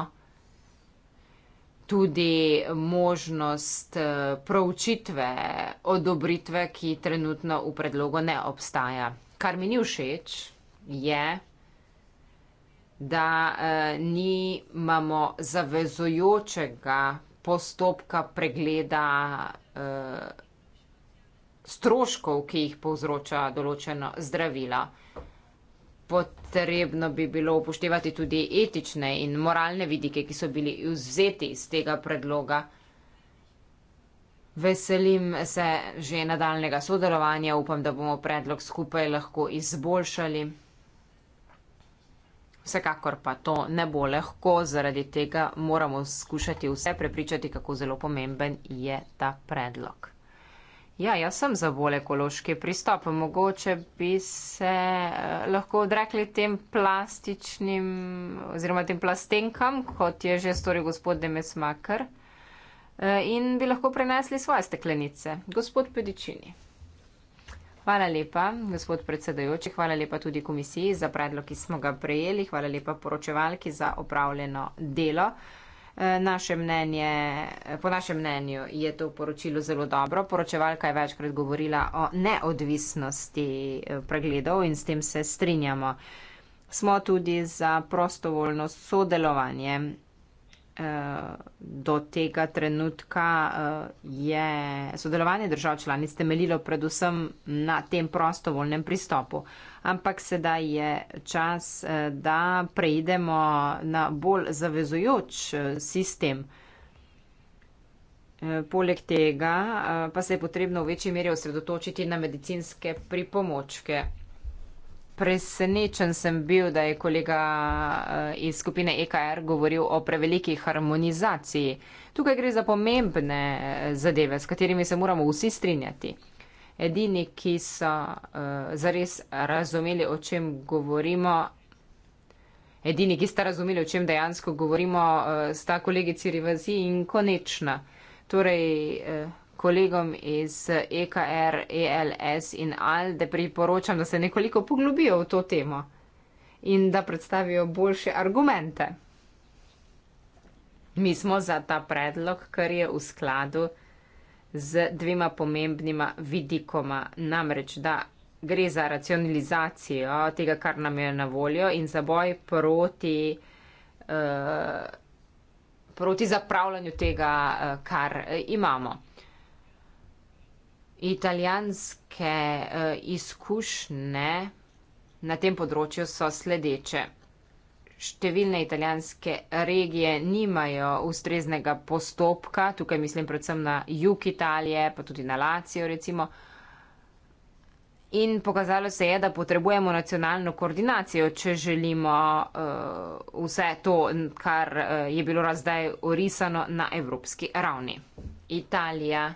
tudi možnost eh, proučitve, odobritve, ki trenutno v predlogu ne obstaja. Kar mi ni všeč, je, da eh, nimamo zavezojočega postopka pregleda eh, stroškov, ki jih povzroča določena zdravila. Potrebno bi bilo upoštevati tudi etične in moralne vidike, ki so bili vzeti iz tega predloga. Veselim se že nadaljnega sodelovanja, upam, da bomo predlog skupaj lahko izboljšali. Vsekakor pa to ne bo lahko, zaradi tega moramo skušati vse prepričati, kako zelo pomemben je ta predlog. Ja, jaz sem za bolj ekološki pristop. Mogoče bi se eh, lahko odrekli tem plastičnim oziroma tem plastenkam, kot je že storil gospod Demes Makar, eh, in bi lahko prenesli svoje steklenice. Gospod Pedičini. Hvala lepa, gospod predsedajoči. Hvala lepa tudi komisiji za predlog, ki smo ga prejeli. Hvala lepa poročevalki za opravljeno delo. Eh, naše mnenje, eh, po našem mnenju je to poročilo zelo dobro. Poročevalka je večkrat govorila o neodvisnosti eh, pregledov in s tem se strinjamo. Smo tudi za prostovoljno sodelovanje do tega trenutka eh, je sodelovanje držav članic temeljilo predvsem na tem prostovoljnem pristopu. Ampak sedaj je čas, eh, da preidemo na bolj zavezujoč eh, sistem. Poleg tega pa se je potrebno v večji meri osredotočiti na medicinske pripomočke presenečen sem bil, da je kolega eh, iz skupine EKR govoril o preveliki harmonizaciji. Tukaj gre za pomembne eh, zadeve, s katerimi se moramo vsi strinjati. Edini, ki so uh, zares razumeli, o čem govorimo, edini, ki sta razumeli, o čem dejansko govorimo, uh, sta kolegici Rivazi in konečna. Torej, uh, kolegom iz EKR, ELS in AL, da priporočam, da se nekoliko poglobijo v to temo in da predstavijo boljše argumente. Mi smo za ta predlog, kar je v skladu z dvema pomembnima vidikoma, namreč da gre za racionalizacijo tega, kar nam je na voljo in za boj proti, uh, proti zapravljanju tega, uh, kar eh, imamo. Italijanske uh, izkušnje na tem področju so sledeče. Številne italijanske regije nimajo ustreznega postopka, tukaj mislim predvsem na jug Italije, pa tudi na Lacijo recimo. In pokazalo se je, da potrebujemo nacionalno koordinacijo, če želimo uh, vse to, kar uh, je bilo razdaj orisano na evropski ravni. Italija.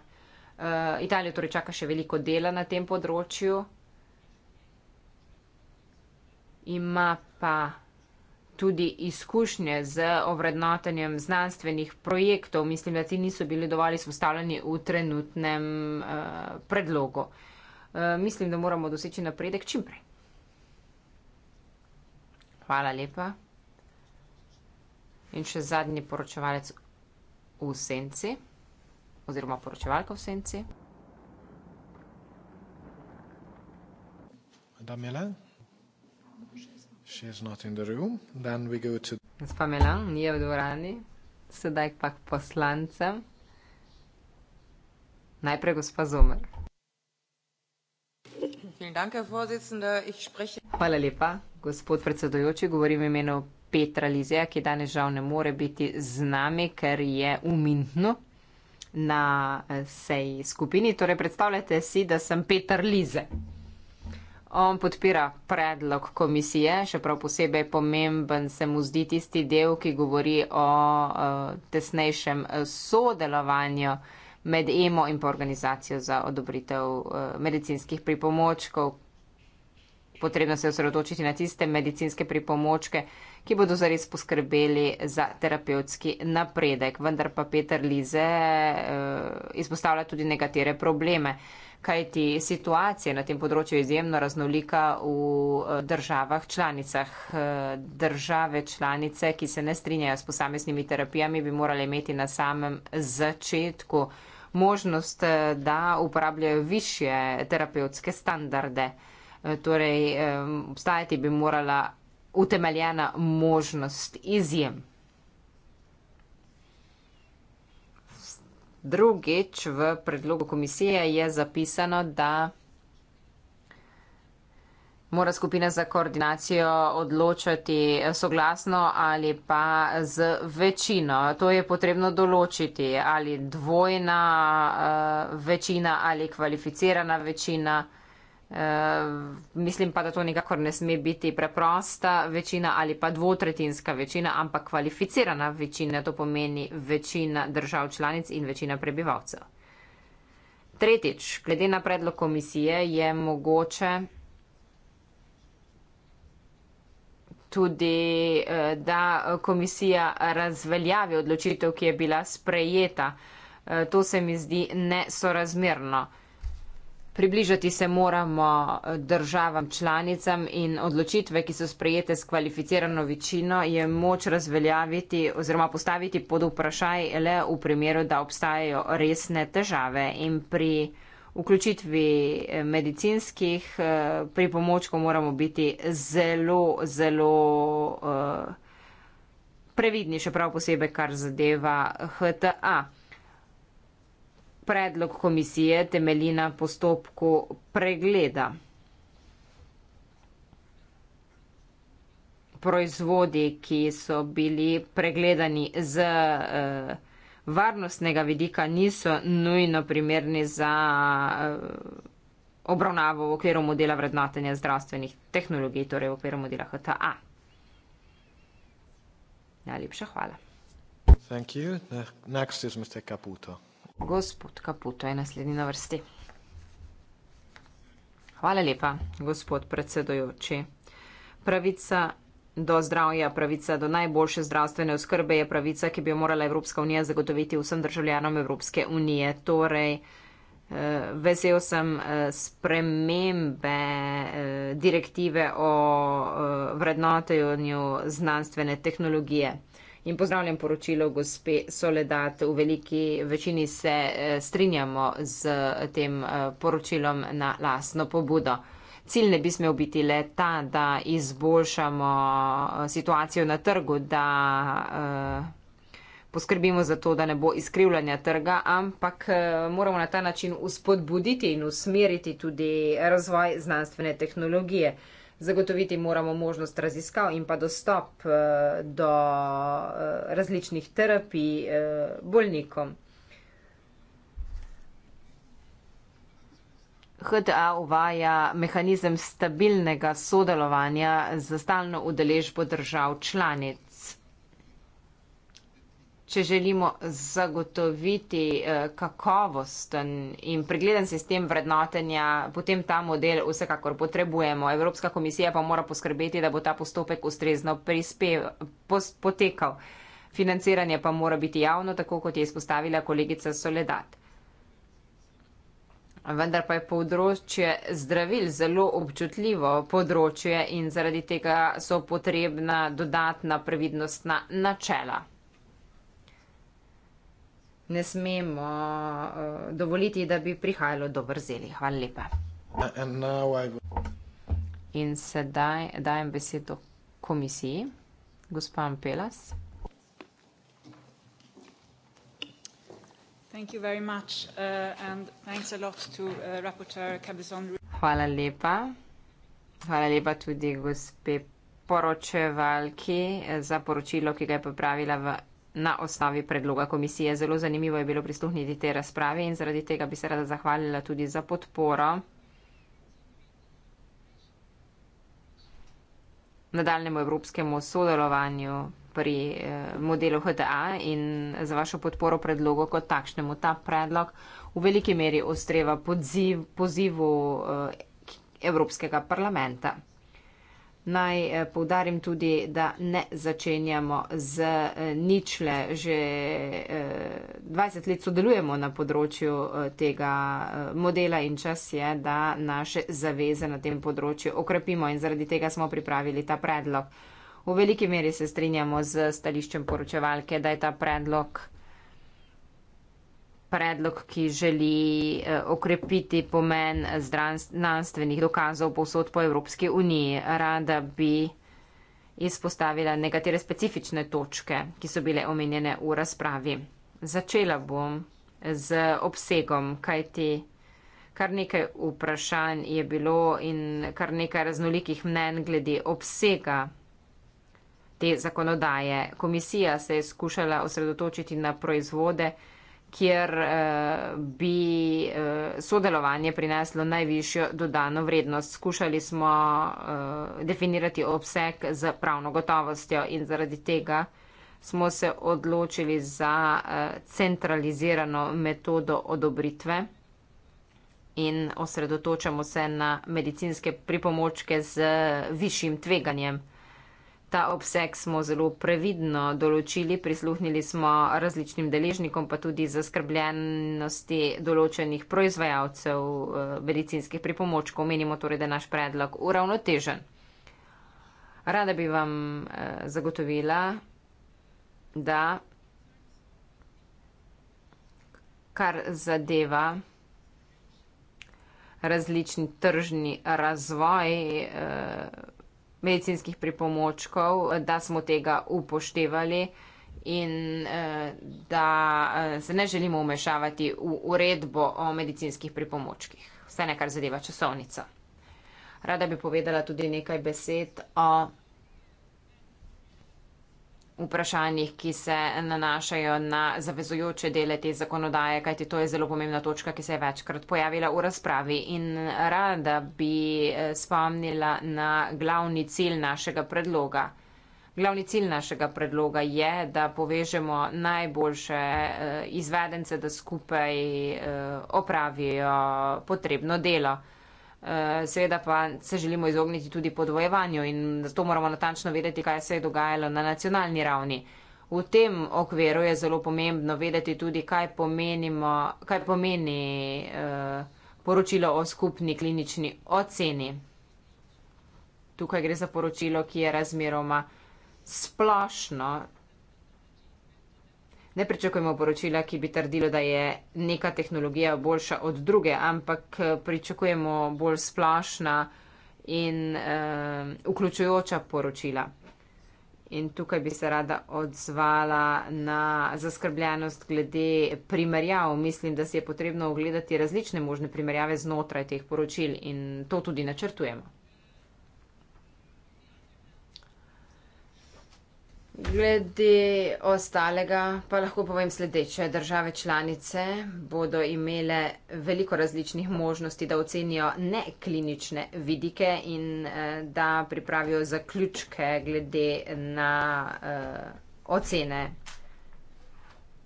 Eh, Italijo torej čaka še veliko dela na tem področju. Ima pa tudi izkušnje z ovrednotenjem znanstvenih projektov. Mislim, da ti niso bili dovolj izpostavljeni v trenutnem uh, predlogu. Uh, mislim, da moramo doseči napredek čim prej. Hvala lepa. In še zadnji poročevalec v senci oziroma poročevalka v senci. Gospa Melan ni v dvorani, sedaj pa k poslancem. Najprej gospa Zomer. Hvala lepa, gospod predsedujoči, govorim v imenu Petra Lizeja, ki danes žal ne more biti z nami, ker je v Mintnu, na eh, seji skupini. Torej, predstavljajte si, da sem Peter Lize. On podpira predlog komisije, še prav posebej pomemben se mu zdi tisti del, ki govori o eh, tesnejšem eh, sodelovanju med EMO in pa organizacijo za odobritev medicinskih pripomočkov, Potrebno se je osredotočiti na tiste medicinske pripomočke, ki bodo zares poskrbeli za terapevtski napredek. Vendar pa Peter Lize eh, izpostavlja tudi nekatere probleme, kajti situacija na tem področju je izjemno raznolika v eh, državah članicah. Eh, države članice, ki se ne strinjajo s posameznimi terapijami, bi morali imeti na samem začetku možnost, da uporabljajo više terapevtske standarde. Eh, torej obstajati bi morala utemeljena možnost izjem. Drugič v predlogu komisije je zapisano, da mora skupina za koordinacijo odločati soglasno ali pa z večino. To je potrebno določiti ali dvojna eh, večina ali kvalificirana večina. Eh, mislim pa, da to nikakor ne sme biti preprosta večina ali pa dvotretinska večina, ampak kvalificirana večina, to pomeni večina držav članic in večina prebivalcev. Tretjič, glede na predlog komisije je mogoče tudi, eh, da komisija razveljavi odločitev, ki je bila sprejeta. Eh, to se mi zdi nesorazmerno. Približati se moramo eh, državam članicam in odločitve, ki so sprejete s kvalificirano večino, je moč razveljaviti oziroma postaviti pod vprašaj le v primeru, da obstajajo resne težave in pri vključitvi eh, medicinskih eh, pripomočkov moramo biti zelo, zelo previdni, še prav posebej, kar zadeva HTA predlog komisije temelji na postopku pregleda. Proizvodi, ki so bili pregledani z eh, varnostnega vidika, niso nujno primerni za eh, obravnavo v okviru modela vrednotenja zdravstvenih tehnologij, torej v okviru modela HTA. Najlepša hvala. Thank you. Next is Mr. Caputo. Gospod Kaputo je naslednji na vrsti. Hvala lepa, gospod predsedojoči. Pravica do zdravja, pravica do najboljše zdravstvene oskrbe je pravica, ki bi jo morala Evropska unija zagotoviti vsem državljanom Evropske unije. Torej, eh, vesel sem eh, spremembe eh, direktive o vrednotenju znanstvene tehnologije in pozdravljam poročilo gospe Soledad. V veliki večini se eh, strinjamo z eh, tem eh, poročilom na lasno pobudo. Cilj ne bi smel biti le ta, da izboljšamo situacijo na trgu, da poskrbimo za to, da ne bo izkrivljanja trga, ampak moramo na ta način uspodbuditi in usmeriti tudi razvoj znanstvene tehnologije. Zagotoviti moramo možnost raziskav in pa dostop eh, do eh, različnih terapij eh, bolnikom. HTA uvaja mehanizem stabilnega sodelovanja za stalno udeležbo držav članic če želimo zagotoviti eh, kakovosten in pregleden sistem vrednotenja, potem ta model vsekakor potrebujemo. Evropska komisija pa mora poskrbeti, da bo ta postopek ustrezno prispev, pos, potekal. Financiranje pa mora biti javno, tako kot je izpostavila kolegica Soledad. Vendar pa je področje zdravil zelo občutljivo področje in zaradi tega so potrebna dodatna previdnostna načela ne smemo uh, dovoliti, da bi prihajalo do vrzeli. Hvala lepa. In sedaj dajem besedo komisiji, gospod Ampelas. Uh, uh, Hvala lepa. Hvala lepa tudi gospe poročevalki eh, za poročilo, ki ga je popravila v na osnovi predloga komisije. Zelo zanimivo je bilo prisluhniti te razprave in zaradi tega bi se rada zahvalila tudi za podporo. nadaljnemu evropskemu sodelovanju pri eh, modelu HDA in za vašo podporo predlogu kot takšnemu. Ta predlog v veliki meri ostreva podziv, pozivu eh, Evropskega parlamenta. Naj eh, povdarim tudi, da ne začenjamo z eh, ničle. Že 20 eh, let sodelujemo na področju tega modela in čas je, da naše zaveze na tem področju okrepimo in zaradi tega smo pripravili ta predlog. V veliki meri se strinjamo z stališčem poročevalke, da je ta predlog predlog, ki želi eh, okrepiti pomen znanstvenih dokazov posod po Evropski uniji. Rada bi izpostavila nekatere specifične točke, ki so bile omenjene v razpravi. Začela bom z obsegom, kaj ti kar nekaj vprašanj je bilo in kar nekaj raznolikih mnen glede obsega te zakonodaje. Komisija se je skušala osredotočiti na proizvode, kjer uh, bi uh, sodelovanje prineslo najvišjo dodano vrednost. Skušali smo uh, definirati obseg z pravno gotovostjo in zaradi tega smo se odločili za uh, centralizirano metodo odobritve in osredotočamo se na medicinske pripomočke z višjim tveganjem ta obseg smo zelo previdno določili, prisluhnili smo različnim deležnikom, pa tudi zaskrbljenosti določenih proizvajalcev eh, medicinskih pripomočkov. Menimo torej, da je naš predlog uravnotežen. Rada bi vam eh, zagotovila, da kar zadeva različni tržni razvoj, eh, medicinskih pripomočkov, da smo tega upoštevali in eh, da eh, se ne želimo umešavati v uredbo o medicinskih pripomočkih, vse ne kar zadeva časovnico. Rada bi povedala tudi nekaj besed o vprašanjih, ki se nanašajo na zavezujoče dele te zakonodaje, kajti to je zelo pomembna točka, ki se je večkrat pojavila v razpravi. In rada bi eh, spomnila na glavni cilj našega predloga. Glavni cilj našega predloga je, da povežemo najboljše eh, izvedence, da skupaj eh, opravijo potrebno delo. Eh, seveda pa se želimo izogniti tudi podvojevanju in zato moramo natančno vedeti, kaj se je dogajalo na nacionalni ravni. V tem okviru je zelo pomembno vedeti tudi, kaj, pomenimo, kaj pomeni eh, poročilo o skupni klinični oceni. Tukaj gre za poročilo, ki je razmeroma splošno ne pričakujemo poročila, ki bi trdilo, da je neka tehnologija boljša od druge, ampak eh, pričakujemo bolj splošna in uh, vključujoča poročila. In tukaj bi se rada odzvala na zaskrbljenost glede primerjav. Mislim, da si je potrebno ogledati različne možne primerjave znotraj teh poročil in to tudi načrtujemo. Glede ostalega pa lahko povem sledeče. Države članice bodo imele veliko različnih možnosti, da ocenijo neklinične vidike in eh, da pripravijo zaključke glede na uh, ocene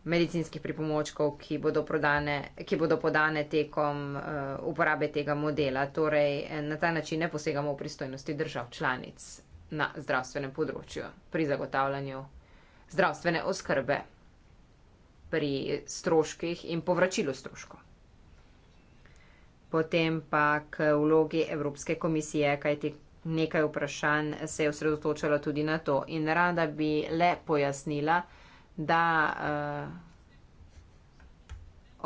medicinskih pripomočkov, ki bodo, prodane, ki bodo podane tekom uh, uporabe tega modela. Torej, na ta način ne posegamo v pristojnosti držav članic na zdravstvenem področju, pri zagotavljanju zdravstvene oskrbe, pri stroških in povračilu stroškov. Potem pa k vlogi Evropske komisije, kajti nekaj vprašanj se je osredotočalo tudi na to in rada bi le pojasnila, da uh,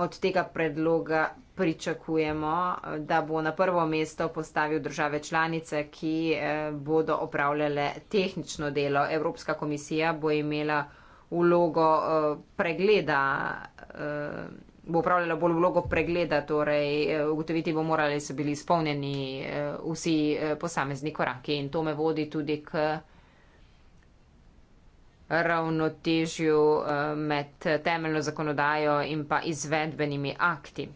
od tega predloga pričakujemo, da bo na prvo mesto postavil države članice, ki eh, bodo opravljale tehnično delo. Evropska komisija bo imela vlogo eh, pregleda, eh, bo upravljala bolj vlogo pregleda, torej ugotoviti bo morali, da so bili izpolnjeni vsi posamezni koraki in to me vodi tudi k ravnotežju med temeljno zakonodajo in pa izvedbenimi akti.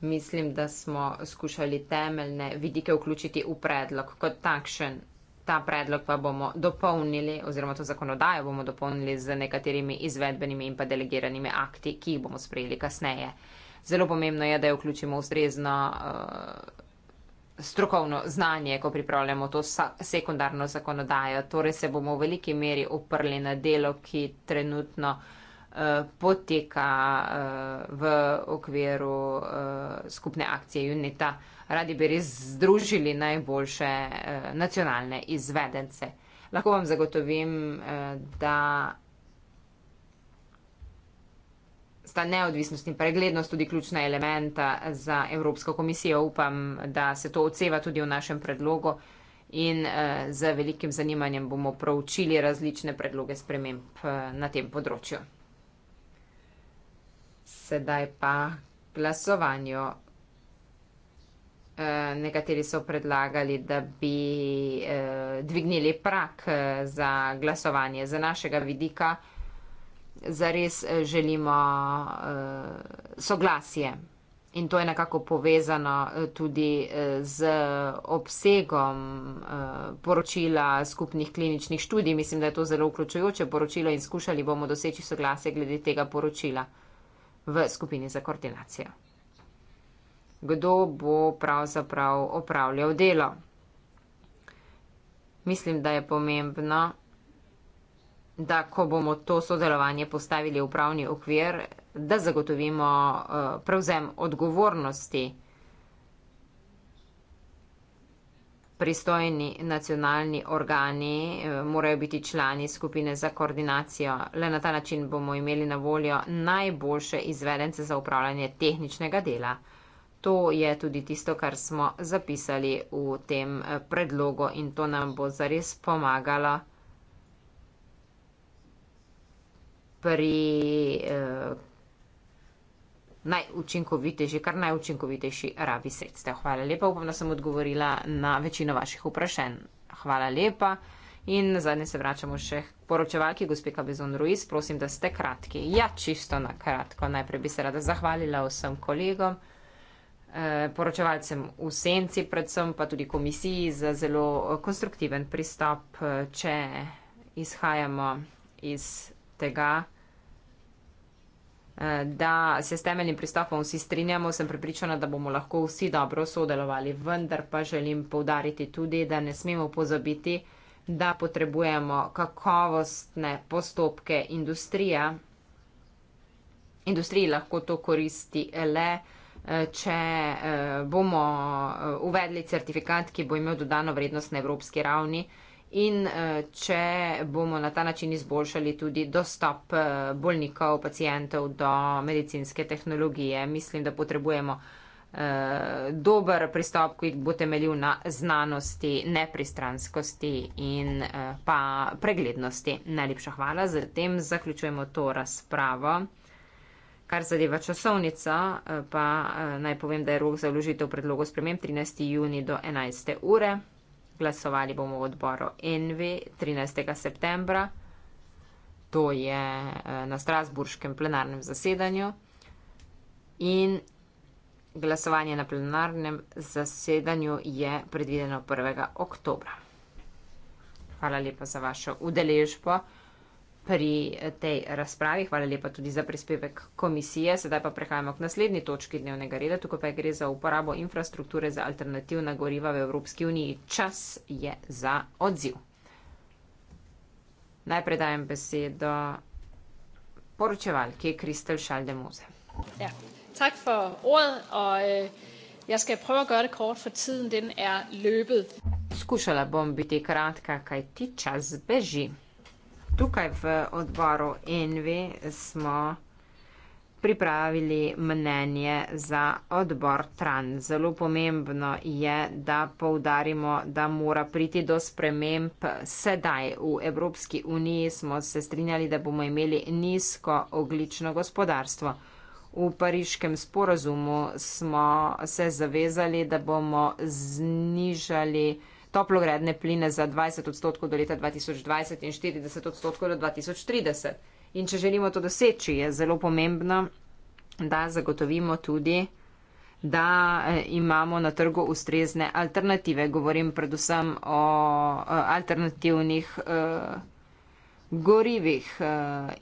mislim, da smo skušali temeljne vidike vključiti v predlog kot takšen. Ta predlog pa bomo dopolnili oziroma to zakonodajo bomo dopolnili z nekaterimi izvedbenimi in pa delegiranimi akti, ki jih bomo sprejeli kasneje. Zelo pomembno je, da jo vključimo ustrezno uh, strokovno znanje, ko pripravljamo to sa sekundarno zakonodajo. Torej se bomo v veliki meri oprli na delo, ki trenutno uh, Eh, poteka eh, v okviru eh, skupne akcije UNITA. Radi bi res združili najboljše nacionalne izvedence. Lahko vam zagotovim, da sta neodvisnost in preglednost tudi ključna elementa za Evropsko komisijo. Upam, da se to odseva tudi v našem predlogu in z velikim zanimanjem bomo proučili različne predloge sprememb na tem področju. Sedaj pa glasovanju. Eh, nekateri so predlagali, da bi eh, dvignili prak eh, za glasovanje. Za našega vidika zares želimo soglasje. In to je nekako povezano tudi z obsegom poročila skupnih kliničnih študij. Mislim, da je to zelo vključujoče poročilo in skušali bomo doseči soglasje glede tega poročila v skupini za koordinacijo. Kdo bo pravzaprav opravljal delo? Mislim, da je pomembno, da ko bomo to sodelovanje postavili v pravni okvir, da zagotovimo eh, prevzem odgovornosti pristojni nacionalni organi eh, morajo biti člani skupine za koordinacijo. Le na ta način bomo imeli na voljo najboljše izvedence za upravljanje tehničnega dela. To je tudi tisto, kar smo zapisali v tem eh, predlogu in to nam bo zares pomagalo pri. Eh, najučinkovitejši, kar najučinkovitejši rabi sredstev. Hvala lepa, upam, da sem odgovorila na večino vaših vprašanj. Hvala lepa. In zadnje se vračamo še k poročevalki, gospe Kabezon Ruiz. Prosim, da ste kratki. Ja, čisto na kratko. Najprej bi se rada zahvalila vsem kolegom, eh, poročevalcem v senci, predvsem pa tudi komisiji za zelo konstruktiven pristop, eh, če izhajamo iz tega, Eh, da se s temeljnim pristopom vsi strinjamo, sem pripričana, da bomo lahko vsi dobro sodelovali, vendar pa želim povdariti tudi, da ne smemo pozabiti, da potrebujemo kakovostne postopke industrija. Industriji lahko to koristi le, eh, če eh, bomo uvedli certifikat, ki bo imel dodano vrednost na evropski ravni in eh, če bomo na ta način izboljšali tudi dostop eh, bolnikov, pacijentov do medicinske tehnologije. Mislim, da potrebujemo eh, dober pristop, ki bo temeljil na znanosti, nepristranskosti in pa preglednosti. Najlepša hvala, z tem zaključujemo to razpravo. Kar zadeva časovnico, pa naj povem, da je rok za vložitev predlogov sprememb 13. juni do 11. ure glasovali bomo v odboru Envi 13. septembra, to je eh, na Strasburškem plenarnem zasedanju. In glasovanje na plenarnem zasedanju je predvideno 1. oktobra. Hvala lepa za vašo udeležbo pri tej razpravi. Hvala lepa tudi za prispevek komisije. Sedaj pa prehajamo k naslednji točki dnevnega reda. Tukaj pa gre za uporabo infrastrukture za alternativna goriva v Evropski uniji. Čas je za odziv. Najprej dajem besedo poročevalki Kristel Šaldemuze. Ja. Tak for ordet, og øh, jeg skal prøve at gøre det kort, for tiden den er løbet. Skusala bombe, det er kratka, kaj ti čas beži tukaj v odboru Envi smo pripravili mnenje za odbor Tran. Zelo pomembno je, da poudarimo, da mora priti do sprememb sedaj. V Evropski uniji smo se strinjali, da bomo imeli nizko oglično gospodarstvo. V pariškem sporozumu smo se zavezali, da bomo znižali toplogredne pline za 20 odstotkov do leta 2020 in 40 odstotkov do 2030. In če želimo to doseči, je zelo pomembno, da zagotovimo tudi, da eh, imamo na trgu ustrezne alternative. Govorim predvsem o eh, alternativnih eh, gorivih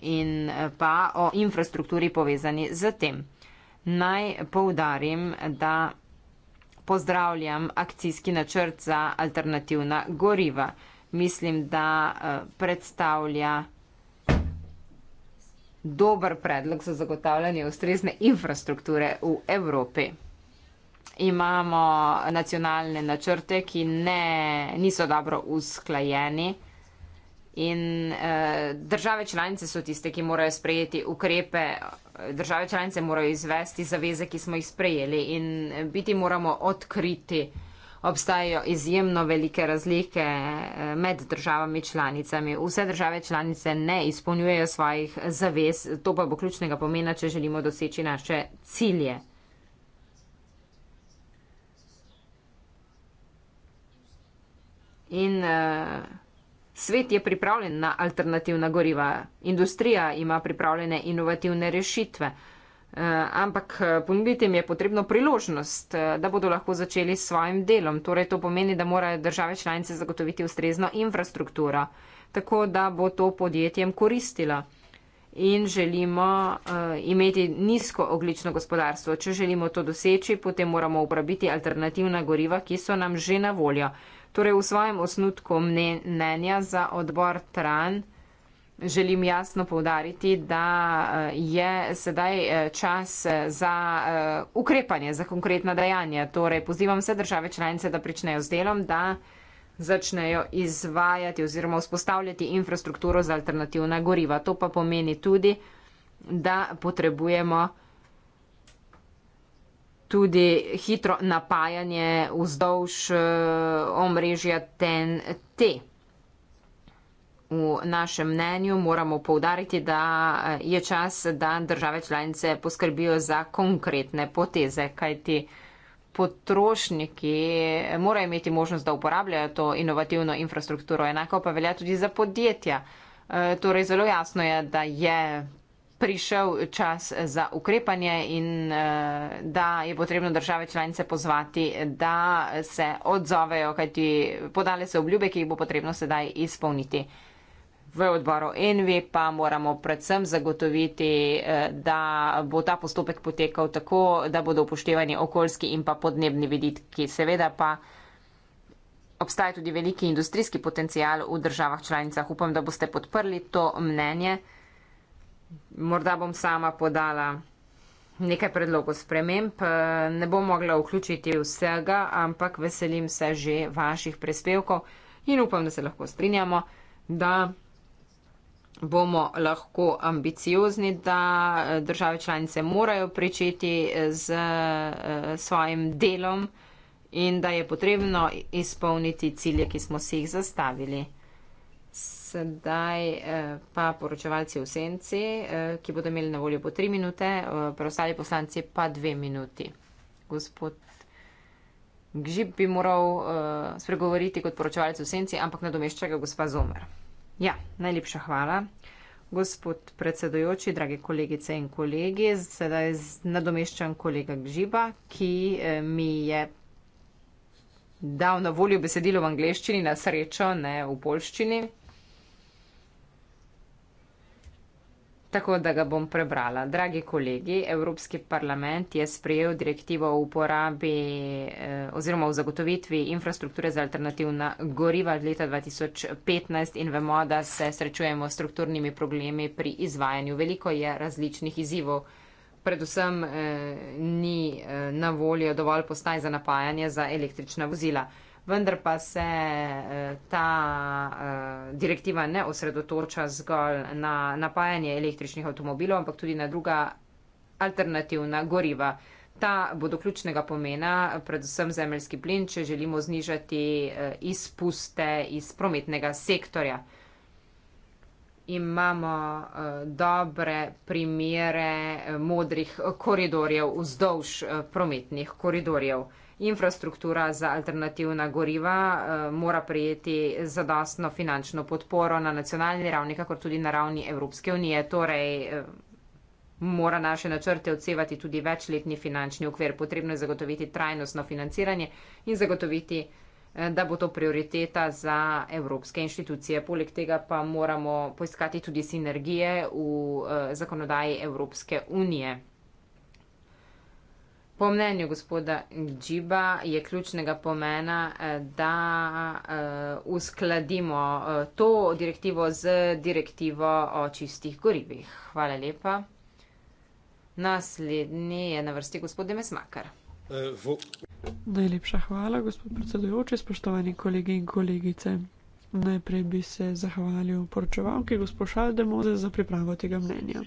in pa o infrastrukturi povezani z tem. Naj poudarim, da pozdravljam akcijski načrt za alternativna goriva. Mislim, da eh, predstavlja dober predlog za zagotavljanje ustrezne infrastrukture v Evropi. Imamo nacionalne načrte, ki ne, niso dobro usklajeni in uh, države članice so tiste, ki morajo sprejeti ukrepe, države članice morajo izvesti zaveze, ki smo jih sprejeli in eh, biti moramo odkriti. Obstajajo izjemno velike razlike eh, med državami članicami. Vse države članice ne izpolnjujejo svojih zavez, to pa bo ključnega pomena, če želimo doseči naše cilje. In uh, Svet je pripravljen na alternativna goriva, industrija ima pripravljene inovativne rešitve, eh, ampak eh, ponuditi jim je potrebno priložnost, eh, da bodo lahko začeli s svojim delom. Torej, to pomeni, da morajo države članice zagotoviti ustrezno infrastrukturo, tako da bo to podjetjem koristila. In želimo uh, imeti nizko oglično gospodarstvo. Če želimo to doseči, potem moramo uporabiti alternativna goriva, ki so nam že na voljo. Uh, Torej v svojem osnutku mnenja za odbor Tran želim jasno povdariti, da eh, je sedaj eh, čas eh, za ukrepanje, za konkretna dejanja. Torej pozivam vse države članice, da pričnejo z delom, da začnejo izvajati oziroma vzpostavljati infrastrukturo za alternativna goriva. To pa pomeni tudi, da potrebujemo tudi hitro napajanje vzdolž eh, omrežja TNT. V našem mnenju moramo povdariti, da eh, je čas, da države članice poskrbijo za konkretne poteze, kajti potrošniki eh, morajo imeti možnost, da uporabljajo to inovativno infrastrukturo. Enako pa velja tudi za podjetja. Torej, zelo jasno je, da je prišel čas za ukrepanje in eh, da je potrebno države članice pozvati, da se odzovejo, kajti podale so obljube, ki jih bo potrebno sedaj izpolniti. V odboru ENVI pa moramo predvsem zagotoviti, eh, da bo ta postopek potekal tako, da bodo upoštevani okoljski in pa podnebni viditki. Seveda pa obstaja tudi veliki industrijski potencial v državah članicah. Upam, da boste podprli to mnenje morda bom sama podala nekaj predlogov sprememb. Eh, ne bom mogla vključiti vsega, ampak veselim se že vaših prispevkov in upam, da se lahko strinjamo, da bomo lahko ambiciozni, da eh, države članice morajo pričeti eh, z svojim delom in da je potrebno izpolniti cilje, ki smo si jih zastavili. Sedaj eh, pa poročevalci v senci, eh, ki bodo imeli na voljo po tri minute, eh, preostali poslanci pa dve minuti. Gospod Gžib bi moral spregovoriti kot poročevalec v senci, ampak nadomešča ga gospa Zomer. Ja, najlepša hvala. Gospod predsedojoči, drage kolegice in kolegi, sedaj nadomeščam kolega Gžiba, ki mi je dal na voljo besedilo v angleščini, na srečo ne v polščini. Tako da ga bom prebrala. Dragi kolegi, Evropski parlament je sprejel direktivo o uporabi eh, oziroma o zagotovitvi infrastrukture za alternativna goriva od leta 2015 in vemo, da se srečujemo s strukturnimi problemi pri izvajanju. Veliko je različnih izzivov. Predvsem eh, ni eh, na voljo dovolj postaj za napajanje za električna vozila vendar pa se eh, ta eh, direktiva ne osredotoča zgolj na napajanje električnih avtomobilov, ampak tudi na druga alternativna goriva. Ta bo do ključnega pomena, predvsem zemeljski plin, če želimo znižati eh, izpuste iz prometnega sektorja. Imamo dobre primere modrih koridorjev vzdolž prometnih koridorjev infrastruktura za alternativna goriva eh, mora prijeti zadostno finančno podporo na nacionalni ravni, kakor tudi na ravni Evropske unije. Torej, eh, mora naše načrte odsevati tudi večletni finančni okvir. Potrebno je zagotoviti trajnostno financiranje in zagotoviti, eh, da bo to prioriteta za evropske inštitucije. Poleg tega pa moramo poiskati tudi sinergije v zakonodaji Evropske unije. Po mnenju gospoda Džiba je ključnega pomena, eh, da uh, uskladimo uh, to direktivo z direktivo o čistih gorivih. Hvala lepa. Naslednji je na vrsti gospod Demesmakar. Najlepša hvala, gospod predsedujoči, spoštovani kolegi in kolegice. Najprej bi se zahvalil poročevalki gospod Šaldemoze za pripravo tega mnenja.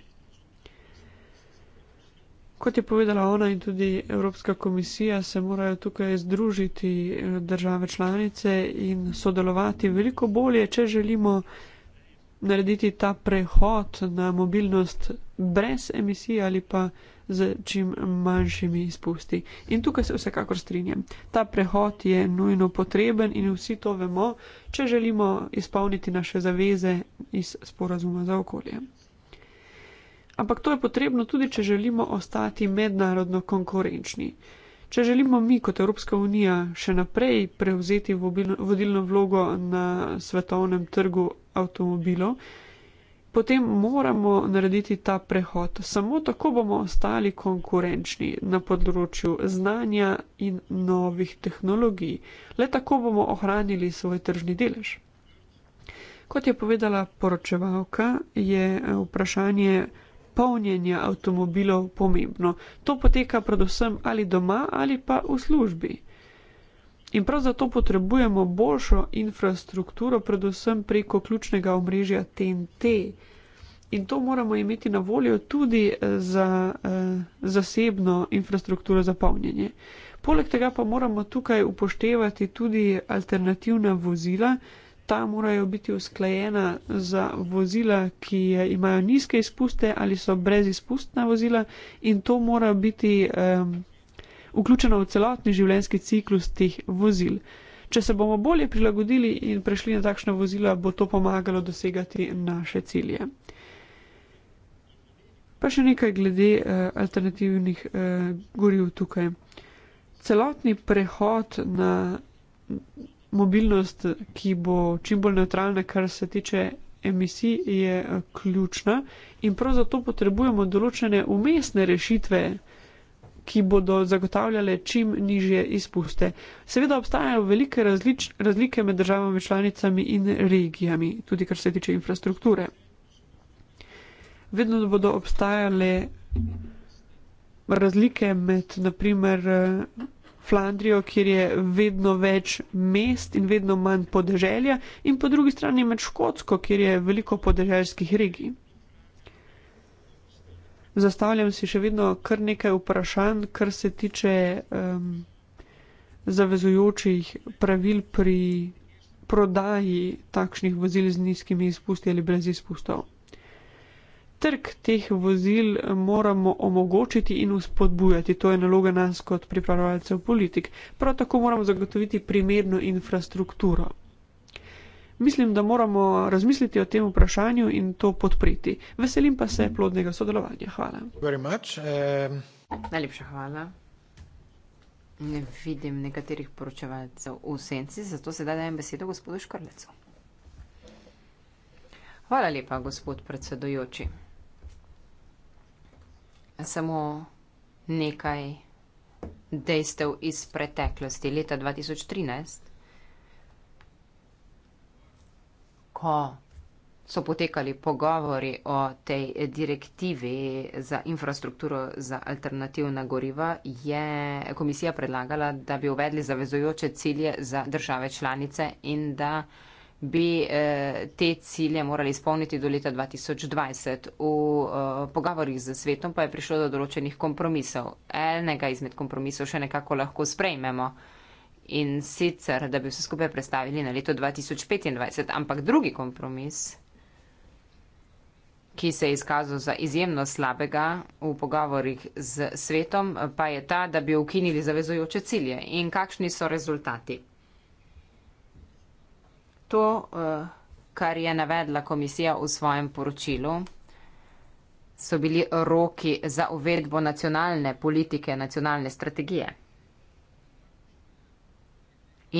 Kot je povedala ona in tudi Evropska komisija, se morajo tukaj združiti eh, države članice in sodelovati veliko bolje, če želimo narediti ta prehod na mobilnost brez emisij ali pa z čim manjšimi izpusti. In tukaj se vsekakor strinjam. Ta prehod je nujno potreben in vsi to vemo, če želimo izpolniti naše zaveze iz sporazuma za okolje ampak to je potrebno tudi, če želimo ostati mednarodno konkurenčni. Če želimo mi kot Evropska unija še naprej prevzeti vodilno vlogo na svetovnem trgu avtomobilov, potem moramo narediti ta prehod. Samo tako bomo ostali konkurenčni na področju znanja in novih tehnologij. Le tako bomo ohranili svoj tržni delež. Kot je povedala poročevalka, je vprašanje polnjenja avtomobilov pomembno. To poteka predvsem ali doma ali pa v službi. In prav zato potrebujemo boljšo infrastrukturo, predvsem preko ključnega omrežja TNT. In to moramo imeti na voljo tudi eh, za eh, zasebno infrastrukturo za polnjenje. Poleg tega pa moramo tukaj upoštevati tudi alternativna vozila, ta morajo biti usklajena za vozila, ki imajo nizke izpuste ali so brezizpustna vozila in to mora biti um, vključeno v celotni življenjski ciklus teh vozil. Če se bomo bolje prilagodili in prešli na takšna vozila, bo to pomagalo dosegati naše cilje. Pa še nekaj glede uh, alternativnih uh, goriv tukaj. Celotni prehod na mobilnost, ki bo čim bolj neutralna, kar se tiče emisij, je eh, ključna in prav zato potrebujemo določene umestne rešitve, ki bodo zagotavljale čim nižje izpuste. Seveda obstajajo velike različ, razlike med državami članicami in regijami, tudi kar se tiče infrastrukture. Vedno bodo obstajale razlike med, naprimer, eh, Flandrijo, kjer je vedno več mest in vedno manj podeželja, in po drugi strani med Škotsko, kjer je veliko podeželskih regij. Zastavljam si še vedno kar nekaj vprašanj, kar se tiče um, zavezujočih pravil pri prodaji takšnih vozil z nizkimi izpusti ali brez izpustov trg teh vozil eh, moramo omogočiti in uspodbujati. To je naloga nas kot pripravljalcev politik. Prav tako moramo zagotoviti primerno infrastrukturo. Mislim, da moramo razmisliti o tem vprašanju in to podpreti. Veselim pa se plodnega sodelovanja. Hvala. Uh... Najlepša hvala. Ne vidim nekaterih poročevalcev v senci, zato sedaj dajem besedo gospodu Škrlecu. Hvala lepa, gospod predsedujoči samo nekaj dejstev iz preteklosti. Leta 2013, ko so potekali pogovori o tej direktivi za infrastrukturo za alternativna goriva, je komisija predlagala, da bi uvedli zavezujoče cilje za države članice in da bi eh, te cilje morali izpolniti do leta 2020. V eh, pogovorih z svetom pa je prišlo do določenih kompromisov. Enega izmed kompromisov še nekako lahko sprejmemo in sicer, da bi vse skupaj predstavili na leto 2025, ampak drugi kompromis, ki se je izkazal za izjemno slabega v pogovorih z svetom, pa je ta, da bi ukinili zavezojoče cilje. In kakšni so rezultati? to, eh, kar je navedla komisija v svojem poročilu, so bili roki za uvedbo nacionalne politike, nacionalne strategije.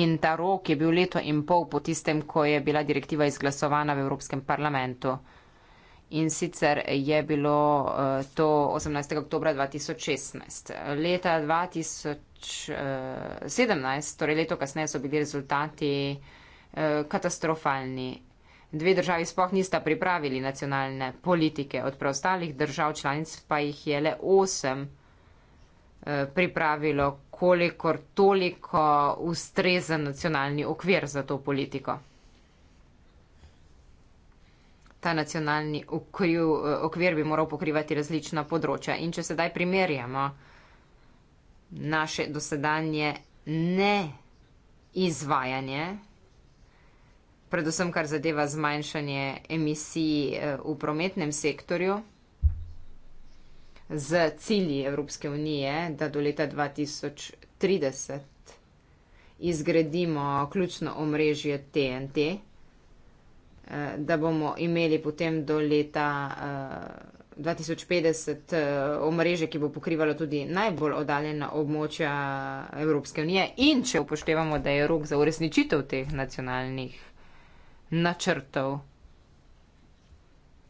In ta rok je bil leto in pol po tistem, ko je bila direktiva izglasovana v Evropskem parlamentu. In sicer je bilo eh, to 18. oktober 2016. Leta 2017, eh, torej leto kasneje, so bili rezultati Eh, katastrofalni. Dve državi spoh nista pripravili nacionalne politike, od preostalih držav članic pa jih je le osem eh, pripravilo kolikor toliko ustrezen nacionalni okvir za to politiko. Ta nacionalni okriv, eh, okvir bi moral pokrivati različna področja. In če sedaj primerjamo naše dosedanje neizvajanje predvsem kar zadeva zmanjšanje emisij eh, v prometnem sektorju z cilji Evropske unije, da do leta 2030 izgradimo ključno omrežje TNT, eh, da bomo imeli potem do leta 2050 eh, omrežje, ki bo pokrivalo tudi najbolj oddaljena območja Evropske unije in če upoštevamo, da je rok za uresničitev teh nacionalnih načrtov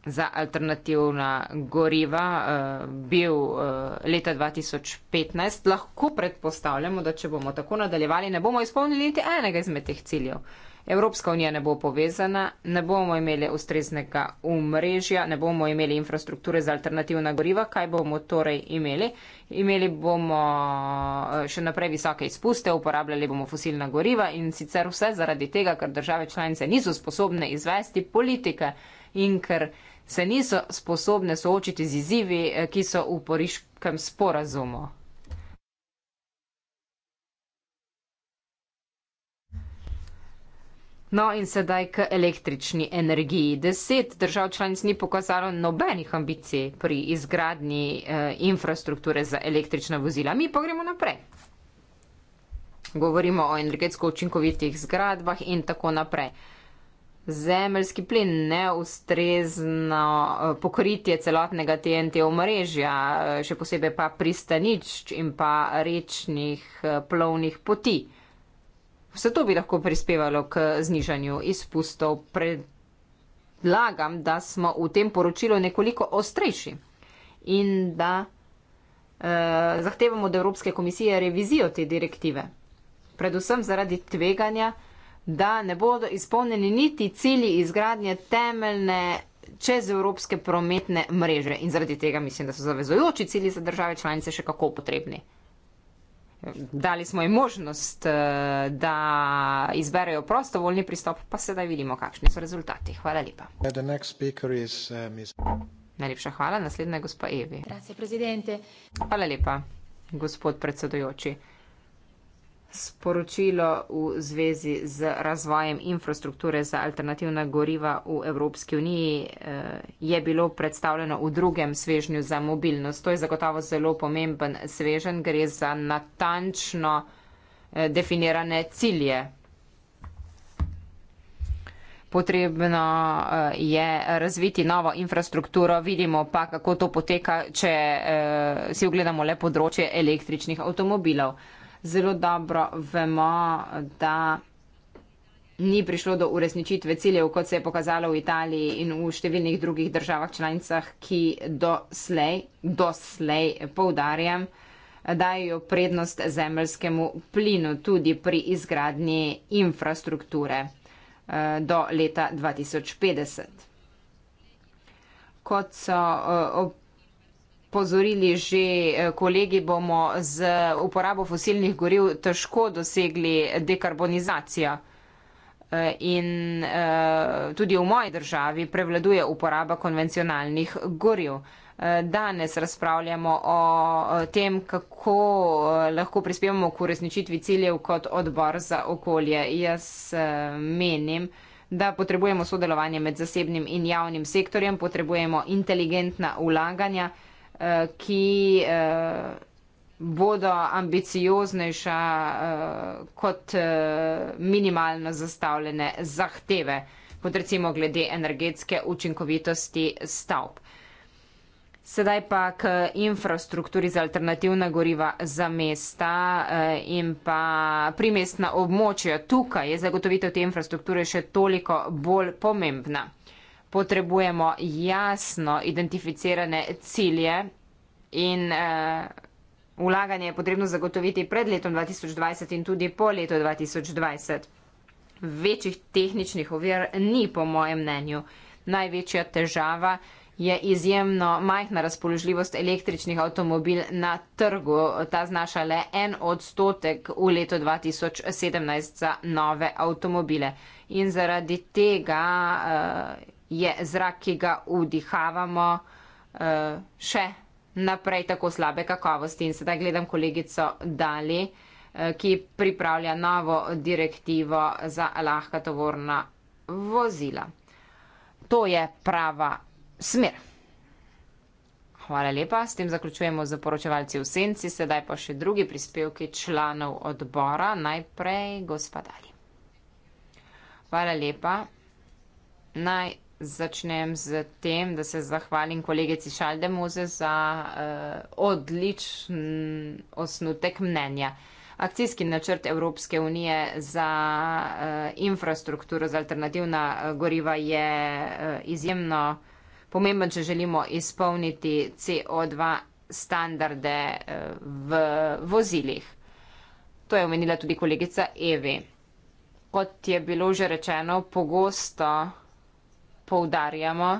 za alternativna goriva uh, bil uh, leta 2015, lahko predpostavljamo, da če bomo tako nadaljevali, ne bomo izpolnili niti enega izmed teh ciljev. Uh, Evropska unija ne bo povezana, ne bomo imeli ustreznega umrežja, ne bomo imeli infrastrukture za alternativna goriva. Kaj bomo torej imeli? Imeli bomo eh, še naprej visoke izpuste, uporabljali bomo fosilna goriva in sicer vse zaradi tega, ker države članice niso sposobne izvesti politike in ker se niso sposobne soočiti z izzivi, eh, ki so v poriškem sporazumu. No in sedaj k električni energiji. Deset držav članic ni pokazalo nobenih ambicij pri izgradnji eh, infrastrukture za električna vozila. Mi pa gremo naprej. Govorimo o energetsko učinkovitih zgradbah in tako naprej. Zemljski plin, neustrezno eh, pokritje celotnega TNT omrežja, eh, še posebej pa pristanič in pa rečnih eh, plovnih poti. Vse to bi lahko prispevalo k znižanju izpustov. Predlagam, da smo v tem poročilu nekoliko ostrejši in da eh, zahtevamo od Evropske komisije revizijo te direktive. Predvsem zaradi tveganja, da ne bodo izpolnjeni niti cilji izgradnje temeljne čez Evropske prometne mreže. In zaradi tega mislim, da so zavezojoči cilji za države članice še kako potrebni dali smo jim možnost, eh, da izberejo prostovoljni pristop, pa sedaj vidimo, kakšni so rezultati. Hvala lepa. Eh, Najlepša hvala, naslednja je gospa Evi. Hvala lepa, gospod predsedujoči sporočilo v zvezi z razvojem infrastrukture za alternativna goriva v Evropski uniji eh, je bilo predstavljeno v drugem svežnju za mobilnost. To je zagotovo zelo pomemben svežen, gre za natančno eh, definirane cilje. Potrebno eh, je razviti novo infrastrukturo, vidimo pa, kako to poteka, če si ogledamo le področje električnih avtomobilov zelo dobro vemo, da ni prišlo do uresničitve ciljev, kot se je pokazalo v Italiji in v številnih drugih državah članicah, ki doslej, doslej poudarjam, dajo prednost zemljskemu plinu tudi pri izgradnji infrastrukture eh, do leta 2050. Kot so eh, pozorili že eh, kolegi, bomo z uporabo fosilnih goriv težko dosegli dekarbonizacijo. Eh, in eh, tudi v moji državi prevladuje uporaba konvencionalnih goriv. Danes razpravljamo o tem, kako lahko prispevamo k uresničitvi ciljev kot odbor za okolje. Jaz menim, da potrebujemo sodelovanje med zasebnim in javnim sektorjem, potrebujemo inteligentna ulaganja, Eh, ki eh, bodo ambicioznejša eh, kot minimalno zastavljene zahteve, kot recimo glede energetske učinkovitosti stavb. Sedaj pa k infrastrukturi za alternativna goriva za mesta in pa primestna območja. Tukaj je zagotovitev te infrastrukture še toliko bolj pomembna potrebujemo jasno identificirane cilje in uh, vlaganje je potrebno zagotoviti pred letom 2020 in tudi po letu 2020. Večjih tehničnih ovir ni, po mojem mnenju. Največja težava je izjemno majhna razpoložljivost električnih avtomobil na trgu. Ta znaša le en odstotek v letu 2017 za nove avtomobile. In zaradi tega. Uh, je zrak, ki ga vdihavamo, eh, še naprej tako slabe kakovosti. In sedaj gledam kolegico Dali, eh, ki pripravlja novo direktivo za lahka tovorna vozila. To je prava smer. Hvala lepa, s tem zaključujemo za poročevalci v senci, sedaj pa še drugi prispevki članov odbora, najprej gospodali. Hvala lepa, naj začnem z tem, da se zahvalim kolegici Šaldemuze za uh, odličen osnutek mnenja. Akcijski načrt Evropske unije za uh, infrastrukturo za alternativna eh, goriva je uh, izjemno pomemben, če želimo izpolniti CO2 standarde uh, v vozilih. To je omenila tudi kolegica Evi. Kot je bilo že rečeno, pogosto poudarjamo,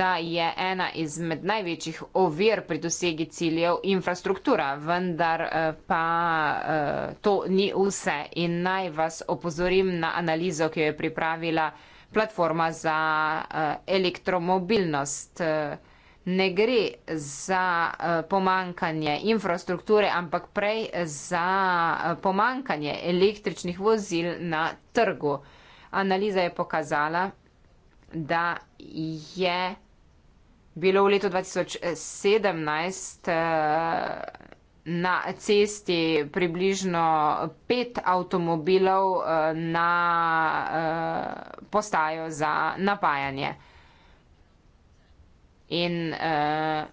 da je ena izmed največjih ovir pri dosegi ciljev infrastruktura, vendar eh, pa eh, to ni vse in naj vas opozorim na analizo, ki jo je pripravila platforma za eh, elektromobilnost. Ne gre za pomankanje infrastrukture, ampak prej za pomankanje električnih vozil na trgu. Analiza je pokazala, da je bilo v letu 2017 eh, na cesti približno pet avtomobilov eh, na eh, postajo za napajanje. In eh,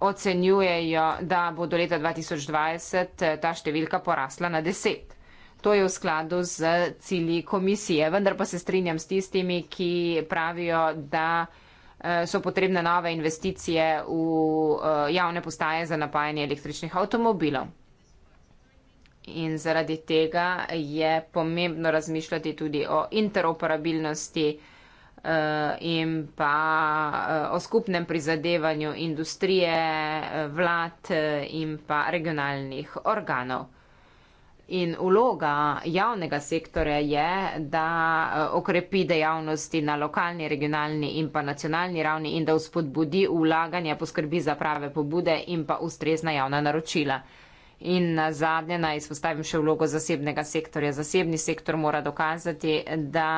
ocenjujejo, da bo do leta 2020 ta številka porasla na deset. To je v skladu z cilji komisije. Vendar pa se strinjam s tistimi, ki pravijo, da eh, so potrebne nove investicije v eh, javne postaje za napajanje električnih avtomobilov. In zaradi tega je pomembno razmišljati tudi o interoperabilnosti eh, in pa o skupnem prizadevanju industrije, vlad in pa regionalnih organov. In vloga javnega sektorja je, da eh, okrepi dejavnosti na lokalni, regionalni in pa nacionalni ravni in da vzpodbudi vlaganje, poskrbi za prave pobude in pa ustrezna javna naročila. In na zadnje naj izpostavim še vlogo zasebnega sektorja. Zasebni sektor mora dokazati, da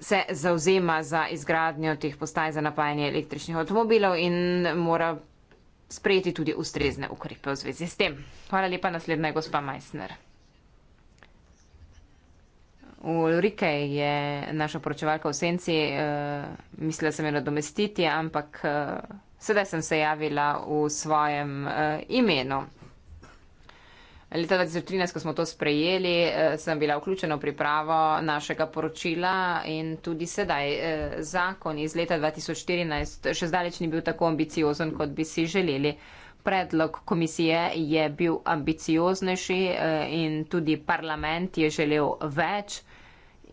se zauzema za izgradnjo teh postaj za napajanje električnih avtomobilov in mora sprejeti tudi ustrezne ukrepe v zvezi s tem. Hvala lepa, naslednja je gospa Meissner. Ulrike je naša poročevalka v senci, uh, mislila sem jo nadomestiti, ampak uh, sedaj sem se javila v svojem uh, imenu. Leta 2013, ko smo to sprejeli, eh, sem bila vključena v pripravo našega poročila in tudi sedaj eh, zakon iz leta 2014 še zdaleč ni bil tako ambiciozen, kot bi si želeli. Predlog komisije je bil ambicioznejši eh, in tudi parlament je želel več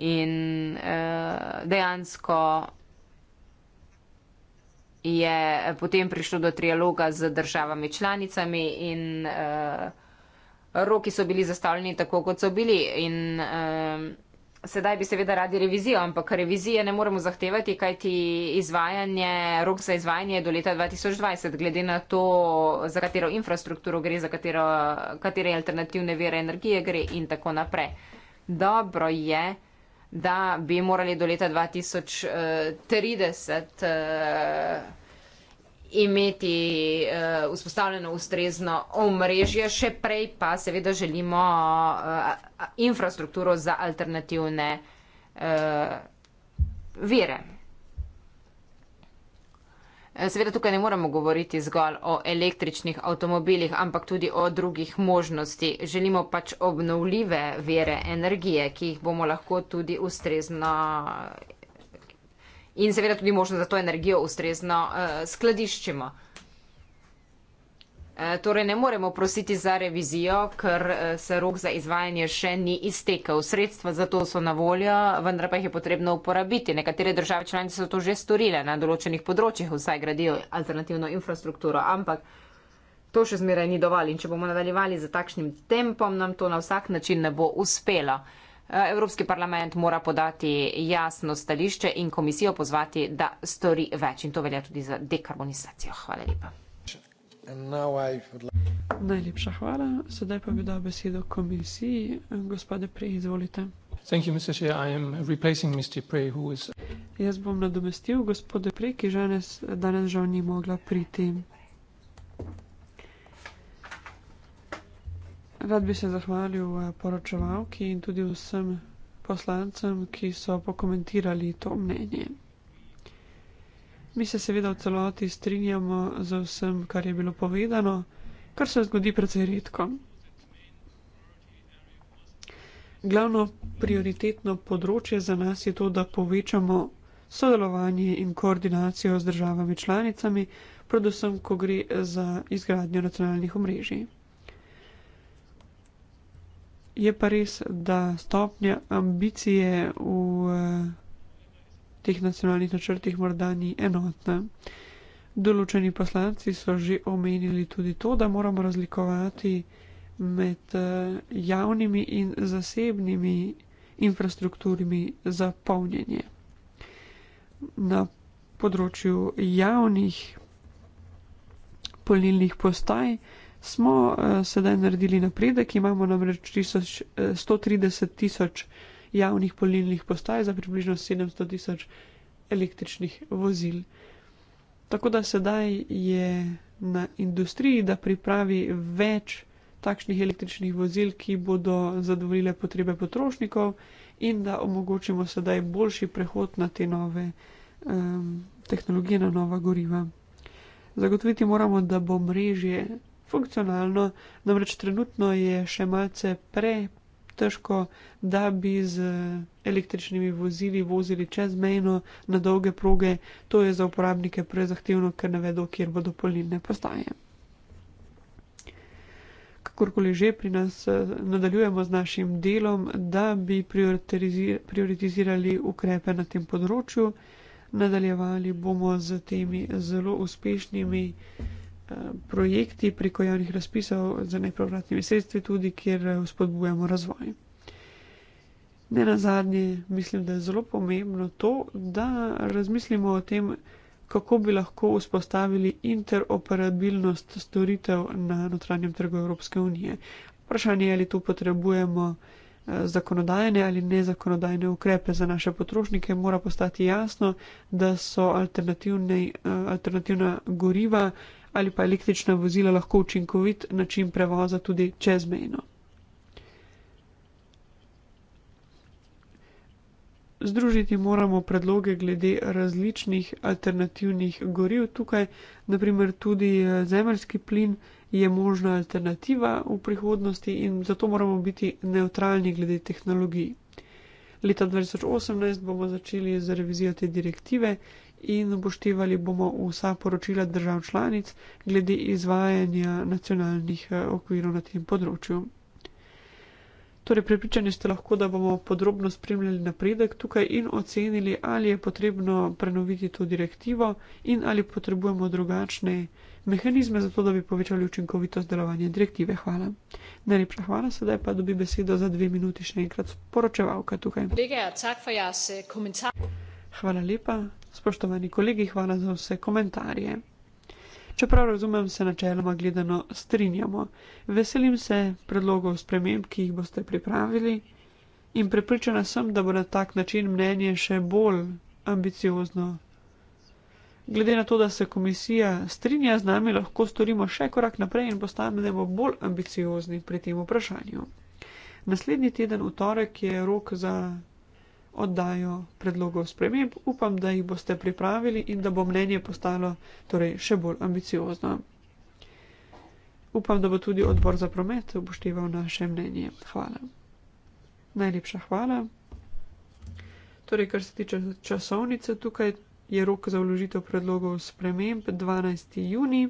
in dejansko je potem prišlo do trialoga z državami članicami in roki so bili zastavljeni tako, kot so bili. In, uh, sedaj bi seveda radi revizijo, ampak revizije ne moremo zahtevati, kajti izvajanje, rok za izvajanje je do leta 2020, glede na to, za katero infrastrukturo gre, za katero, katere alternativne vere energije gre in tako naprej. Dobro je, da bi morali do leta 2030. Uh, eh, imeti uh, vzpostavljeno ustrezno omrežje, še prej pa seveda želimo uh, infrastrukturo za alternativne uh, vire. Seveda tukaj ne moramo govoriti zgolj o električnih avtomobilih, ampak tudi o drugih možnosti. Želimo pač obnovljive vere energije, ki jih bomo lahko tudi ustrezno in seveda tudi možnost, da to energijo ustrezno uh, skladiščimo. Eh, torej ne moremo prositi za revizijo, ker eh, se rok za izvajanje še ni iztekel. Sredstva za to so na voljo, vendar pa jih je potrebno uporabiti. Nekatere države članice so to že storile na določenih področjih, vsaj gradijo alternativno infrastrukturo, ampak to še zmeraj ni dovolj in če bomo nadaljevali z takšnim tempom, nam to na vsak način ne bo uspelo. Eh, Evropski parlament mora podati jasno stališče in komisijo pozvati, da stori več. In to velja tudi za dekarbonizacijo. Hvala lepa. Najlepša hvala. Sedaj pa bi dal besedo komisiji. Gospode, preizvolite. Jaz bom nadomestil gospode Prej, ki žene danes žal ni mogla priti. Rad bi se zahvalil eh, poročevalki in tudi vsem poslancem, ki so pokomentirali to mnenje. Mi se seveda v celoti strinjamo z vsem, kar je bilo povedano, kar se zgodi precej redko. Glavno prioritetno področje za nas je to, da povečamo sodelovanje in koordinacijo z državami članicami, predvsem, ko gre za izgradnjo nacionalnih omrežij. Je pa res, da stopnja ambicije v eh, teh nacionalnih načrtih morda ni enotna. Določeni poslanci so že omenili tudi to, da moramo razlikovati med eh, javnimi in zasebnimi infrastrukturami za polnjenje. Na področju javnih polnilnih postaj smo uh, sedaj naredili napredek, imamo namreč 1000, 130 eh, tisoč javnih polnilnih postaj za približno 700 tisoč električnih vozil. Tako da sedaj je na industriji, da pripravi več takšnih električnih vozil, ki bodo zadovoljile potrebe potrošnikov in da omogočimo sedaj boljši prehod na te nove um, tehnologije, na nova goriva. Zagotoviti moramo, da bo mrežje funkcionalno, namreč trenutno je še malce pre težko, da bi z električnimi vozili vozili čezmejno na dolge proge. To je za uporabnike prezahtevno, ker ne vedo, kjer bodo polnilne postaje. Kakorkoli že pri nas eh, nadaljujemo z našim delom, da bi prioritizirali ukrepe na tem področju, nadaljevali bomo z temi zelo uspešnimi. Eh, projekti preko javnih razpisov za nepovratnimi sredstvi, tudi kjer eh, spodbujamo razvoj. Ne na zadnje, mislim, da je zelo pomembno to, da razmislimo o tem, kako bi lahko vzpostavili interoperabilnost storitev na notranjem trgu Evropske unije. Vprašanje je, ali tu potrebujemo eh, zakonodajne ali nezakonodajne ukrepe za naše potrošnike, mora postati jasno, da so alternativna goriva, ali pa električna vozila lahko učinkovit način prevoza tudi čezmejno. Združiti moramo predloge glede različnih alternativnih goriv. Tukaj, naprimer, tudi eh, zemljski plin je možna alternativa v prihodnosti in zato moramo biti neutralni glede tehnologij. Leta 2018 bomo začeli z revizijo te direktive in upoštevali bomo vsa poročila držav članic glede izvajanja nacionalnih eh, okvirov na tem področju. Torej, prepričani ste lahko, da bomo podrobno spremljali napredek tukaj in ocenili, ali je potrebno prenoviti to direktivo in ali potrebujemo drugačne mehanizme za to, da bi povečali učinkovitost delovanja direktive. Hvala. Najlepša hvala, sedaj pa dobi besedo za dve minuti še enkrat poročevalka tukaj. Eh, hvala lepa, Spoštovani kolegi, hvala za vse komentarje. Čeprav razumem, se načeloma gledano strinjamo. Veselim se predlogov sprememb, ki jih boste pripravili in prepričana sem, da bo na tak način mnenje še bolj ambiciozno. Glede na to, da se komisija strinja z nami, lahko storimo še korak naprej in postanemo bolj ambiciozni pri tem vprašanju. Naslednji teden v torek je rok za oddajo predlogov sprememb, upam, da jih boste pripravili in da bo mnenje postalo torej, še bolj ambiciozno. Upam, da bo tudi odbor za promet upošteval naše mnenje. Hvala. Najlepša hvala. Torej, kar se tiče časovnice, tukaj je rok za vložitev predlogov sprememb 12. juni.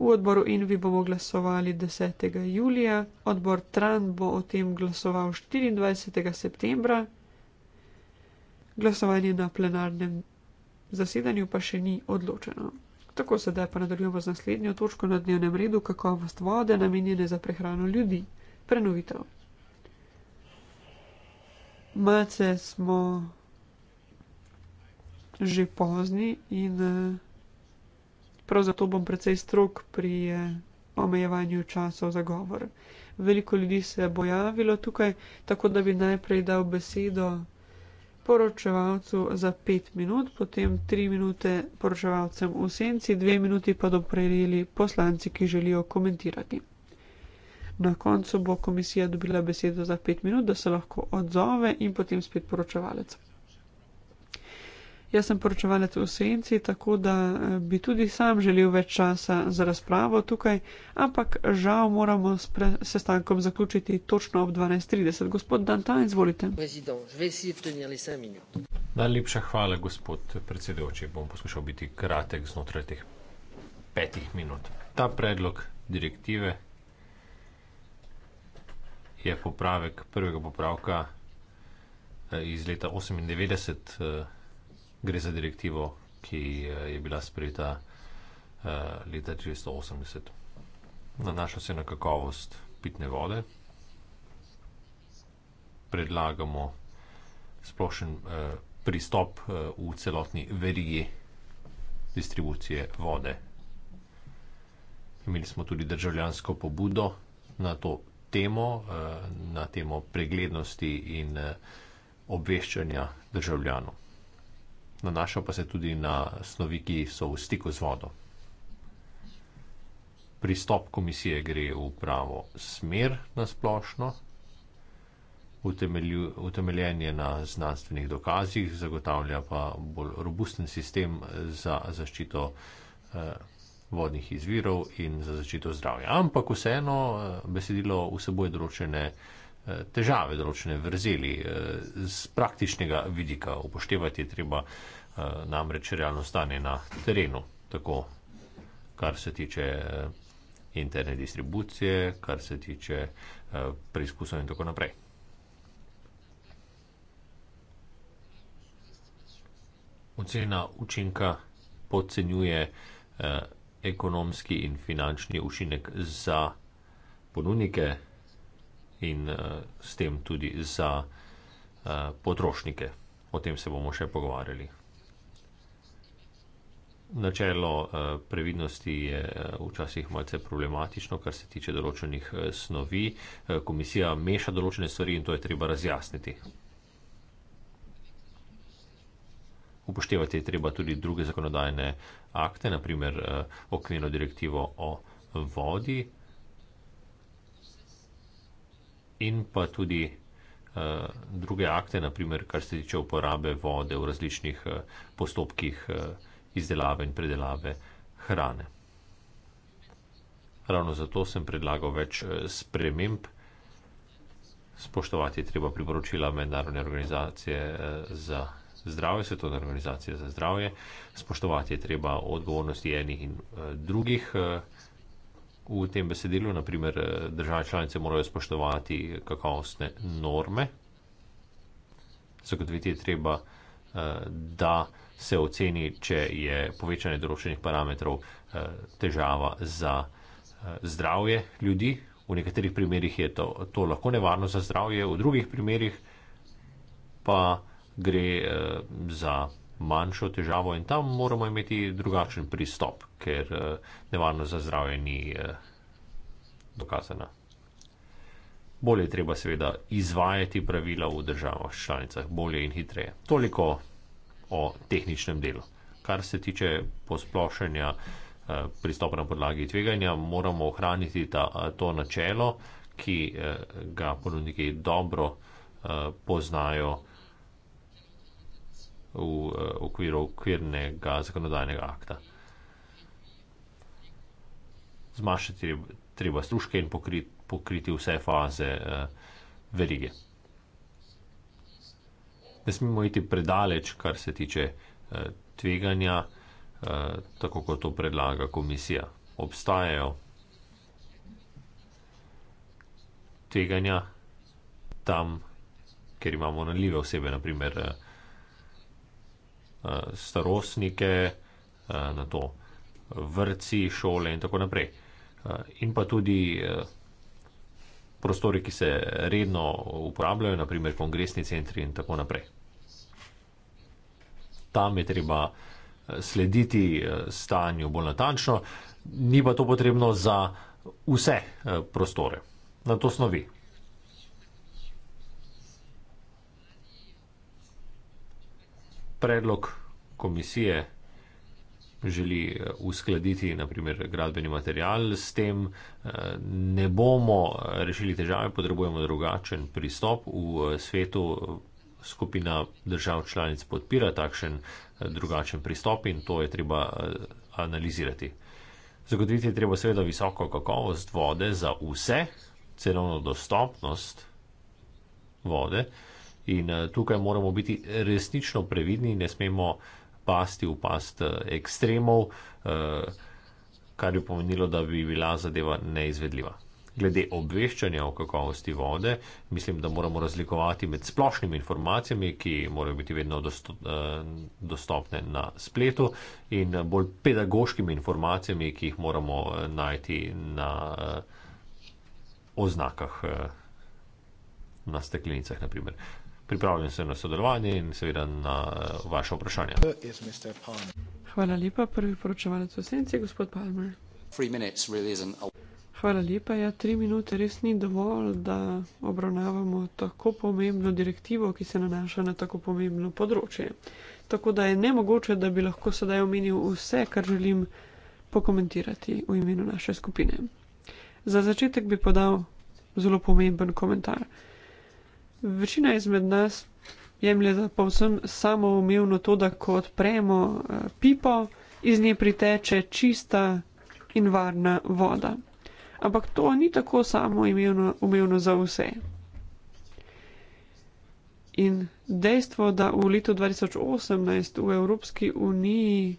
V odboru Envi bomo glasovali 10. julija, odbor Tran bo o tem glasoval 24. septembra glasovanje na plenarnem zasedanju pa še ni odločeno. Tako sedaj pa nadaljujemo z naslednjo točko na dnevnem redu, kakovost vode namenjene za prehrano ljudi, prenovitev. Malce smo že pozni in eh, prav zato bom precej strok pri eh, omejevanju časov za govor. Veliko ljudi se je bojavilo tukaj, tako da bi najprej dal besedo poročevalcu za 5 minut, potem 3 minute poročevalcem v senci, 2 minuti pa doprejeli poslanci, ki želijo komentirati. Na koncu bo komisija dobila besedo za 5 minut, da se lahko odzove in potem spet poročevalec. Jaz sem poročevalec v senci, tako da eh, bi tudi sam želel več časa za razpravo tukaj, ampak žal moramo s sestankom zaključiti točno ob 12.30. Gospod Dantan, izvolite. Najlepša hvala, gospod predsedujoči. Bom poskušal biti kratek znotraj teh petih minut. Ta predlog direktive je popravek prvega popravka eh, iz leta 1998 gre za direktivo, ki eh, je bila sprejeta uh, leta 1980. Nanaša se na kakovost pitne vode, predlagamo splošen uh, pristop uh, v celotni verigi distribucije vode. Imeli smo tudi državljansko pobudo na to temo, na temo preglednosti in obveščanja državljanov nanaša pa se tudi na snovi, ki so v stiku z vodo. Pristop komisije gre v pravo smer na splošno, utemeljen je na znanstvenih dokazih, zagotavlja pa bolj robusten sistem za zaščito eh, vodnih izvirov in za zaščito zdravja. Ampak vseeno eh, besedilo vseboje določene eh, Eh, težave, določene vrzeli. Eh, z praktičnega vidika upoštevati je treba eh, namreč realno stanje na terenu, tako kar se tiče interne distribucije, kar se tiče preizkusov in tako naprej. Ocena učinka podcenjuje eh, ekonomski in finančni učinek za ponudnike in uh, s tem tudi za uh, potrošnike. O tem se bomo še pogovarjali. Načelo uh, previdnosti je uh, včasih malce problematično, kar se tiče določenih uh, snovi. Uh, komisija meša določene stvari in to je treba razjasniti. Upoštevati je treba tudi druge zakonodajne akte, naprimer uh, okvirno direktivo o vodi. Uh, in pa tudi uh, druge akte, naprimer, kar se tiče uporabe vode v različnih uh, postopkih uh, izdelave in predelave hrane. Ravno zato sem predlagal več uh, sprememb. Spoštovati je treba priporočila Mednarodne organizacije za zdravje, Svetovne organizacije za zdravje, spoštovati je treba odgovornosti enih in drugih. Uh, v tem besedilu, naprimer, eh, države članice morajo spoštovati kakovostne norme, zagotoviti je treba, eh, da se oceni, če je povečanje določenih parametrov eh, težava za zdravje ljudi. V nekaterih primerjih je to, to lahko nevarno za zdravje, v drugih primerjih pa gre za manjšo težavo in tam moramo imeti drugačen pristop, ker eh, nevarnost za zdravje ni eh, dokazana. Bolje je treba seveda izvajati pravila v državah članicah, bolje in hitreje. Toliko o tehničnem delu. Kar se tiče posplošenja eh, pristopa na podlagi tveganja, moramo ohraniti ta, to načelo, ki ga ponudniki dobro poznajo v eh, okviru okvirnega zakonodajnega akta. Zmanjšati treba stroške in pokrit, pokriti vse faze uh, verige. Ne smemo iti predaleč, kar se tiče uh, tveganja, uh, tako kot to predlaga komisija. Obstajajo tveganja tam, ker imamo naljive osebe, naprimer. Uh, Eh, starostnike, eh, na to vrci, šole in tako naprej. Eh, in pa tudi prostori, ki se redno uporabljajo, naprimer kongresni centri in tako naprej. Tam je treba slediti stanju bolj natančno, ni pa to potrebno za vse prostore. Na to snovi. predlog komisije želi eh, uskladiti, naprimer, gradbeni material s tem, eh, ne bomo eh, rešili težave, potrebujemo drugačen pristop v svetu. Skupina držav članic podpira takšen drugačen pristop in to je treba analizirati. Zagotoviti je treba seveda visoko kakovost vode za vse, cenovno dostopnost vode. In eh, tukaj moramo biti resnično previdni, ne smemo pasti v past eh, ekstremov, eh, kar bi pomenilo, da bi bila zadeva neizvedljiva. Glede obveščanja o kakovosti vode, mislim, da moramo razlikovati med splošnimi informacijami, ki morajo biti vedno dostopne na spletu, in bolj pedagoškimi informacijami, ki jih moramo najti na oznakah na steklenicah, naprimer. Pripravljen sem na sodelovanje in seveda na eh, vaše vprašanje. Hvala lepa, prvi poročevalec v senci, gospod Palmer. Hvala lepa, ja, tri minute res ni dovolj, da obravnavamo tako pomembno direktivo, ki se nanaša na tako pomembno področje. Tako da je nemogoče, da bi lahko sedaj omenil vse, kar želim pokomentirati v imenu naše skupine. Za začetek bi podal zelo pomemben komentar. Večina izmed nas jemlje za povsem samoumevno to, da ko odpremo eh, pipo, iz nje priteče čista in varna voda. Ampak to ni tako samoumevno za vse. In dejstvo, da v letu 2018 v Evropski uniji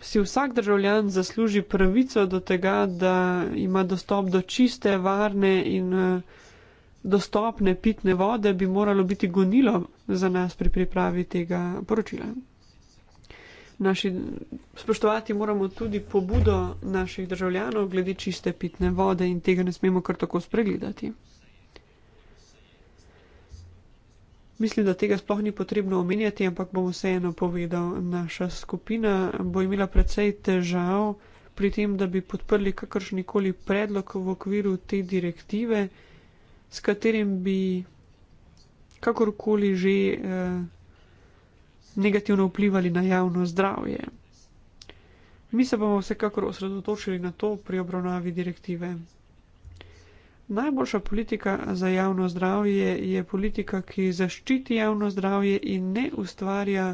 si vsak državljan zasluži pravico do tega, da ima dostop do čiste, varne in uh, dostopne pitne vode bi moralo biti gonilo za nas pri pripravi tega poročila. Naši, spoštovati moramo tudi pobudo naših državljanov glede čiste pitne vode in tega ne smemo kar tako spregledati. Mislim, da tega sploh ni potrebno omenjati, ampak bom vseeno povedal. Naša skupina bo imela precej težav pri tem, da bi podprli kakršnikoli predlog v okviru te direktive, s katerim bi kakorkoli že eh, negativno vplivali na javno zdravje. Mi se bomo vsekakor osredotočili na to pri obravnavi direktive. Najboljša politika za javno zdravje je politika, ki zaščiti javno zdravje in ne ustvarja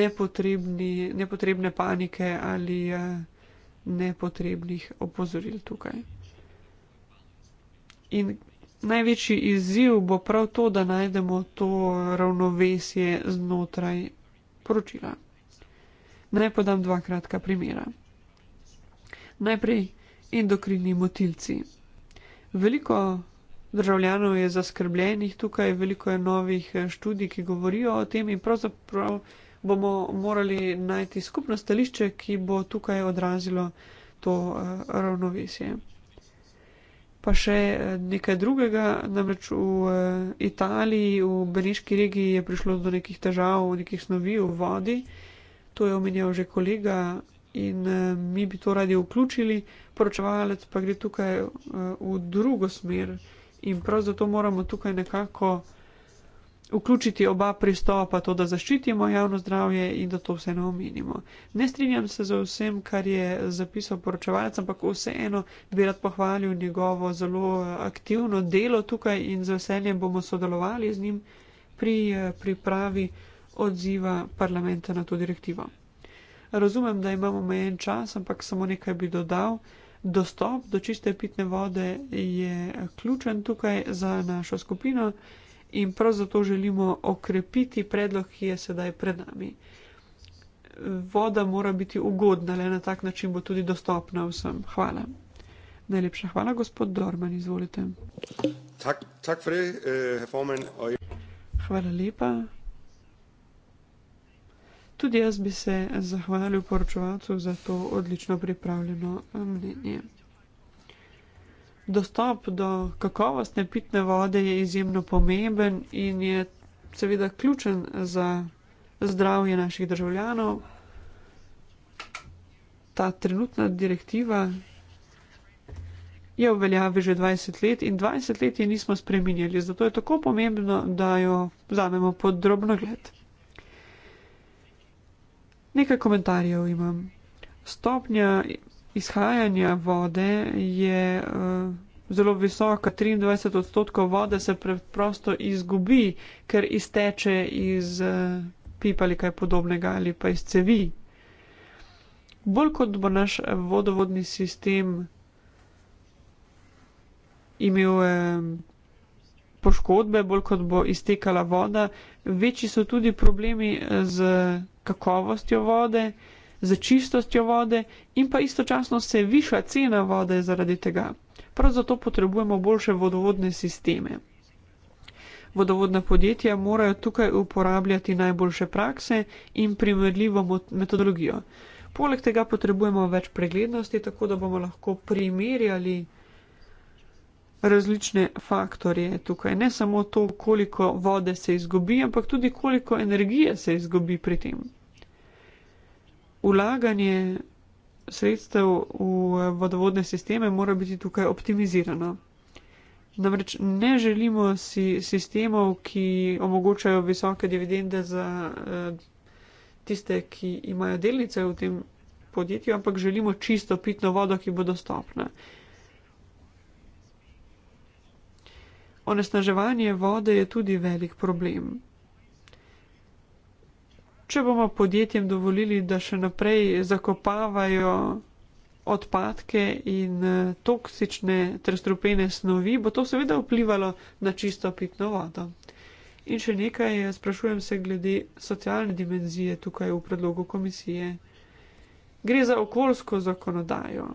nepotrebne panike ali eh, nepotrebnih opozoril tukaj. In največji izziv bo prav to, da najdemo to ravnovesje znotraj poročila. Naj podam dva kratka primera. Najprej endokrini motilci. Veliko državljanov je zaskrbljenih tukaj, veliko je novih eh, študij, ki govorijo o tem in pravzaprav bomo morali najti skupno stališče, ki bo tukaj odrazilo to eh, ravnovesje pa še eh, nekaj drugega. Namreč v eh, Italiji, v Beniški regiji je prišlo do nekih težav, nekih snovi v vodi, to je omenjal že kolega in eh, mi bi to radi vključili, poročevalec pa gre tukaj v drugo smer in prav zato moramo tukaj nekako vključiti oba pristopa, to, da zaščitimo javno zdravje in da to vseeno omenimo. Ne strinjam se z vsem, kar je zapisal poročevalec, ampak vseeno bi rad pohvalil njegovo zelo aktivno delo tukaj in z veseljem bomo sodelovali z njim pri eh, pripravi odziva parlamenta na to direktivo. Razumem, da imamo omejen čas, ampak samo nekaj bi dodal. Dostop do čiste pitne vode je ključen tukaj za našo skupino in prav zato želimo okrepiti predlog, ki je sedaj pred nami. Voda mora biti ugodna, le na tak način bo tudi dostopna vsem. Hvala. Najlepša hvala, gospod Dorman, izvolite. Tak, tak fri, eh, øh, formen, oj... Hvala lepa. Tudi jaz bi se zahvalil poročovalcu za to odlično pripravljeno mnenje. Dostop do kakovostne pitne vode je izjemno pomemben in je seveda ključen za zdravje naših državljanov. Ta trenutna direktiva je v veljavi že 20 let in 20 let je nismo spreminjali, zato je tako pomembno, da jo vzamemo pod drobno gled. Nekaj komentarjev imam. Stopnja izhajanja vode je uh, zelo visoka. 23 odstotkov vode se preprosto izgubi, ker izteče iz uh, pipa ali kaj podobnega ali pa iz cevi. Bolj kot bo naš vodovodni sistem imel eh, poškodbe, bolj kot bo iztekala voda, večji so tudi problemi z kakovostjo vode, za čistostjo vode in pa istočasno se viša cena vode zaradi tega. Prav zato potrebujemo boljše vodovodne sisteme. Vodovodna podjetja morajo tukaj uporabljati najboljše prakse in primerljivo metodologijo. Poleg tega potrebujemo več preglednosti, tako da bomo lahko primerjali različne faktorje tukaj. Ne samo to, koliko vode se izgubi, ampak tudi koliko energije se izgubi pri tem vlaganje sredstev v eh, vodovodne sisteme mora biti tukaj optimizirano. Namreč ne želimo si sistemov, ki omogočajo visoke dividende za eh, tiste, ki imajo delnice v tem podjetju, ampak želimo čisto pitno vodo, ki bo dostopna. Onesnaževanje vode je tudi velik problem če bomo podjetjem dovolili, da še naprej zakopavajo odpadke in eh, toksične trestrupene snovi, bo to seveda vplivalo na čisto pitno vodo. In še nekaj, eh, sprašujem se glede socialne dimenzije tukaj v predlogu komisije. Gre za okoljsko zakonodajo.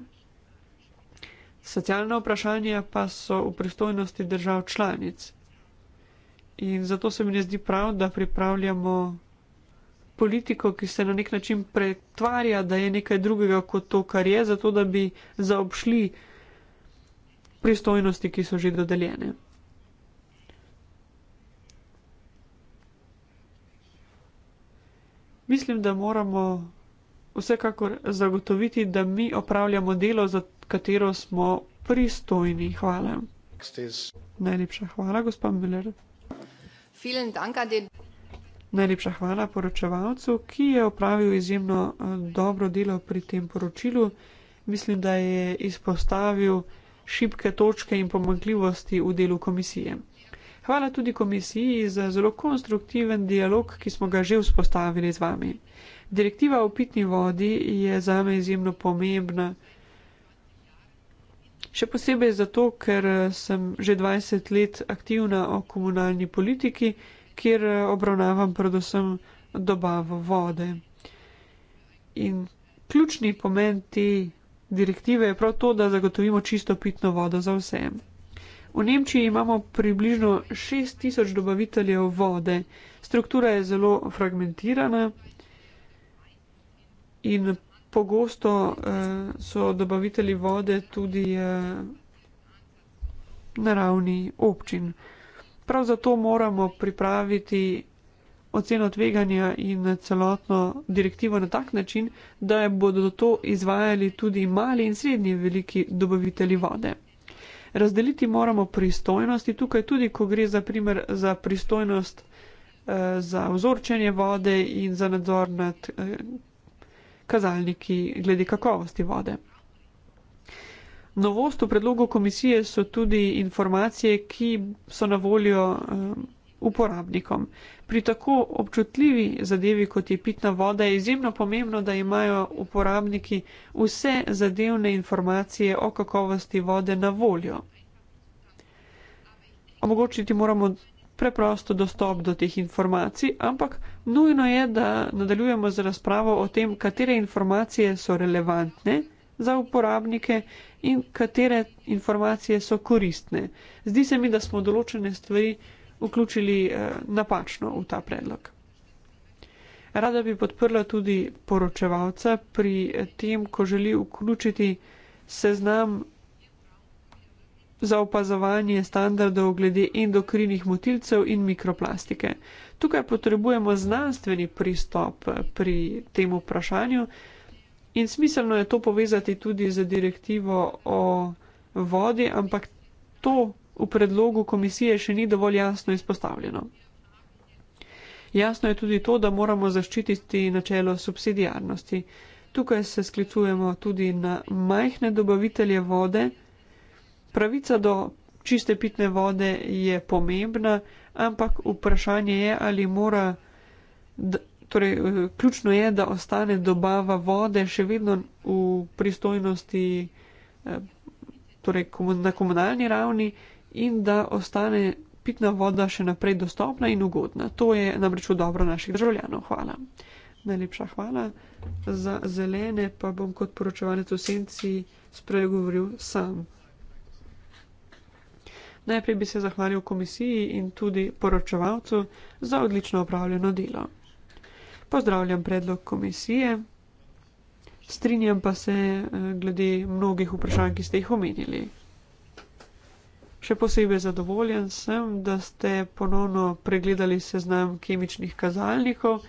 Socialna vprašanja pa so v pristojnosti držav članic. In zato se mi ne zdi prav, da pripravljamo politiko, ki se na nek način pretvarja, da je nekaj drugega kot to, kar je, zato da bi zaobšli pristojnosti, ki so že dodeljene. Mislim, da moramo vsekakor zagotoviti, da mi opravljamo delo, za katero smo pristojni. Hvala. Najlepša hvala, gospod Miller. Najlepša hvala poročevalcu, ki je opravil izjemno eh, dobro delo pri tem poročilu. Mislim, da je izpostavil šibke točke in pomankljivosti v delu komisije. Hvala tudi komisiji za zelo konstruktiven dialog, ki smo ga že vzpostavili z vami. Direktiva o pitni vodi je zame izjemno pomembna. Še posebej zato, ker eh, sem že 20 let aktivna o komunalni politiki kjer eh, obravnavam predvsem dobavo vode. In ključni pomen te direktive je prav to, da zagotovimo čisto pitno vodo za vse. V Nemčiji imamo približno 6000 dobaviteljev vode. Struktura je zelo fragmentirana in pogosto eh, so dobavitelji vode tudi eh, na ravni občin. Eh, Prav zato moramo pripraviti oceno tveganja in celotno direktivo na tak način, da bodo to izvajali tudi mali in srednji veliki dobavitelji vode. Razdeliti moramo pristojnosti tukaj tudi, ko gre za primer za pristojnost eh, za vzorčenje vode in za nadzor nad eh, kazalniki glede kakovosti vode. Novost v predlogu komisije so tudi informacije, ki so na voljo eh, uporabnikom. Pri tako občutljivi zadevi, kot je pitna voda, je izjemno pomembno, da imajo uporabniki vse zadevne informacije o kakovosti vode na voljo. Omogočiti moramo preprosto dostop do teh informacij, ampak nujno je, da nadaljujemo z razpravo o tem, katere informacije so relevantne za uporabnike in katere informacije so koristne. Zdi se mi, da smo določene stvari vključili eh, napačno v ta predlog. Rada bi podprla tudi poročevalca pri tem, ko želi vključiti seznam za opazovanje standardov glede endokrinih motilcev in mikroplastike. Tukaj potrebujemo znanstveni pristop pri tem vprašanju, In smiselno je to povezati tudi z direktivo o vodi, ampak to v predlogu komisije še ni dovolj jasno izpostavljeno. Jasno je tudi to, da moramo zaščititi načelo subsidijarnosti. Tukaj se sklicujemo tudi na majhne dobavitelje vode. Pravica do čiste pitne vode je pomembna, ampak vprašanje je, ali mora torej, eh, ključno je, da ostane dobava vode še vedno v pristojnosti eh, torej, na komunalni ravni in da ostane pitna voda še naprej dostopna in ugodna. To je namreč v dobro naših državljanov. Hvala. Najlepša hvala. Za zelene pa bom kot poročevalec v senci spregovoril sam. Najprej bi se zahvalil komisiji in tudi poročevalcu za odlično opravljeno delo pozdravljam predlog komisije, strinjam pa se eh, glede mnogih vprašanj, ki ste jih omenili. Še posebej zadovoljen sem, da ste ponovno pregledali seznam kemičnih kazalnikov,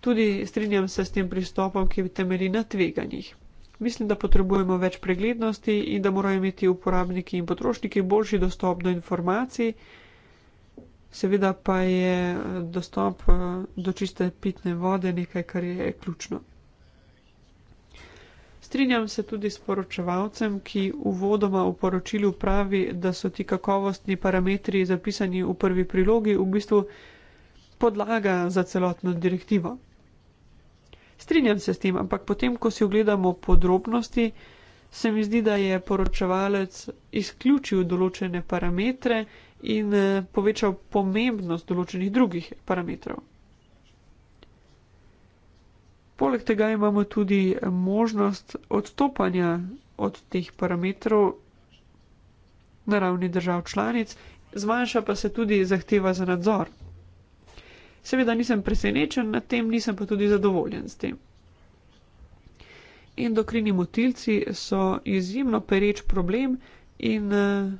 tudi strinjam se s tem pristopom, ki temeli na tveganjih. Mislim, da potrebujemo več preglednosti in da morajo imeti uporabniki in potrošniki boljši dostop do informacij, Seveda pa je eh, dostop eh, do čiste pitne vode nekaj, kar je ključno. Strinjam se tudi s poročevalcem, ki uvodoma v poročilu pravi, da so ti kakovostni parametri zapisani v prvi prilogi v bistvu podlaga za celotno direktivo. Strinjam se s tem, ampak potem, ko si ogledamo podrobnosti, se mi zdi, da je poročevalec izključil določene parametre, in eh, povečal pomembnost določenih drugih parametrov. Poleg tega imamo tudi možnost odstopanja od teh parametrov na ravni držav članic, zmanjša pa se tudi zahteva za nadzor. Seveda nisem presenečen nad tem, nisem pa tudi zadovoljen s tem. Endokrini motilci so izjemno pereč problem in eh,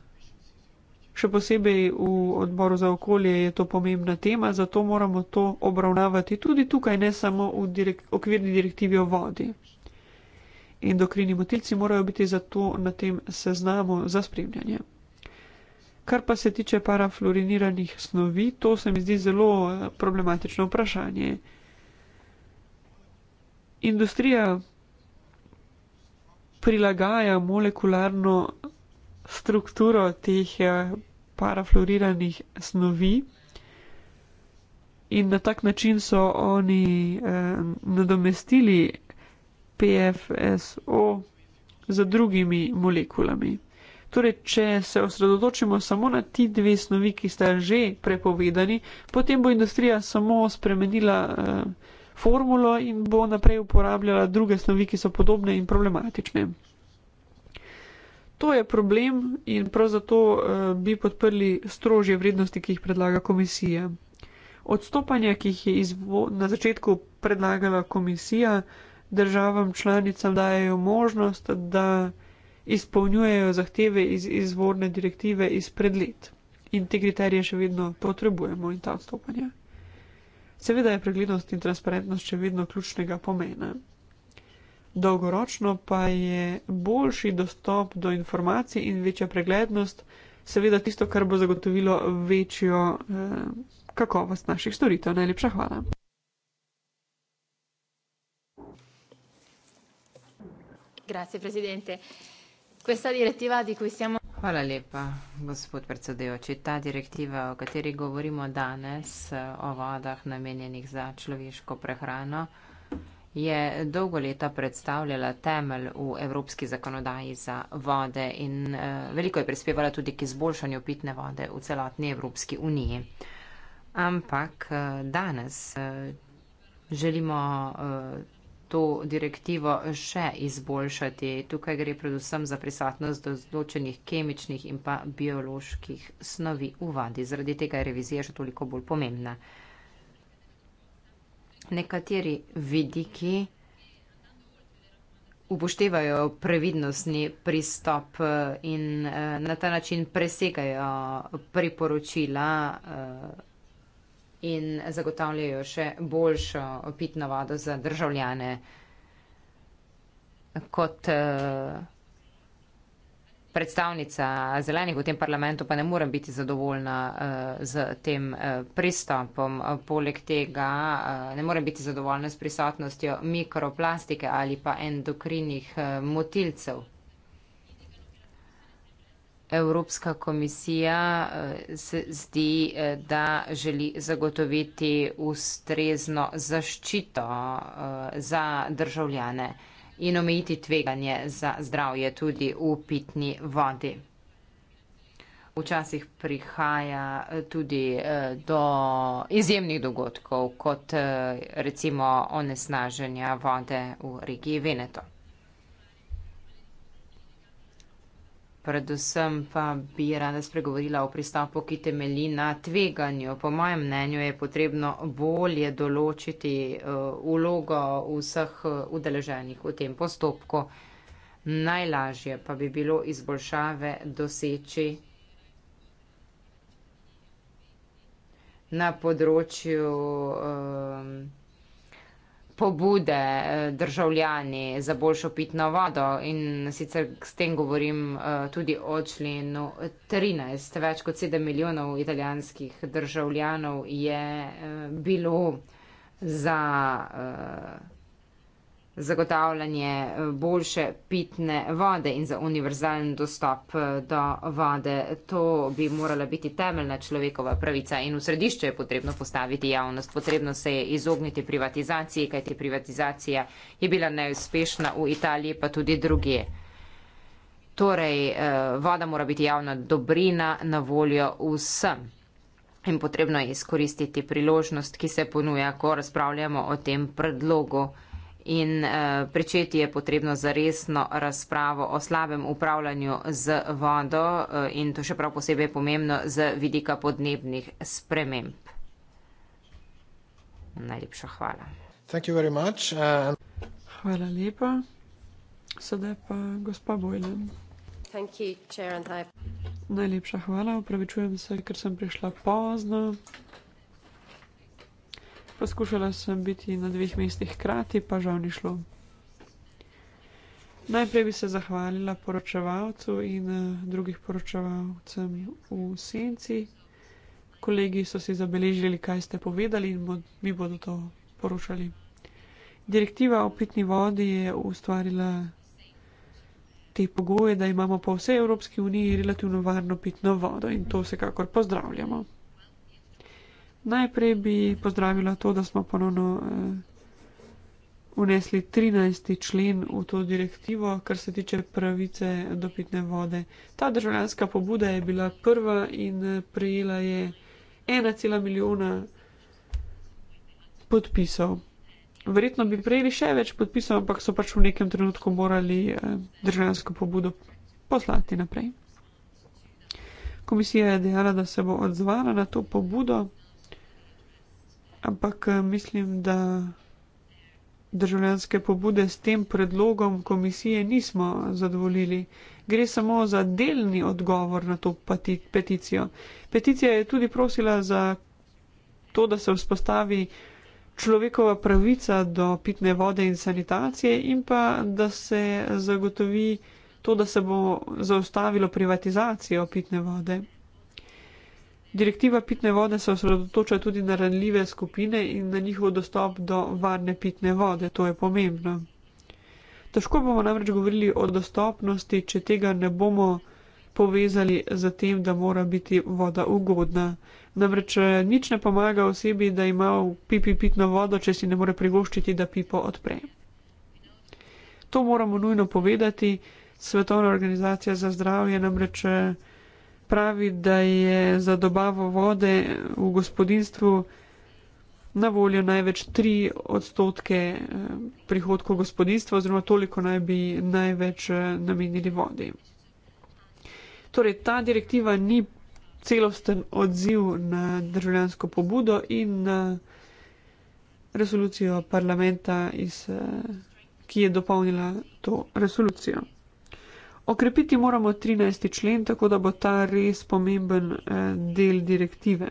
še posebej v odboru za okolje je to pomembna tema, zato moramo to obravnavati tudi tukaj, ne samo v direk okvirni direktivi o vodi. Endokrini motilci morajo biti zato na tem seznamu za spremljanje. Kar pa se tiče parafluoriniranih snovi, to se mi zdi zelo eh, problematično vprašanje. Industrija prilagaja molekularno strukturo teh eh, parafluoriranih snovi. In na tak način so oni eh, nadomestili PFSO z drugimi molekulami. Torej, če se osredotočimo samo na ti dve snovi, ki sta že prepovedani, potem bo industrija samo spremenila eh, formulo in bo naprej uporabljala druge snovi, ki so podobne in problematične. To je problem in prav zato uh, bi podprli strožje vrednosti, ki jih predlaga komisija. Odstopanja, ki jih je izvo, na začetku predlagala komisija, državam članicam dajo možnost, da izpolnjujejo zahteve iz izvorne direktive izpred let. In te kriterije še vedno potrebujemo in ta odstopanja. Seveda je preglednost in transparentnost še vedno ključnega pomena dolgoročno pa je boljši dostop do informacij in večja preglednost, seveda tisto, kar bo zagotovilo večjo eh, kakovost naših storitev. Najlepša hvala. Grazie, presidente. Questa direttiva di cui stiamo. Hvala lepa, gospod predsedujoči. Ta direktiva, o kateri govorimo danes, eh, o vodah namenjenih za človeško prehrano je dolgo leta predstavljala temelj v evropski zakonodaji za vode in eh, veliko je prispevala tudi k izboljšanju pitne vode v celotni Evropski uniji. Ampak eh, danes eh, želimo to direktivo še izboljšati. Tukaj gre predvsem za prisotnost določenih kemičnih in pa bioloških snovi v vodi. Zaradi tega je revizija še toliko bolj pomembna nekateri vidiki upoštevajo previdnostni pristop eh, in eh, na ta način presegajo priporočila eh, in zagotavljajo še boljšo pitno vodo za državljane kot predstavnica zelenih v tem parlamentu, pa ne morem biti zadovoljna eh, z tem eh, pristopom. Poleg tega eh, ne morem biti zadovoljna s prisotnostjo mikroplastike ali pa endokrinih motilcev. Evropska komisija se zdi, da želi zagotoviti ustrezno zaščito za državljane in omejiti tveganje za zdravje tudi v pitni vodi. Včasih prihaja eh, tudi eh, do izjemnih dogodkov, kot eh, recimo onesnaženja vode v regiji Veneto. predvsem pa bi rada spregovorila o pristopu, ki temelji na tveganju. Po mojem mnenju je potrebno bolje določiti ulogo uh, vseh uh, udeleženih v tem postopku. Najlažje pa bi bilo izboljšave doseči na področju um, pobude eh, državljani za boljšo pitno vodo in sicer s tem govorim eh, tudi o členu 13. Več kot 7 milijonov italijanskih državljanov je eh, bilo za zagotavljanje eh, boljše pitne vode in za univerzalen dostop eh, do vode. To bi morala biti temeljna človekova pravica in v središče je potrebno postaviti javnost. Potrebno se je izogniti privatizaciji, kajti privatizacija je bila neuspešna v Italiji, pa tudi druge. Torej, eh, voda mora biti javna dobrina na voljo vsem. In potrebno je izkoristiti priložnost, ki se ponuja, ko razpravljamo o tem predlogu in uh, pričeti je potrebno za resno razpravo o slabem upravljanju z vodo uh, in to še prav posebej pomembno z vidika podnebnih sprememb. Najlepša hvala. Uh, hvala lepa. Sedaj pa gospa Bojlen. Najlepša hvala, upravičujem se, ker sem prišla pozno. Poskušala sem biti na dveh mestih hkrati, pa žal ni šlo. Najprej bi se zahvalila poročevalcu in eh, drugih poročevalcem v senci. Kolegi so si zabeležili, kaj ste povedali in bod, mi bodo to poročali. Direktiva o pitni vodi je ustvarila te pogoje, da imamo po vsej Evropski uniji relativno varno pitno vodo in to vsekakor pozdravljamo. Najprej bi pozdravila to, da smo ponovno eh, unesli 13. člen v to direktivo, kar se tiče pravice do pitne vode. Ta državljanska pobuda je bila prva in eh, prejela je 1,1 milijona podpisov. Verjetno bi prejeli še več podpisov, ampak so pač v nekem trenutku morali eh, državljansko pobudo poslati naprej. Komisija je dejala, da se bo odzvala na to pobudo ampak eh, mislim, da državljanske pobude s tem predlogom komisije nismo zadovoljili. Gre samo za delni odgovor na to peti peticijo. Peticija je tudi prosila za to, da se vzpostavi človekova pravica do pitne vode in sanitacije in pa da se zagotovi to, da se bo zaustavilo privatizacijo pitne vode. Direktiva pitne vode se osredotoča tudi na ranljive skupine in na njihov dostop do varne pitne vode, to je pomembno. Težko bomo namreč govorili o dostopnosti, če tega ne bomo povezali z tem, da mora biti voda ugodna. Namreč eh, nič ne pomaga osebi, da ima v pipi pitno vodo, če si ne more privoščiti, da pipo odpre. To moramo nujno povedati. Svetovna organizacija za zdravje namreč. Eh, pravi, da je za dobavo vode v gospodinstvu na voljo največ 3 odstotke eh, prihodkov gospodinstva, oziroma toliko naj bi največ eh, namenili vodi. Torej, ta direktiva ni celosten odziv na državljansko pobudo in na resolucijo parlamenta, iz, eh, ki je dopolnila to resolucijo. Okrepiti moramo 13. člen, tako da bo ta res pomemben eh, del direktive.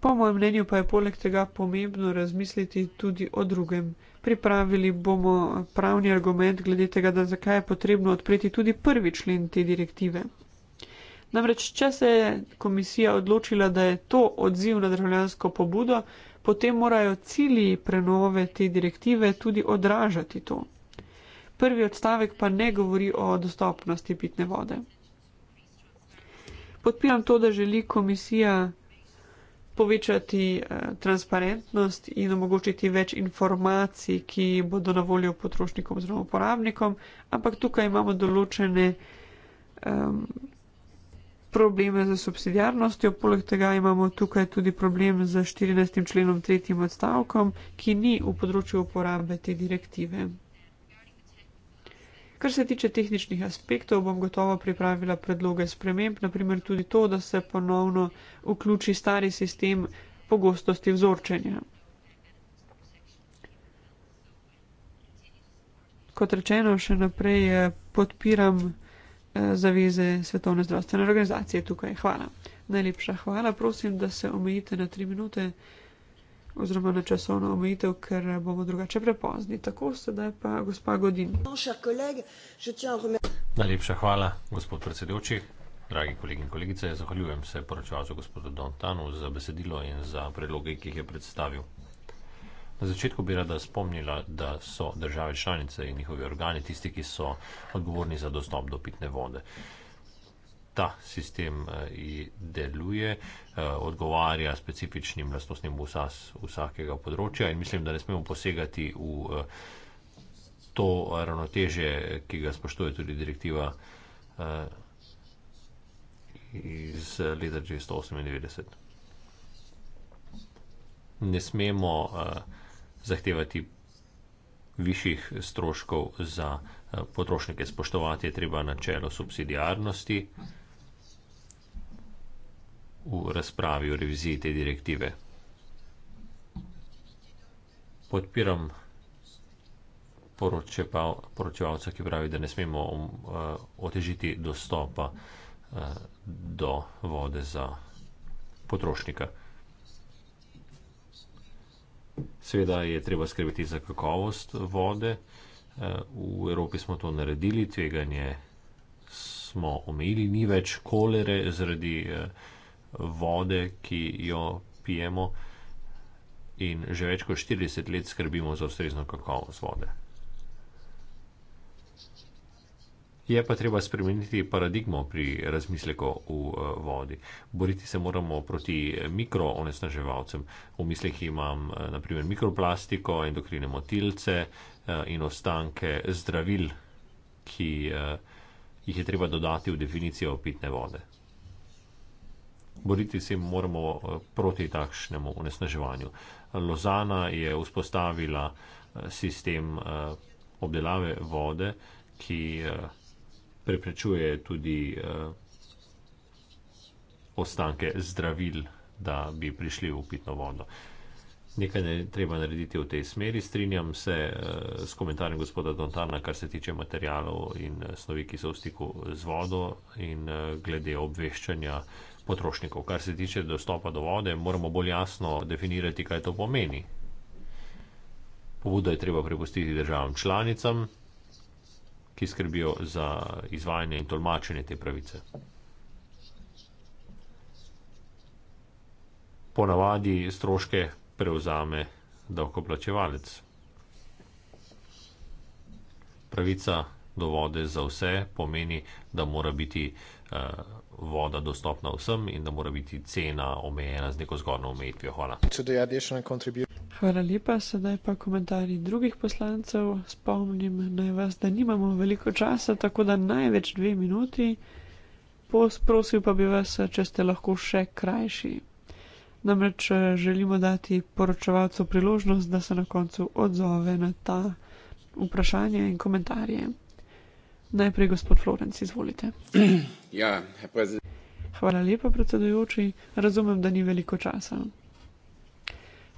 Po mojem mnenju pa je poleg tega pomembno razmisliti tudi o drugem. Pripravili bomo pravni argument glede tega, da zakaj je potrebno odpreti tudi prvi člen te direktive. Namreč, če se je komisija odločila, da je to odziv na državljansko pobudo, potem morajo cilji prenove te direktive tudi odražati to prvi odstavek pa ne govori o dostopnosti pitne vode. Podpiram to, da želi komisija povečati eh, transparentnost in omogočiti več informacij, ki bodo na voljo potrošnikom oziroma uporabnikom, ampak tukaj imamo določene um, probleme z subsidijarnostjo, poleg tega imamo tukaj tudi problem z 14. členom tretjim odstavkom, ki ni v področju uporabe te direktive. Kar se tiče tehničnih aspektov, bom gotovo pripravila predloge sprememb, naprimer tudi to, da se ponovno vključi stari sistem pogostosti vzorčenja. Kot rečeno, še naprej eh, podpiram eh, zaveze Svetovne zdravstvene organizacije tukaj. Hvala. Najlepša hvala. Prosim, da se omejite na tri minute oziroma na časovno omejitev, ker bomo drugače prepozni. Tako sedaj pa gospa Godin. Najlepša hvala, gospod predsedujoči. Dragi kolegi in kolegice, zahvaljujem se poročevalcu gospodu Dontanu za besedilo in za predloge, ki jih je predstavil. Na začetku bi rada spomnila, da so države članice in njihovi organi tisti, ki so odgovorni za dostop do pitne vode ta sistem eh, deluje, eh, odgovarja specifičnim lastnostnim vsas, vsakega področja in mislim, da ne smemo posegati v eh, to ravnoteže, ki ga spoštuje tudi direktiva iz leta 1998. Ne smemo zahtevati višjih stroškov za potrošnike, spoštovati je treba načelo subsidijarnosti v razpravi o reviziji te direktive. Podpiram poročevalca, ki pravi, da ne smemo um, eh, otežiti dostopa eh, do vode za potrošnika. Seveda je treba skrbeti za kakovost vode. Eh, v Evropi smo to naredili, tveganje smo omejili, ni več kolere zaradi vode vode, ki jo pijemo, in že več kot 40 let skrbimo za ustrezno kakovost vode. Je pa treba spremeniti paradigmo pri razmisleku v eh, vodi. Boriti se moramo proti mikroonesnaževalcem. V mislih imam eh, naprimer mikroplastiko, endokrine motilce eh, in ostanke zdravil, ki jih je treba dodati v definicijo pitne vode boriti se moramo eh, proti takšnemu onesnaževanju. Lozana je vzpostavila eh, sistem eh, obdelave vode, ki preprečuje tudi ostanke zdravil, da bi prišli v pitno vodo. Nekaj ne treba narediti v tej smeri. Strinjam se s komentarjem gospoda Dontana, kar se tiče materijalov in snovi, ki so v stiku z vodo in glede obveščanja potrošnikov. Kar se tiče dostopa do vode, moramo bolj jasno definirati, kaj to pomeni. Pobudo je treba prepustiti državam članicam, ki skrbijo za izvajanje in tolmačenje te pravice. Ponavadi stroške prevzame davkoplačevalec. Pravica do vode za vse pomeni, da mora biti uh, voda dostopna vsem in da mora biti cena omejena z neko zgornjo omejitvijo. Hvala. Hvala lepa, sedaj pa komentarji drugih poslancev. Spomnim naj vas, da nimamo veliko časa, tako da največ dve minuti. Posprosil pa bi vas, če ste lahko še krajši. Namreč eh, želimo dati poročevalcu priložnost, da se na koncu odzove na ta vprašanje in komentarje. Najprej gospod Florenc, izvolite. Ja, Hvala lepa, predsedujoči. Razumem, da ni veliko časa.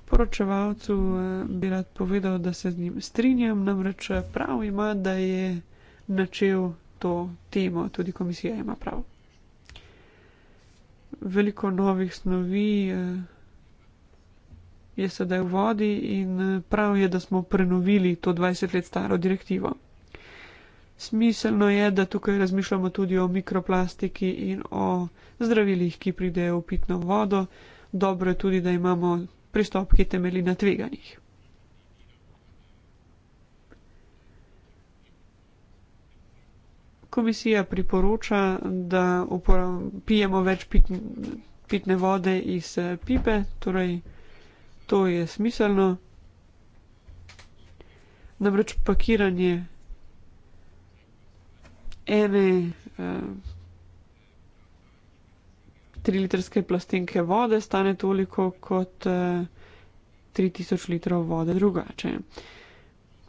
Poročevalcu eh, bi rad povedal, da se z njim strinjam, namreč eh, prav ima, da je načel to temo, tudi komisija ima prav. Veliko novih snovi eh, je sedaj v vodi in prav je, da smo prenovili to 20 let staro direktivo smiselno je, da tukaj razmišljamo tudi o mikroplastiki in o zdravilih, ki pridejo v pitno vodo. Dobro je tudi, da imamo pristop, ki temeli na tveganjih. Komisija priporoča, da pijemo več pitne vode iz pipe, torej to je smiselno. Namreč pakiranje ene eh, trilitrske plastenke vode stane toliko kot eh, 3000 litrov vode drugače.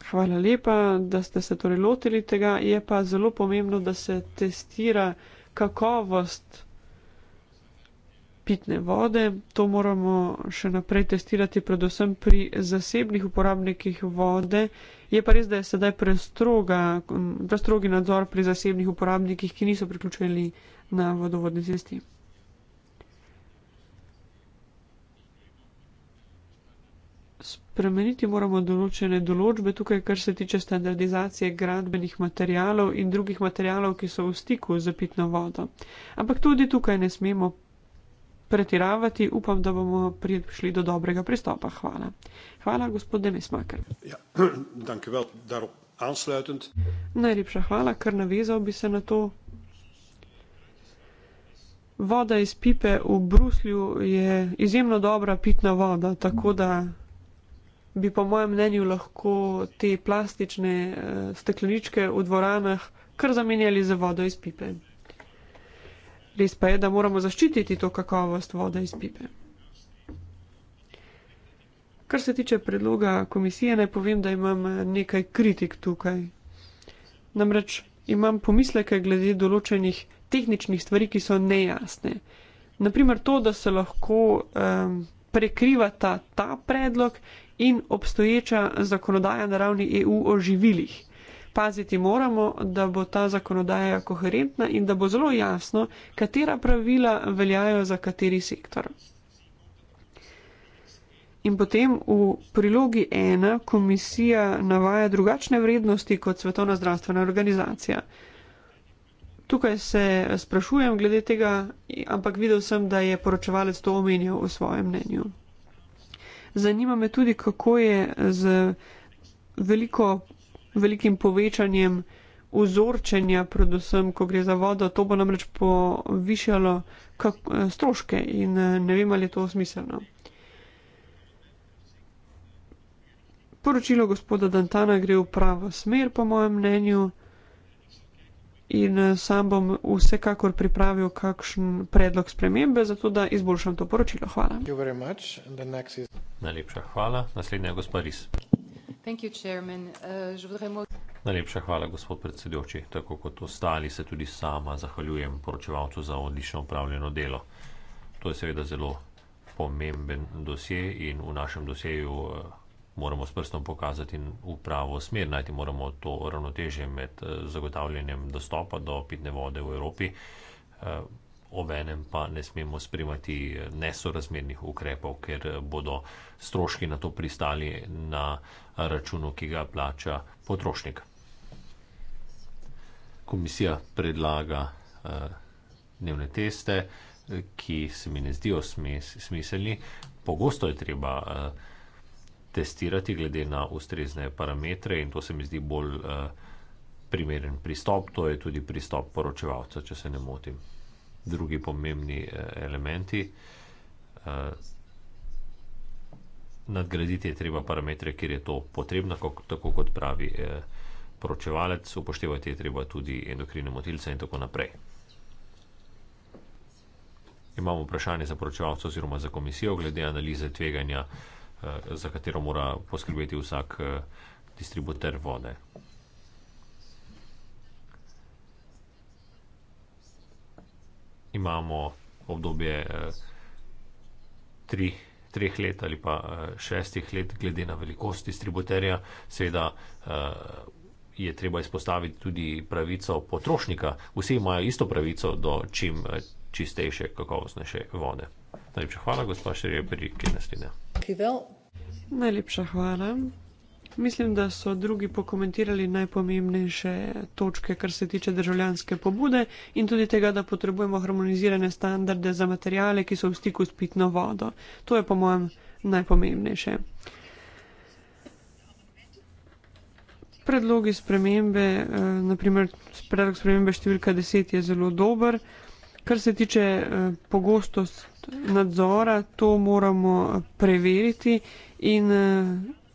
Hvala lepa, da ste se torej lotili tega. Je pa zelo pomembno, da se testira kakovost pitne vode. To moramo še naprej testirati, predvsem pri zasebnih uporabnikih vode. Eh, Je pa res, da je sedaj prestroga, prestrogi nadzor pri zasebnih uporabnikih, ki niso priključeni na vodovodni cesti. Spremeniti moramo določene določbe tukaj, kar se tiče standardizacije gradbenih materialov in drugih materialov, ki so v stiku z pitno vodo. Ampak tudi tukaj ne smemo pretiravati, upam, da bomo prišli do dobrega pristopa. Hvala. Hvala, gospod Demesmaker. Ja, danke vel, darop ansluitend. Najlepša hvala, ker navezal bi se na to. Voda iz pipe v Bruslju je izjemno dobra pitna voda, tako da bi po mojem mnenju lahko te plastične eh, stekleničke v dvoranah kar zamenjali za vodo iz pipe. Res pa je, da moramo zaščititi to kakovost vode iz pipe. Kar se tiče predloga komisije, naj povem, da imam eh, nekaj kritik tukaj. Namreč imam pomisleke glede določenih tehničnih stvari, ki so nejasne. Naprimer to, da se lahko um, prekrivata ta predlog in obstoječa zakonodaja na ravni EU o živilih paziti moramo, da bo ta zakonodaja koherentna in da bo zelo jasno, katera pravila veljajo za kateri sektor. In potem v prilogi ena komisija navaja drugačne vrednosti kot Svetovna zdravstvena organizacija. Tukaj se sprašujem glede tega, ampak videl sem, da je poročevalec to omenjal v svojem mnenju. Zanima me tudi, kako je z veliko velikim povečanjem ozorčenja, predvsem, ko gre za vodo, to bo namreč povišalo eh, stroške in eh, ne vem, ali je to smiselno. Poročilo gospoda Dantana gre v pravo smer, po mojem mnenju, in eh, sam bom vsekakor pripravil kakšen predlog spremembe, zato da izboljšam to poročilo. Hvala. Najlepša hvala. Naslednja je gospod Ris. Eh, Najlepša hvala, gospod predsedujoči. Tako kot ostali se tudi sama zahvaljujem poročevalcu za odlično upravljeno delo. To je seveda zelo pomemben dosje in v našem doseju eh, moramo s prstom pokazati v pravo smer. Najti moramo to ravnotežje med eh, zagotavljanjem dostopa do pitne vode v Evropi. Ovenem pa ne smemo spremati nesorazmernih ukrepov, ker bodo stroški na to pristali na računu, ki ga plača potrošnik. Komisija predlaga eh, dnevne teste, ki se mi ne zdijo smiselni. Pogosto je treba eh, testirati glede na ustrezne parametre in to se mi zdi bolj eh, primeren pristop. To je tudi pristop poročevalca, če se ne motim. Drugi pomembni elementi nadgraditi je treba parametre, kjer je to potrebno, tako kot pravi eh, poročevalec, upoštevati je treba tudi endokrine motilce in tako naprej. Imamo vprašanje za poročevalce oziroma za komisijo glede analize tveganja, eh, za katero mora poskrbeti vsak eh, distributer vode. Imamo obdobje 3 treh let ali pa eh, šestih let, glede na velikost distributerja. Seveda eh, je treba izpostaviti tudi pravico potrošnika. Vsi imajo isto pravico do čim eh, čistejše, kakovostnejše vode. Najlepša hvala, gospod Šerje, pri Kenestine. Najlepša hvala. Mislim, da so drugi pokomentirali najpomembnejše točke, kar se tiče državljanske pobude in tudi tega, da potrebujemo harmonizirane standarde za materijale, ki so v stiku s pitno vodo. To je po mojem najpomembnejše. Predlogi spremembe, eh, naprimer predlog spremembe številka 10 je zelo dober. Kar se tiče eh, pogostost nadzora, to moramo eh, preveriti in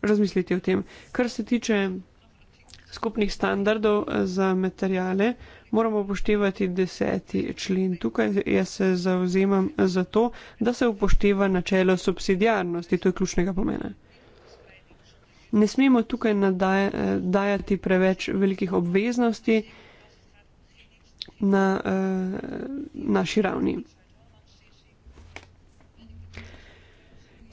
razmisliti o tem. Kar se tiče skupnih standardov eh, za materijale, moramo upoštevati deseti člen. Tukaj jaz se zauzemam za to, da se upošteva načelo subsidijarnosti, to je ključnega pomena. Ne smemo tukaj nadaj, eh, dajati preveč velikih obveznosti na uh, naši ravni.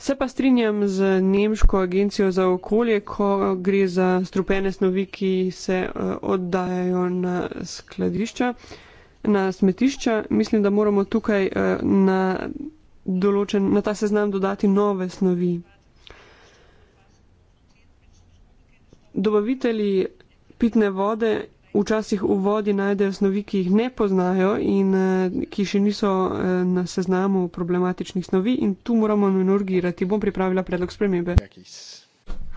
Se pa strinjam z Nemško agencijo za okolje, ko gre za strupene snovi, ki se eh, oddajajo na skladišča, na smetišča. Mislim, da moramo tukaj eh, na, določen, na ta seznam dodati nove snovi. Dobavitelji pitne vode včasih v vodi najdejo snovi, ki jih ne poznajo in eh, ki še niso eh, na seznamu problematičnih snovi in tu moramo nujno urgirati. Bom pripravila predlog spremembe.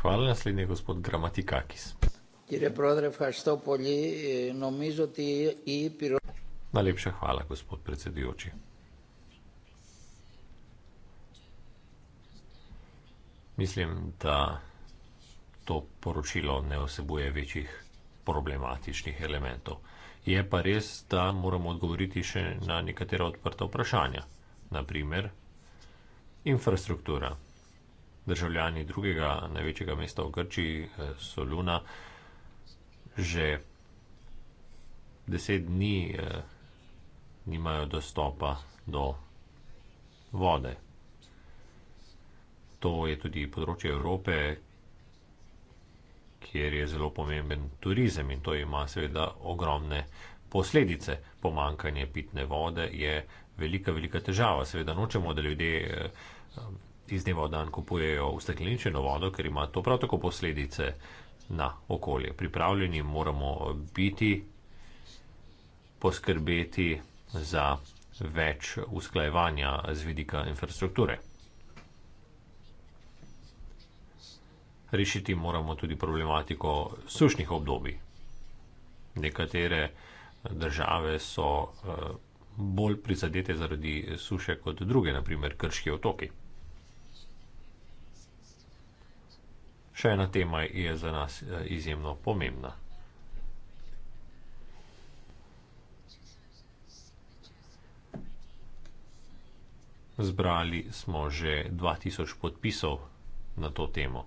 Hvala, naslednji je gospod Gramatikakis. Eh, Najlepša hvala, gospod predsedujoči. Mislim, da to poročilo ne vsebuje večjih problematičnih elementov. Je pa res, da moramo odgovoriti še na nekatera odprta vprašanja, naprimer infrastruktura. Državljani drugega največjega mesta v Grčiji, eh, Soluna, že deset dni eh, nimajo dostopa do vode. To je tudi področje Evrope, kjer je zelo pomemben turizem in to ima seveda ogromne posledice. Pomankanje pitne vode je velika, velika težava. Seveda nočemo, da ljudje eh, iz dneva v dan kupujejo ustekleničeno vodo, ker ima to prav tako posledice na okolje. Pripravljeni moramo biti, poskrbeti za več usklajevanja z vidika infrastrukture. rešiti moramo tudi problematiko sušnih obdobij. Nekatere države so eh, bolj prizadete zaradi suše kot druge, naprimer krški otoki. Še ena tema je za nas eh, izjemno pomembna. Zbrali smo že 2000 podpisov na to temo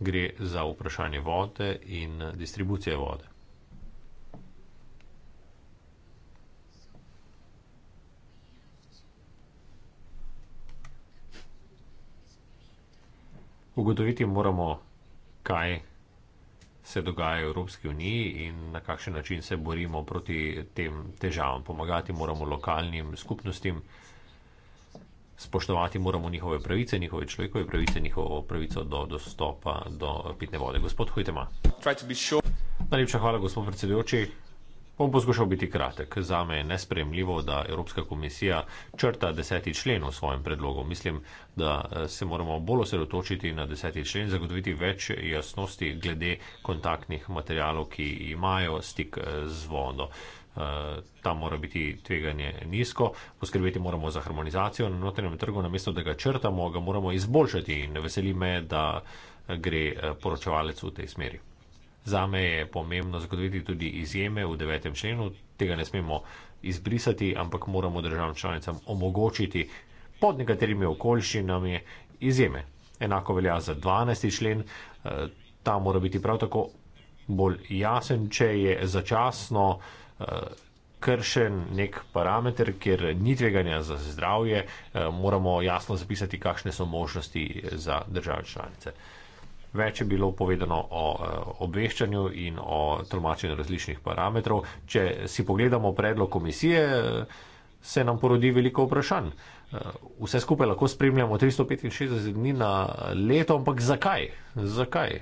gre za vprašanje vode in distribucije vode. Ugotoviti moramo, kaj se dogaja v Evropski uniji in na kakšen način se borimo proti tem težavam. Pomagati moramo lokalnim skupnostim spoštovati moramo njihove pravice, njihove človekove pravice, njihovo pravico do dostopa do pitne vode. Gospod Hujtema. Najlepša hvala, gospod predsedujoči. Bom poskušal biti kratek. Zame je nespremljivo, da Evropska komisija črta deseti člen v svojem predlogu. Mislim, da eh, se moramo bolj osredotočiti na deseti člen, zagotoviti več jasnosti glede kontaktnih materijalov, ki imajo stik eh, z vodo uh, tam mora biti tveganje nizko, poskrbeti moramo za harmonizacijo na notranjem trgu, namesto da ga črtamo, ga moramo izboljšati in veseli me, da gre eh, poročevalec v tej smeri. Zame je pomembno zagotoviti tudi izjeme v devetem členu, tega ne smemo izbrisati, ampak moramo državam članicam omogočiti pod nekaterimi okoliščinami izjeme. Enako velja za 12. člen, eh, ta mora biti prav tako bolj jasen, če je začasno uh, kršen nek parameter, kjer ni tveganja za zdravje, eh, moramo jasno zapisati, kakšne so možnosti za države članice. Več je bilo povedano o eh, obveščanju in o tolmačenju različnih parametrov. Če si pogledamo predlog komisije, eh, se nam porodi veliko vprašanj. Vse skupaj lahko spremljamo 365 dni na leto, ampak zakaj? Zakaj?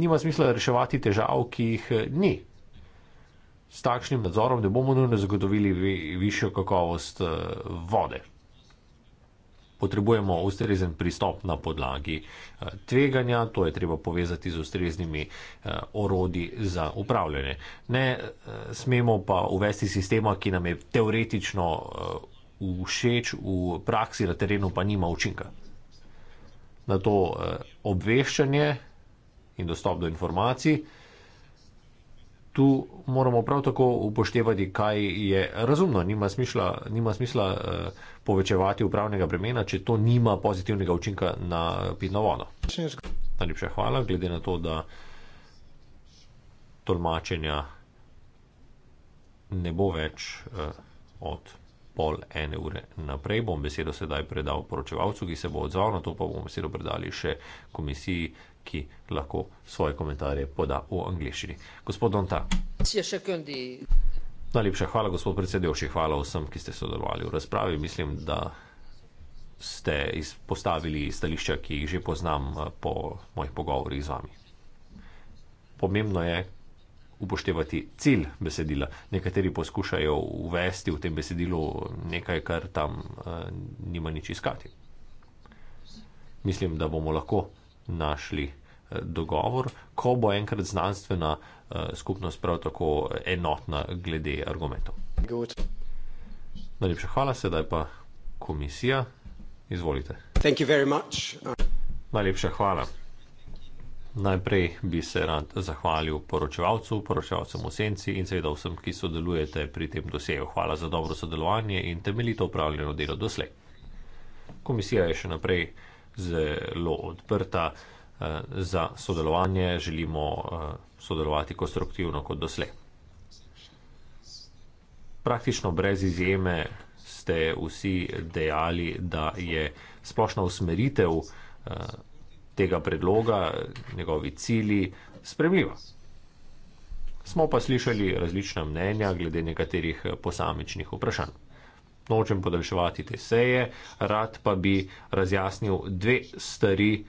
Nima smisla reševati težav, ki jih ni s takšnim nadzorom ne bomo nujno zagotovili vi, višjo kakovost eh, vode. Potrebujemo ustrezen pristop na podlagi eh, tveganja, to je treba povezati z ustreznimi eh, orodi za upravljanje. Ne smemo pa uvesti sistema, ki nam je teoretično všeč, v praksi na terenu pa nima učinka. Na to obveščanje in dostop do informacij tu moramo prav tako upoštevati, kaj je razumno. Nima smisla, nima smisla eh, povečevati upravnega bremena, če to nima pozitivnega učinka na pitno vodo. Najlepša hvala, glede na to, da tolmačenja ne bo več eh, od pol ene ure naprej. Bom besedo sedaj predal poročevalcu, ki se bo odzval, na to pa bomo besedo predali še komisiji ki lahko svoje komentarje poda v angliščini. Gospod Donta. Najlepša hvala, gospod predsedujoči, hvala vsem, ki ste sodelovali v razpravi. Mislim, da ste izpostavili stališča, ki jih že poznam eh, po mojih pogovorih z vami. Pomembno je upoštevati cilj besedila. Nekateri poskušajo uvesti v tem besedilu nekaj, kar tam uh, nima nič iskati. Mislim, da bomo lahko našli eh, dogovor, ko bo enkrat znanstvena eh, skupnost prav tako enotna glede argumentov. Good. Najlepša hvala, sedaj pa komisija. Izvolite. Najlepša hvala. Najprej bi se rad zahvalil poročevalcu, poročevalcem v senci in seveda vsem, ki sodelujete pri tem dosegu. Hvala za dobro sodelovanje in temeljito upravljeno delo doslej. Komisija je še naprej zelo odprta eh, za sodelovanje, želimo eh, sodelovati konstruktivno kot doslej. Praktično brez izjeme ste vsi dejali, da je splošna usmeritev eh, tega predloga, njegovi cilji, spremljiva. Smo pa slišali različna mnenja glede nekaterih posamičnih vprašanj nočem podaljševati te seje, rad pa bi razjasnil dve stvari,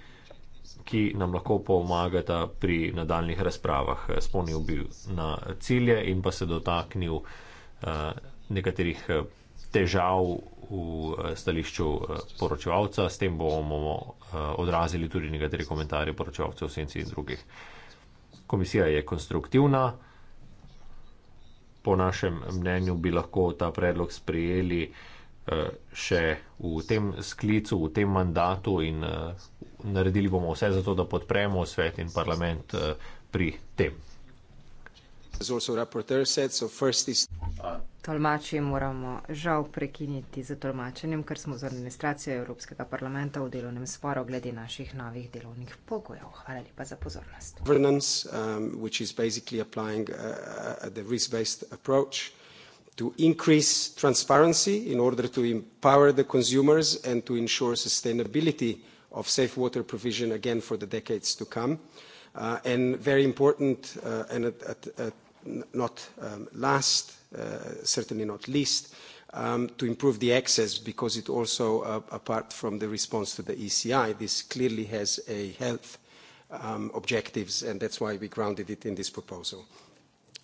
ki nam lahko pomagata pri nadaljnih razpravah. Spomnil bi na cilje in pa se dotaknil uh, nekaterih eh, težav v eh, stališču poročevalca, s tem bomo uh, odrazili tudi nekatere komentarje poročevalcev v senci in drugih. Komisija je konstruktivna po našem mnenju bi lahko ta predlog sprejeli eh, še v tem sklicu, v tem mandatu in eh, naredili bomo vse za to, da podpremo svet in parlament eh, pri tem. Tolmači moramo žal prekiniti z tolmačenjem, ker smo z administracijo Evropskega parlamenta v delovnem sporu glede naših novih delovnih pogojev. Hvala lepa za pozornost. Um, uh, uh, to increase transparency in order to empower the consumers and to ensure sustainability of safe water provision again for the decades to come. Uh, and very important uh, and at, at, at not um, last, uh, certainly not least, um, to improve the access because it also, uh, apart from the response to the ECI, this clearly has a health um, objectives and that's why we grounded it in this proposal.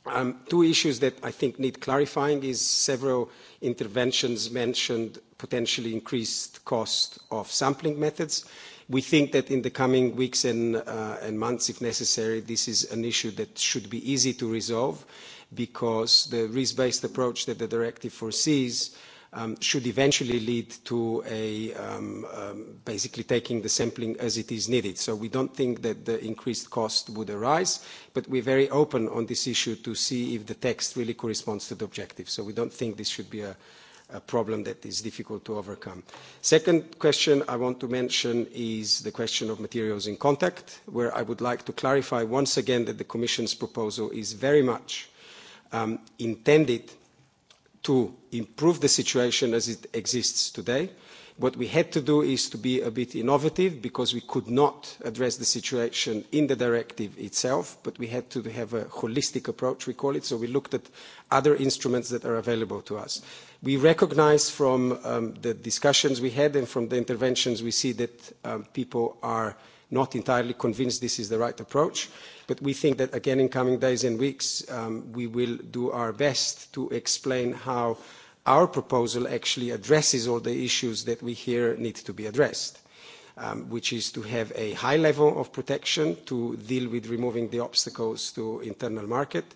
Um, two issues that I think need clarifying is several interventions mentioned potentially increased cost of sampling methods. Uh, We think that in the coming weeks and, uh, and months, if necessary, this is an issue that should be easy to resolve because the risk-based approach that the directive foresees um, should eventually lead to a um, um, basically taking the sampling as it is needed. So we don't think that the increased cost would arise, but we're very open on this issue to see if the text really corresponds to the objective. So we don't think this should be a, a problem that is difficult to overcome. Second question I want to mention is the question of materials in contact, where I would like to clarify once again that the Commission's proposal is very much um, intended to improve the situation as it exists today. What we had to do is to be a bit innovative because we could not address the situation in the directive itself, but we had to have a holistic approach, we call it. So we looked at other instruments that are available to us. We recognize from um, the discussions we had and from the interventions we see that um, people are not entirely convinced this is the right approach. We think that, again, in coming days and weeks, um, we will do our best to explain how our proposal actually addresses all the issues that we hear need to be addressed, which is to have a high level of protection to deal with removing the obstacles to internal market,